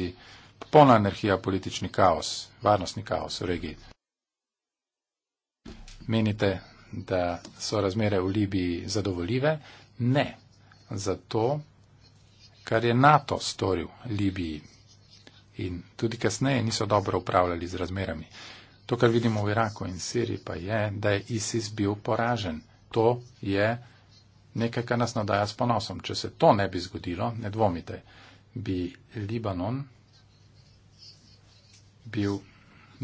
popolna anarhija, politični kaos, varnostni kaos v regiji. Menite, da so razmere v Libiji zadovoljive? Ne. Zato, kar je NATO storil Libiji in tudi kasneje niso dobro upravljali z razmerami. To, kar vidimo v Iraku in Siriji, pa je, da je ISIS bil poražen. To je nekaj, kar nas nadaja s ponosom. Če se to ne bi zgodilo, ne dvomite, bi Libanon bil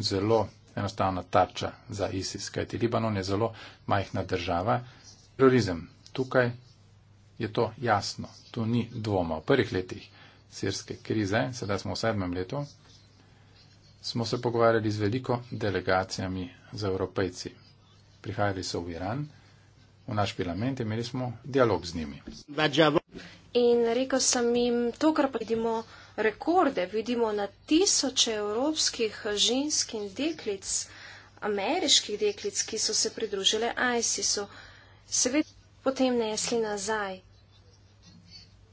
zelo enostavna tarča za ISIS, kajti Libanon je zelo majhna država. Terorizem tukaj je to jasno, tu ni dvoma. V prvih letih sirske krize, sedaj smo v sedmem letu, smo se pogovarjali z veliko delegacijami z evropejci. Prihajali so v Iran, v naš parlament, imeli smo dialog z njimi. In rekel sem jim, to, kar pa vidimo rekorde, vidimo na tisoče evropskih žensk in deklic, ameriških deklic, ki so se pridružile ISIS-u, seveda potem nesli nazaj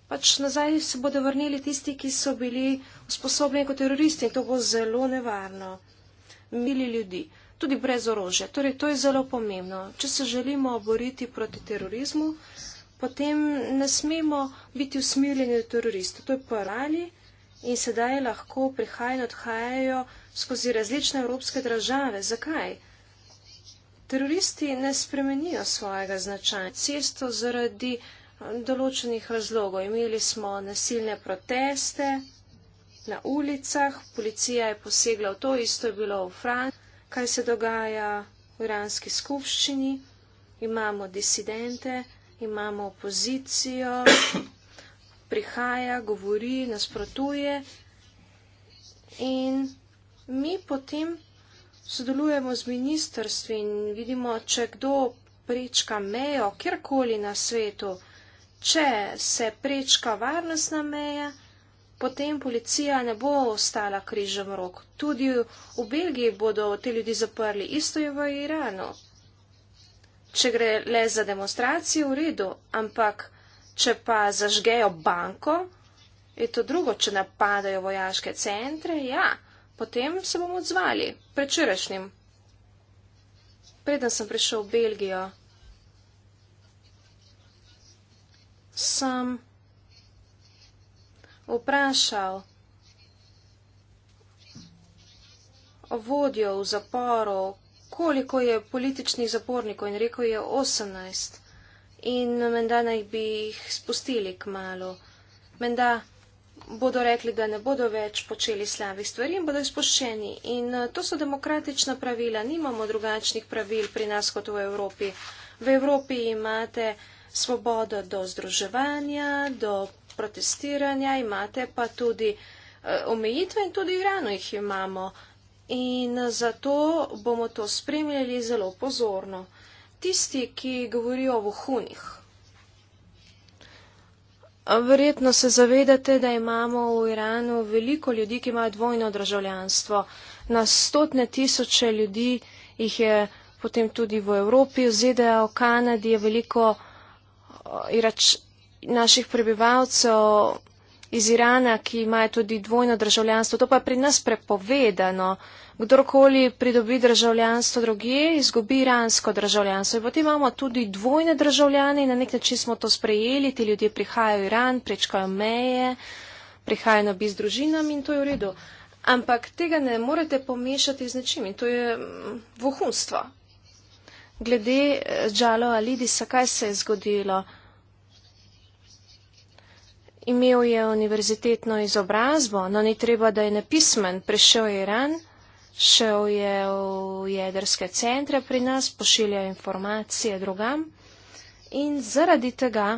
pač nazaj se bodo vrnili tisti, ki so bili usposobljeni kot teroristi in to bo zelo nevarno. Mili ljudi, tudi brez orožja. Torej, to je zelo pomembno. Če se želimo boriti proti terorizmu, potem ne smemo biti usmiljeni do teroristov. To je parali in sedaj lahko prihajajo in odhajajo skozi različne evropske države. Zakaj? Teroristi ne spremenijo svojega značaja. Cesto zaradi določenih razlogov. Imeli smo nasilne proteste na ulicah, policija je posegla v to, isto je bilo v Franciji, kaj se dogaja v iranski skupščini, imamo disidente, imamo opozicijo, prihaja, govori, nasprotuje in mi potem sodelujemo z ministrstvi in vidimo, če kdo prečka mejo, kjerkoli na svetu, če se prečka varnostna meja, potem policija ne bo ostala križem rok. Tudi v Belgiji bodo te ljudi zaprli, isto je v Iranu. Če gre le za demonstracije, v redu, ampak če pa zažgejo banko, je to drugo, če napadajo vojaške centre, ja, potem se bomo odzvali prečerašnjim. Preden sem prišel v Belgijo, sem vprašal vodjo v zaporu, koliko je političnih zapornikov in rekel je 18 in menda naj bi jih spustili k malu. Menda bodo rekli, da ne bodo več počeli slavih stvari in bodo izpuščeni. In eh, to so demokratična pravila, nimamo drugačnih pravil pri nas kot v Evropi. V Evropi imate svobodo do združevanja, do protestiranja, imate pa tudi eh, omejitve in tudi hrano jih imamo. In zato bomo to spremljali zelo pozorno. Tisti, ki govorijo o vohunih. Verjetno se zavedate, da imamo v Iranu veliko ljudi, ki imajo dvojno državljanstvo. Na stotne tisoče ljudi jih je potem tudi v Evropi, v ZDA, v Kanadi je veliko ljudi irač, naših prebivalcev iz Irana, ki imajo tudi dvojno državljanstvo. To pa je pri nas prepovedano. Kdorkoli pridobi državljanstvo drugje, izgubi iransko državljanstvo. In potem imamo tudi dvojne državljane in na nek način smo to sprejeli. Ti ljudje prihajajo v Iran, prečkajo meje, prihajajo na bi z družinami in to je v redu. Ampak tega ne morete pomešati z nečim in to je mm, vohunstvo glede Džalo eh, Alidisa, kaj se je zgodilo. Imel je univerzitetno izobrazbo, no ni treba, da je nepismen, prišel je Iran, šel je v jedrske centre pri nas, pošilja informacije drugam in zaradi tega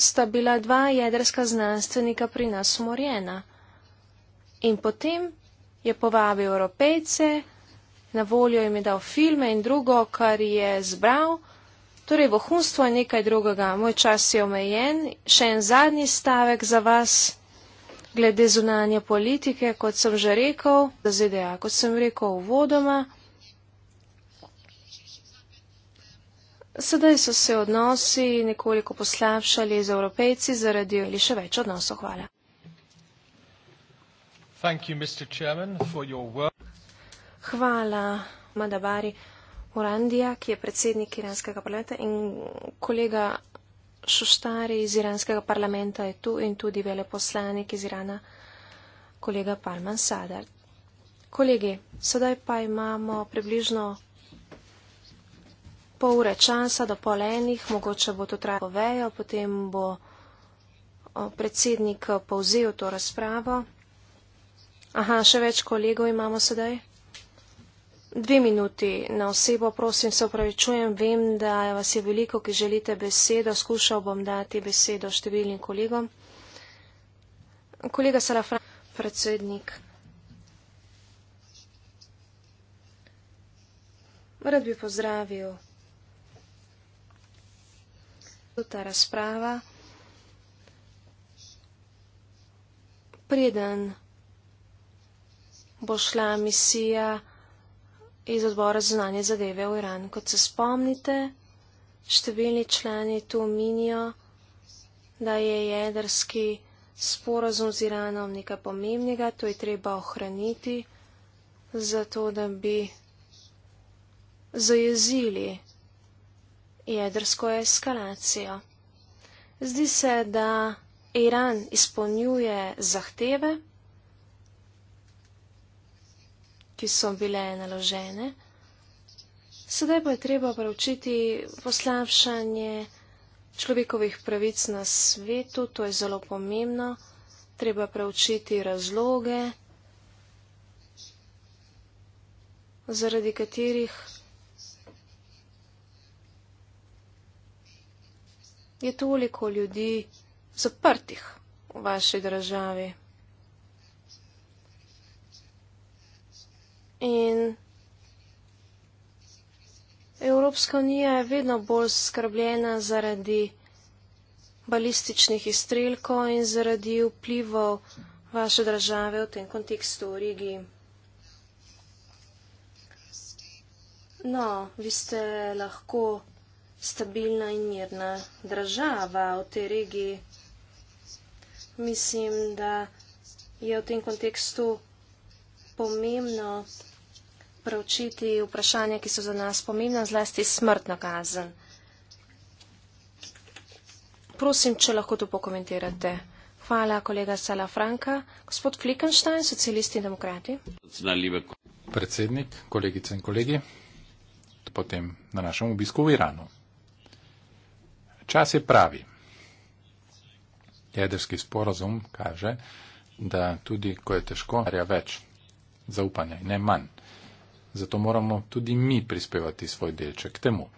sta bila dva jedrska znanstvenika pri nas umorjena. In potem je povabil evropejce, na voljo jim je dal filme in drugo, kar je zbral. Torej, vohunstvo je nekaj drugega, moj čas je omejen. Še en zadnji stavek za vas. Glede zunanje politike, kot sem že rekel, za ZDA, kot sem rekel uvodoma, sedaj so se odnosi nekoliko poslabšali z evropejci zaradi ali še več odnosov. Hvala. Hvala Madabari Urandija, ki je predsednik iranskega parlamenta in kolega Šuštari iz iranskega parlamenta je tu in tudi veleposlanik iz Irana, kolega Parman Sadar. Kolegi, sedaj pa imamo približno pol ure časa do pol enih, mogoče bo to trajalo vejo, potem bo predsednik povzel to razpravo. Aha, še več kolegov imamo sedaj. Dve minuti na osebo, prosim, se upravičujem. Vem, da vas je veliko, ki želite besedo. Skušal bom dati besedo številnim kolegom. Kolega Salafran, predsednik. Rad bi pozdravil ta razprava. Preden bo šla misija, iz odbora zunanje zadeve v Iran. Kot se spomnite, številni člani tu minijo, da je jedrski sporozum z Iranom nekaj pomembnega, to je treba ohraniti, zato da bi zajezili jedrsko eskalacijo. Zdi se, da Iran izpolnjuje zahteve, ki so bile naložene. Sedaj pa je treba preučiti poslavšanje človekovih pravic na svetu, to je zelo pomembno. Treba preučiti razloge, zaradi katerih je toliko ljudi zaprtih v vaši državi. In Evropska unija je vedno bolj skrbljena zaradi balističnih izstrelkov in zaradi vplivov vaše države v tem kontekstu v regiji. No, vi ste lahko stabilna in mirna država v tej regiji. Mislim, da je v tem kontekstu pomembno, preučiti vprašanja, ki so za nas pomembna, zlasti smrtno kazen. Prosim, če lahko to pokomentirate. Hvala, kolega Sala Franka. Gospod Flickenstein, socialisti in demokrati. Predsednik, kolegice in kolegi, potem na našem obisku v Iranu. Čas je pravi. Jedrski sporozum kaže, da tudi ko je težko, marja več zaupanja in ne manj. Zato moramo tudi mi prispevati svoj delček k temu.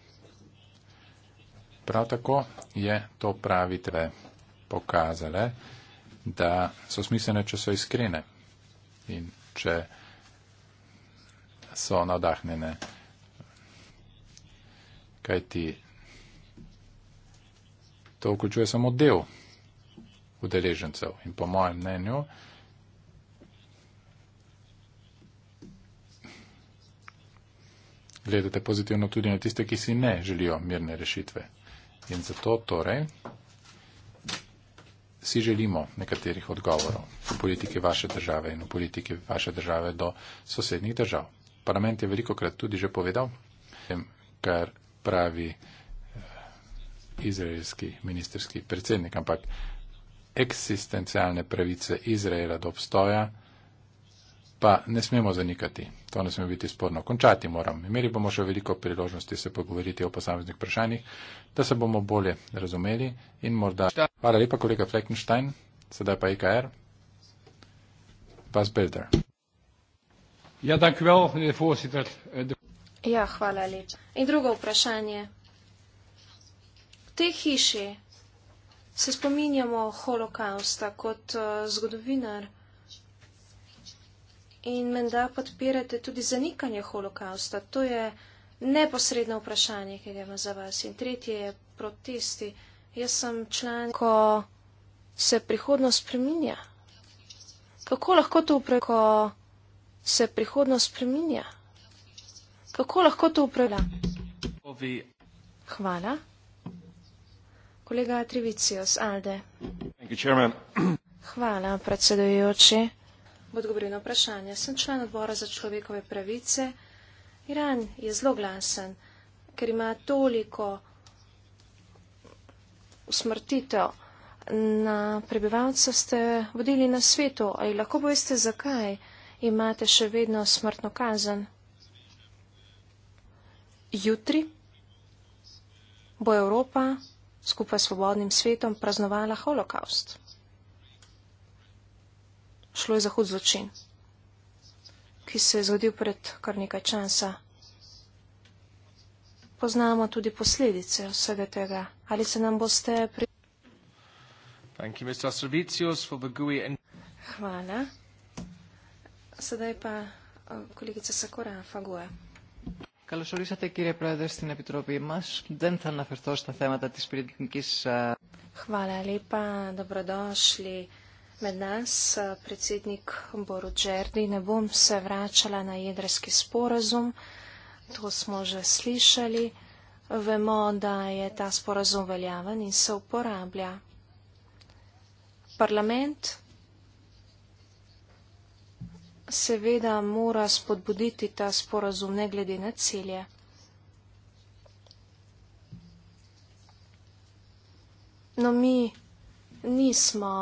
Prav tako je to pravi tve pokazale, da so smiselne, če so iskrene in če so nadahnjene. Kaj ti to vključuje samo del udeležencev in po mojem mnenju, gledate pozitivno tudi na tiste, ki si ne želijo mirne rešitve. In zato torej si želimo nekaterih odgovorov v politiki vaše države in v politiki vaše države do sosednjih držav. Parlament je veliko krat tudi že povedal, kar pravi eh, izraelski ministerski predsednik, ampak eksistencialne pravice Izraela do obstoja pa ne smemo zanikati. To ne sme biti sporno. Končati moram. Imeli bomo še veliko priložnosti se pogovoriti o posameznih vprašanjih, da se bomo bolje razumeli in morda. Hvala lepa, kolega Fleckenstein, sedaj pa IKR. E Buzz Builder. Ja, dankvel, voorzitter. Eh, ja, hvala lepa. In drugo vprašanje. V tej hiši se spominjamo holokausta kot uh, zgodovinar in menda podpirate tudi zanikanje holokausta. To je neposredno vprašanje, ki ga ima za vas. In tretje je protesti. Jaz sem član, ko se prihodnost spreminja. Kako lahko to upreko se prihodnost spreminja? Kako lahko to upreka? Hvala. Kolega Trivicius, Alde. Hvala, predsedujoči bo odgovoril na vprašanje. Sem član odbora za človekove pravice. Iran je zelo glasen, ker ima toliko usmrtitev na prebivalce, ste vodili na svetu. Ali lahko boste, zakaj imate še vedno smrtno kazen? Jutri bo Evropa skupaj s svobodnim svetom praznovala holokaust šlo je za hud zločin, ki se je zgodil pred kar nekaj časa. Poznamo tudi posledice vsega tega. Ali se nam boste pri. Hvala. Sedaj pa eh, kolegica Sakora Fagua. Καλώς ορίσατε κύριε Πρόεδρε στην Επιτροπή μας. Δεν θα αναφερθώ στα θέματα της πυρηνικής... Ευχαριστώ πολύ. Καλώς ήρθατε med nas, eh, predsednik Boruđerdi, ne bom se vračala na jedrski sporazum, to smo že slišali, vemo, da je ta sporazum veljaven in se uporablja. Parlament seveda mora spodbuditi ta sporazum ne glede na cilje. No mi nismo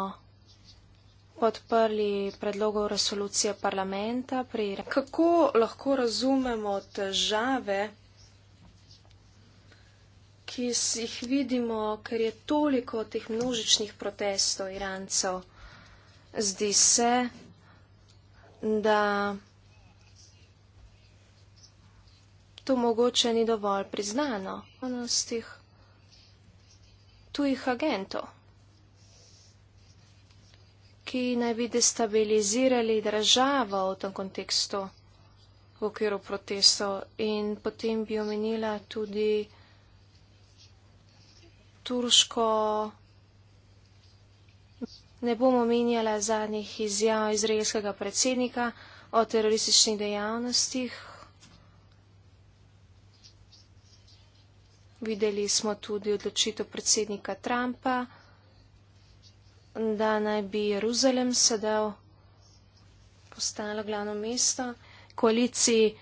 podprli predlogov resolucije parlamenta. Pri... Kako lahko razumemo težave, ki jih vidimo, ker je toliko teh množičnih protestov Irancev? Zdi se, da to mogoče ni dovolj priznano. Tujih agentov ki naj bi destabilizirali državo v tem kontekstu, v okviru protestov. In potem bi omenila tudi turško. Ne bom omenjala zadnjih izjav izraelskega predsednika o terorističnih dejavnostih. Videli smo tudi odločitev predsednika Trumpa da naj bi Jeruzalem sedel, postalo glavno mesto koaliciji,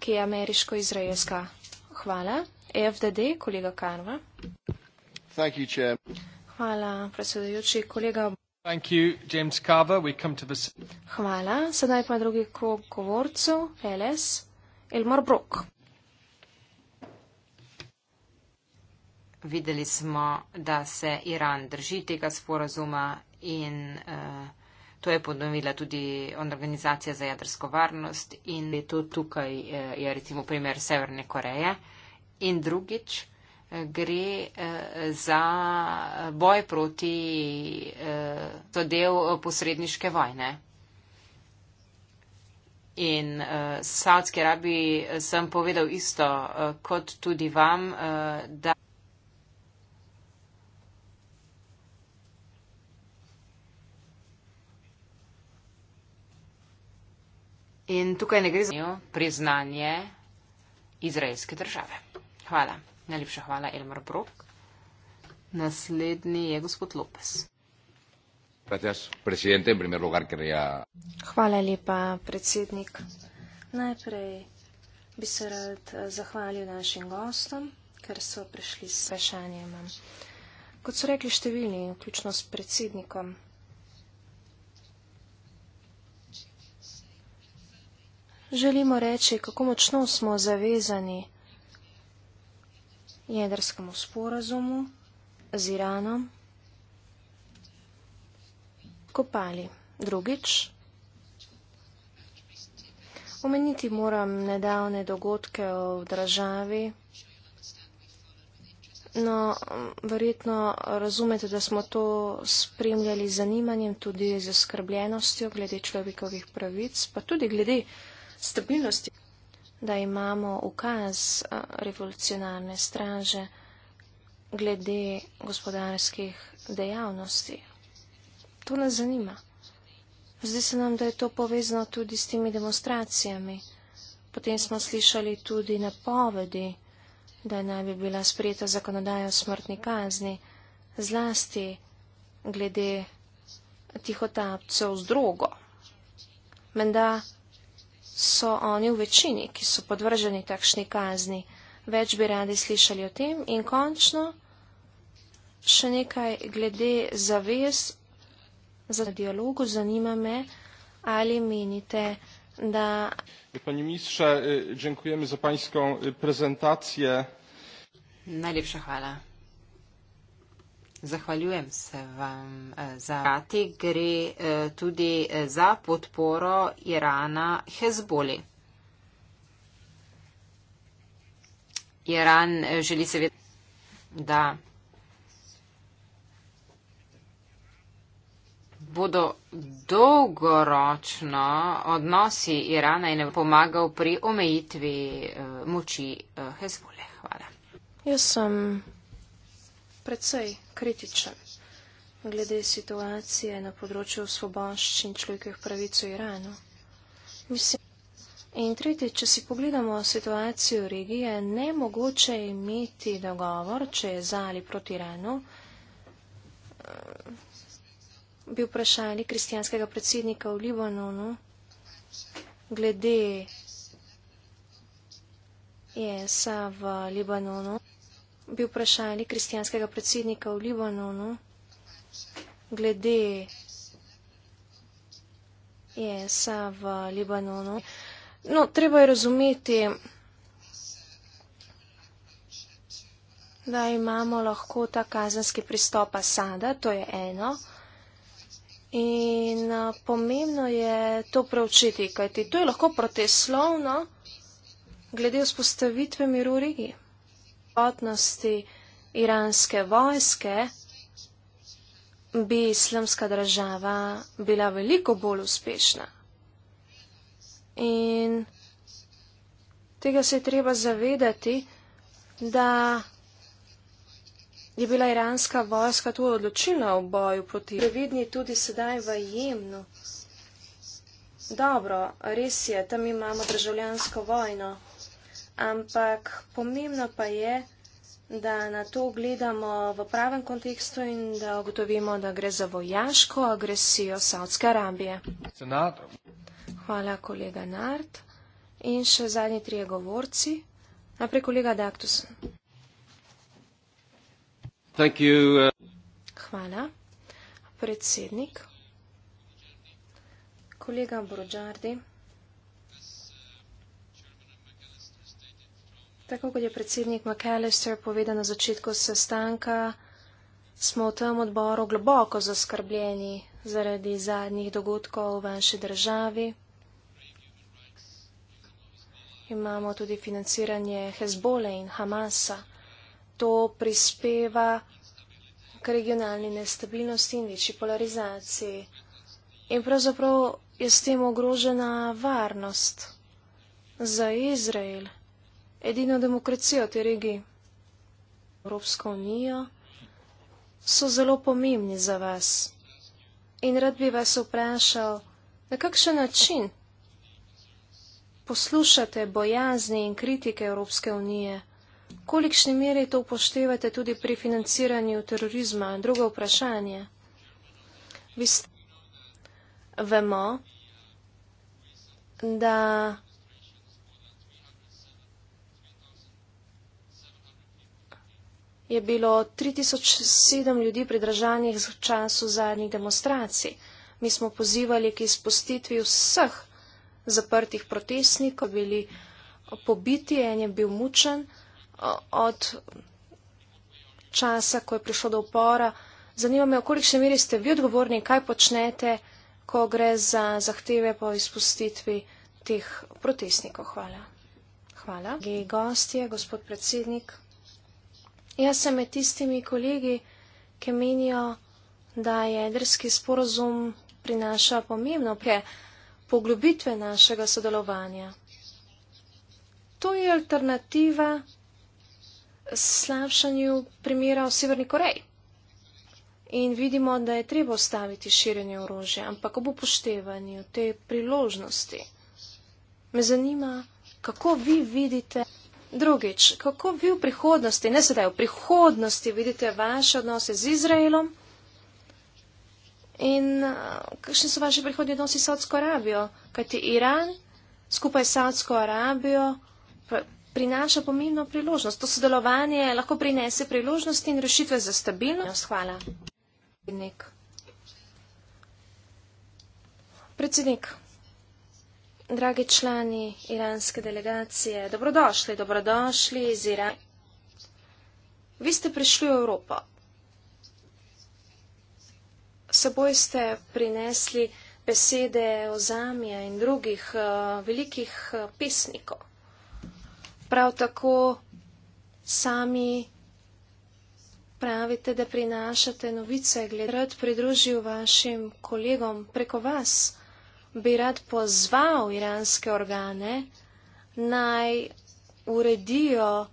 ki je ameriško-izraelska. Hvala. FDD, kolega Karva. You, Hvala, predsedujoči, kolega. You, James Carver. We come to the... Hvala. Sedaj pa drugi govorcu, LS, Elmar Brook. videli smo, da se Iran drži tega sporazuma in uh, to je ponovila tudi organizacija za jadrsko varnost in je to tukaj eh, je recimo primer Severne Koreje. In drugič eh, gre uh, za boj proti uh, to del posredniške vojne. In uh, Saudski Arabiji sem povedal isto uh, kot tudi vam, uh, da. In tukaj ne gre za priznanje izraelske države. Hvala. Najlepša hvala, Elmar Brok. Naslednji je gospod Lopes. Hvala lepa, predsednik. Najprej bi se rad eh, zahvalil našim gostom, ker so prišli s vprašanjem. Kot so rekli številni, vključno s predsednikom, želimo reči, kako močno smo zavezani jedrskemu sporazumu z Iranom, kopali drugič. Omeniti moram nedavne dogodke v državi. No, verjetno razumete, da smo to spremljali z zanimanjem, tudi z skrbljenostjo glede človekovih pravic, pa tudi glede uh, stabilnosti. Da imamo ukaz revolucionarne straže glede gospodarskih dejavnosti. To nas zanima. Zdi se nam, da je to povezano tudi s temi demonstracijami. Potem smo slišali tudi napovedi, da naj bi bila sprejeta zakonodaja o smrtni kazni, zlasti glede tihotapcev z drogo. Menda so oni v večini, ki so podvrženi takšni kazni. Več bi radi slišali o tem in končno še nekaj glede zavez za dialogu. Zanima me, ali menite, da. Panie ministrze, dziękujemy za pańską prezentację. Najlepsza chwała. Zahvaljujem se vam eh, za vrati, gre eh, tudi eh, za podporo Irana Hezboli. Iran želi seveda, da bodo dolgoročno odnosi Irana in pomagal pri omejitvi moči Hezbole. Hvala. Jaz sem precej kritičen glede situacije na področju svoboščin človekovih pravic v Iranu. Mislim. In tretje, če si pogledamo situacijo regije, ne mogoče imeti dogovor, če je za ali proti Iranu, eh, bi vprašali kristijanskega predsednika v Libanonu glede ESA v Libanonu bi vprašali kristijanskega predsednika v Libanonu glede ESA v Libanonu. No, treba je razumeti, da imamo lahko ta kazenski pristop Asada, to je eno. In pomembno je to preučiti, kajti to je lahko proteslovno glede vzpostavitve miru regije prisotnosti iranske vojske, bi islamska država bila veliko bolj uspešna. In tega se je treba zavedati, da je bila iranska vojska tu odločila v boju proti. Je vidni tudi sedaj v Jemnu. Dobro, res je, tam imamo državljansko vojno ampak pomembno pa je, da na to gledamo v pravem kontekstu in da ugotovimo, da gre za vojaško agresijo Saudske Arabije. Hvala, kolega Nart. In še zadnji trije govorci. Naprej kolega Daktus. Uh, Hvala, predsednik. Kolega Brodžardi. Tako kot je predsednik McAllister povedal na začetku sestanka, smo v tem odboru globoko zaskrbljeni zaradi zadnjih dogodkov v vaši državi. Imamo tudi financiranje Hezbole in Hamasa. To prispeva k regionalni nestabilnosti in večji polarizaciji. In pravzaprav je s tem ogrožena varnost za Izrael edina demokracija v tej regiji. Evropska unija so zelo pomembni za vas in rad bi vas vprašal, na kakšen način poslušate bojazni in kritike Evropske unije, kolikšni meri to upoštevate tudi pri financiranju terorizma. Drugo vprašanje. Vi ste, vemo, da je bilo 3007 ljudi pridržanih v času zadnjih demonstracij. Mi smo pozivali k izpustitvi vseh zaprtih protestnikov, bili pobiti, en je bil mučen od časa, ko je prišlo do upora. Zanima me, v kolikšni meri ste vi odgovorni, kaj počnete, ko gre za zahteve po izpustitvi teh protestnikov. Hvala. Hvala. Gej gostje, gospod predsednik. Jaz sem med tistimi kolegi, ki menijo, da jedrski sporozum prinaša pomembno pre poglobitve našega sodelovanja. To je alternativa slabšanju primera v Severni Koreji. In vidimo, da je treba ustaviti širjenje orožja, ampak ob upoštevanju te priložnosti me zanima, kako vi vidite Drugič, kako vi v prihodnosti, ne sedaj v prihodnosti, vidite vaše odnose z Izraelom in eh, kakšni so vaše prihodnje odnose s Saudsko Arabijo? Kajti Iran skupaj s Saudsko Arabijo prinaša pomembno priložnost. To sodelovanje lahko prinese priložnosti in rešitve za stabilnost. Hvala. Predsednik. Predsednik dragi člani iranske delegacije, dobrodošli, dobrodošli iz Iran. Vi ste prišli v Evropo. Seboj ste prinesli besede Ozamija in drugih uh, velikih uh, pesnikov. Prav tako sami pravite, da prinašate novice, glede rad pridružil vašim kolegom preko vas bi rad pozval iranske organe, naj uredijo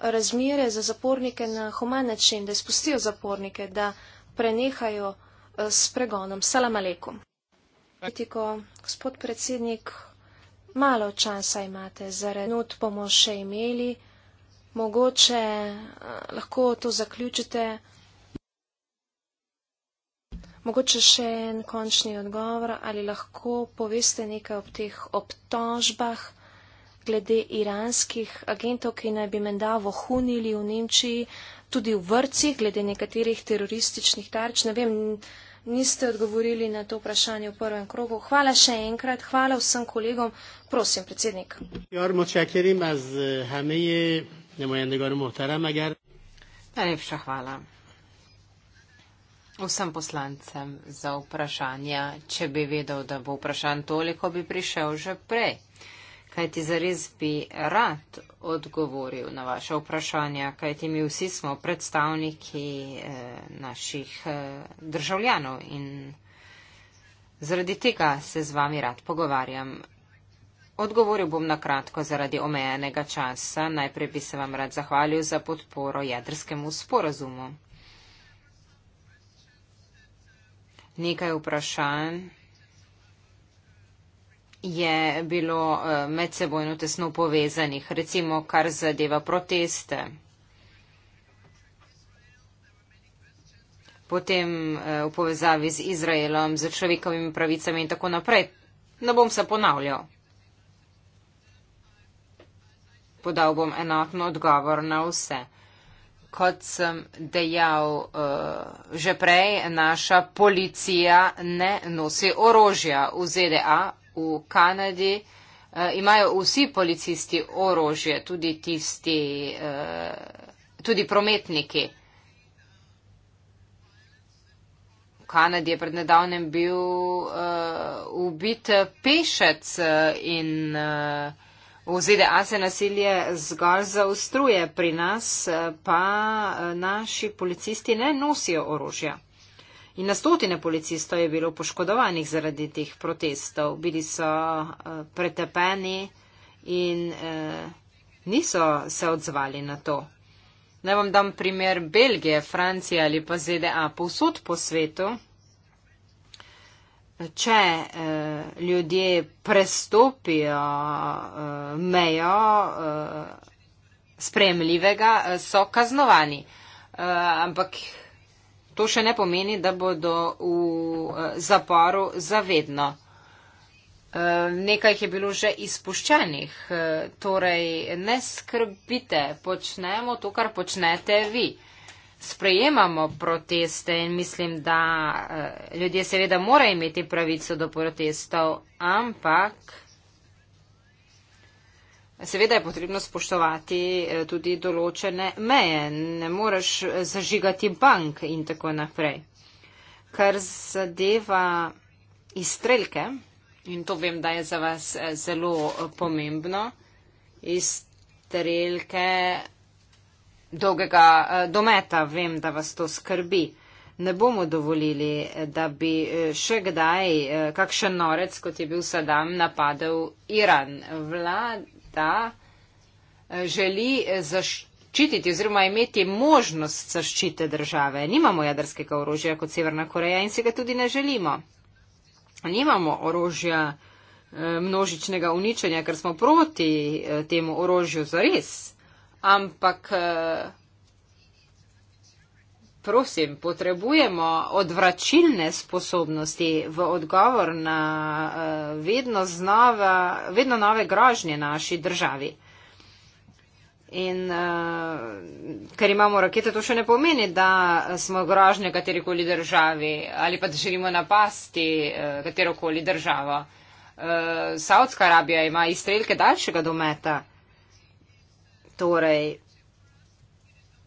razmere za zapornike na human način, da izpustijo zapornike, da prenehajo eh, s pregonom. Salam alaikum. Politiko, gospod predsednik, malo časa imate, zaradi minut bomo še imeli. Mogoče eh, lahko to zaključite. Mogoče še en končni odgovor, ali lahko poveste nekaj o teh obtožbah glede iranskih agentov, ki naj bi menda vohunili v Nemčiji, tudi v vrcih, glede nekaterih terorističnih tarč. Ne vem, niste odgovorili na to vprašanje v prvem krogu. Hvala še enkrat, hvala vsem kolegom. Prosim, predsednik. Eh, Najlepša hvala vsem poslancem za vprašanja. Če bi vedel, da bo vprašan toliko, bi prišel že prej. Kaj ti zares bi rad odgovoril na vaše vprašanja, kaj ti mi vsi smo predstavniki eh, naših eh, državljanov in zaradi tega se z vami rad pogovarjam. Odgovoril bom na kratko zaradi omejenega časa. Najprej bi se vam rad zahvalil za podporo jedrskemu sporazumu. nekaj vprašanj je bilo eh, medsebojno tesno povezanih, recimo kar zadeva proteste. potem eh, v povezavi z Izraelom, z človekovimi pravicami in tako naprej. Ne bom se ponavljal. Podal bom enotno odgovor na vse kot sem dejal eh, že prej, naša policija ne nosi orožja v ZDA, v Kanadi. Eh, imajo vsi policisti orožje, tudi tisti, eh, tudi prometniki. V Kanadi je pred nedavnem bil ubit pešec in V ZDA se nasilje zgolj zaostruje, pri nas eh, pa eh, naši policisti ne nosijo orožja. In na stotine policistov je bilo poškodovanih zaradi teh protestov. Bili so eh, pretepeni in niso se odzvali na to. Naj vam dam primer Belgije, Francije ali pa ZDA. Povsod po svetu če eh, ljudje prestopijo eh, mejo eh, spremljivega, eh, so kaznovani. Eh, ampak to še ne pomeni, da bodo v eh, zaporu zavedno. Eh, nekaj jih je bilo že izpuščenih, eh, torej ne skrbite, počnemo to, kar počnete vi sprejemamo proteste in mislim, da eh, ljudje seveda morajo imeti pravico do protestov, ampak seveda je potrebno spoštovati eh, tudi določene meje. Ne moreš zažigati bank in tako naprej. Kar zadeva izstrelke, in to vem, da je za vas eh, zelo pomembno, izstrelke dolgega eh, dometa, vem, da vas to skrbi. Ne bomo dovolili, eh, da bi eh, še kdaj kakšen norec, kot je bil Saddam, napadel Iran. Vlada želi zaščititi oziroma imeti možnost zaščite države. Nimamo jedrskega orožja kot Severna Koreja in se ga tudi ne želimo. Nimamo orožja množičnega uničenja, ker smo proti temu orožju zares ampak eh, prosim, potrebujemo odvračilne sposobnosti v odgovor na eh, vedno, znova, vedno nove grožnje naši državi. In uh, ker imamo rakete, to še ne pomeni, da smo grožnje katerikoli državi ali pa da želimo napasti uh, katerokoli državo. Uh, Saudska Arabija ima izstrelke daljšega dometa. Uh, Torej,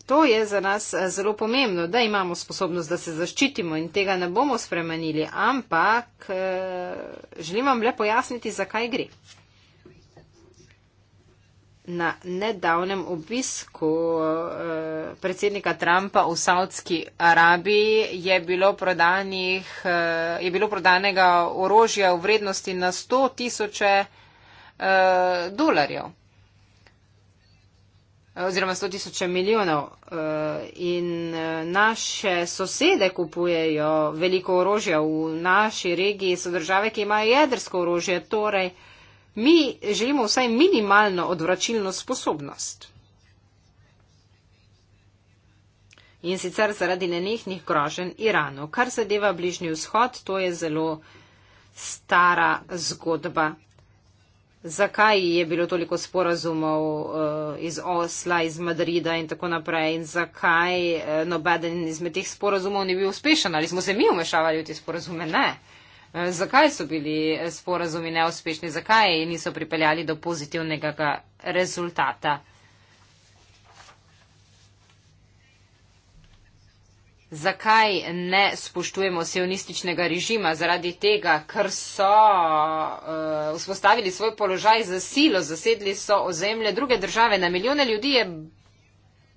to je za nas eh, zelo pomembno, da imamo sposobnost, da se zaščitimo in tega ne bomo spremenili, ampak eh, želim vam le pojasniti, zakaj gre. Na nedavnem obisku eh, predsednika Trumpa v Saudski Arabiji je bilo, prodanih, je bilo prodanega orožja v vrednosti na 100 tisoče dolarjev oziroma 100 tisoč milijonov. Eh, in eh, naše sosede kupujejo veliko orožja v naši regiji, so države, ki imajo jedrsko orožje, torej mi želimo vsaj minimalno odvračilno sposobnost. In sicer zaradi nenehnih grožen Iranu. Kar zadeva Bližnji vzhod, to je zelo stara zgodba zakaj je bilo toliko sporazumov eh, iz Osla, iz Madrida in tako naprej in zakaj eh, nobeden izmed teh sporazumov ni bil uspešen. Ali smo se mi umešavali v te sporazume? Ne. Eh, zakaj so bili sporazumi neuspešni? Zakaj niso pripeljali do pozitivnega rezultata? zakaj ne spoštujemo sionističnega režima, zaradi tega, ker so uh, vzpostavili svoj položaj za silo, zasedli so ozemlje druge države, na milijone ljudi je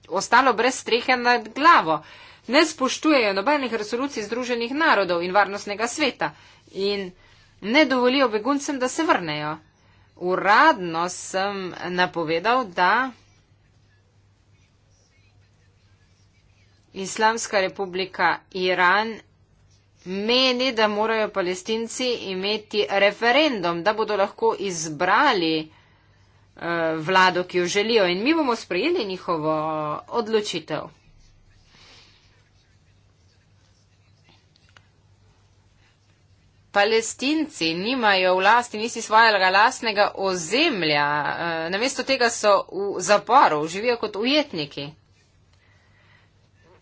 ostalo brez strehe nad glavo. Ne spoštujejo nobenih resolucij Združenih narodov in Varnostnega sveta in ne dovolijo beguncem, da se vrnejo. Uradno sem napovedal, da Islamska republika Iran meni, da morajo palestinci imeti referendum, da bodo lahko izbrali eh, vlado, ki jo želijo in mi bomo sprejeli njihovo odločitev. Palestinci nimajo vlasti, nisi svojega lastnega ozemlja, eh, namesto tega so v zaporu, živijo kot ujetniki.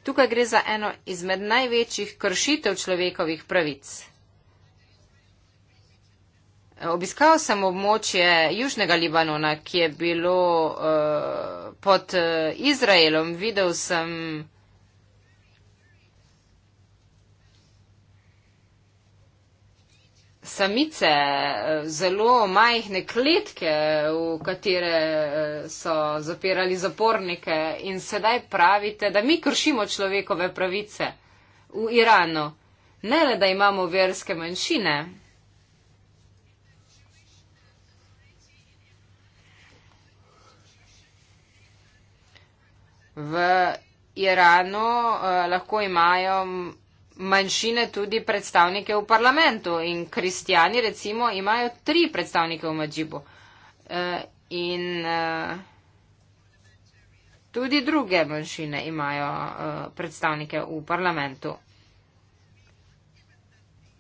Tukaj gre za eno izmed največjih kršitev človekovih pravic. Obiskal sem območje Južnega Libanona, ki je bilo uh, pod eh, Izraelom. Videl sem samice, eh, zelo majhne kletke, v katere eh, so zapirali zapornike in sedaj pravite, da mi kršimo človekove pravice v Iranu. Ne le, da imamo verske manjšine. V Iranu eh, lahko imajo manjšine tudi predstavnike v parlamentu in kristijani recimo imajo tri predstavnike v Mađibu e, in e, tudi druge manjšine imajo e, predstavnike v parlamentu.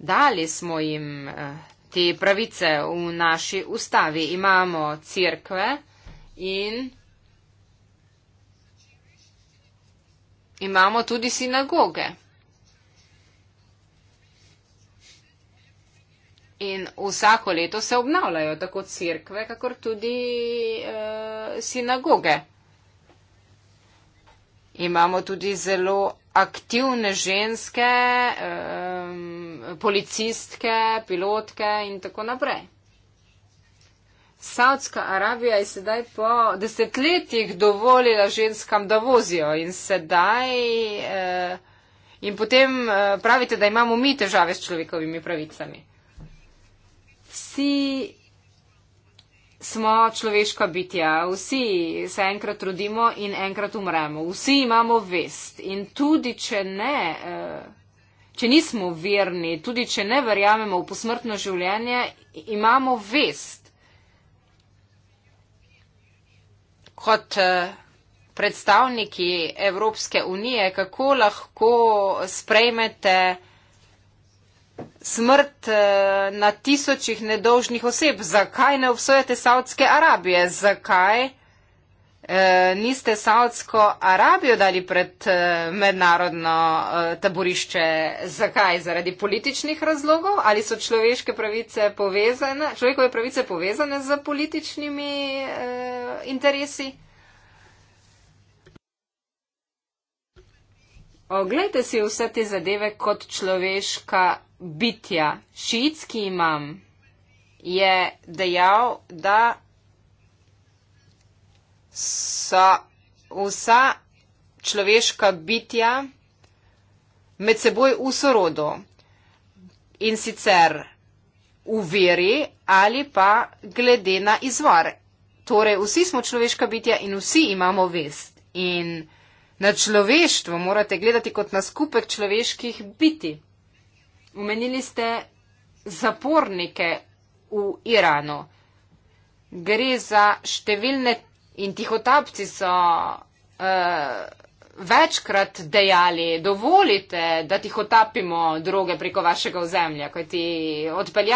Dali smo jim te pravice v naši ustavi. Imamo crkve in imamo tudi sinagoge. In vsako leto se obnavljajo tako crkve, kakor tudi e, sinagoge. Imamo tudi zelo aktivne ženske, e, policistke, pilotke in tako naprej. Saudska Arabija je sedaj po desetletjih dovolila ženskam, da vozijo in sedaj. E, in potem pravite, da imamo mi težave s človekovimi pravicami vsi smo človeška bitja, vsi se enkrat rodimo in enkrat umremo, vsi imamo vest in tudi če ne, eh, če nismo verni, tudi če ne verjamemo v posmrtno življenje, imamo vest. Kot eh, predstavniki Evropske unije, kako lahko sprejmete smrt eh, na tisočih nedolžnih oseb. Zakaj ne obsojate Saudske Arabije? Zakaj eh, niste Saudsko Arabijo dali pred eh, mednarodno taborišče? Zakaj? Zaradi političnih razlogov? Ali so človeške pravice povezane, človekove pravice povezane z političnimi interesi? Oglejte si vse te zadeve kot človeška bitja, šitski imam, je dejal, da so vsa človeška bitja med seboj v sorodu in sicer v veri ali pa glede na izvor. Torej, vsi smo človeška bitja in vsi imamo vest. In na človeštvo morate gledati kot na skupek človeških biti. Omenili ste zapornike v Iranu. Gre za številne in tihotapci so uh, večkrat dejali, dovolite, da tihotapimo droge preko vašega ozemlja, kajti odpeljali.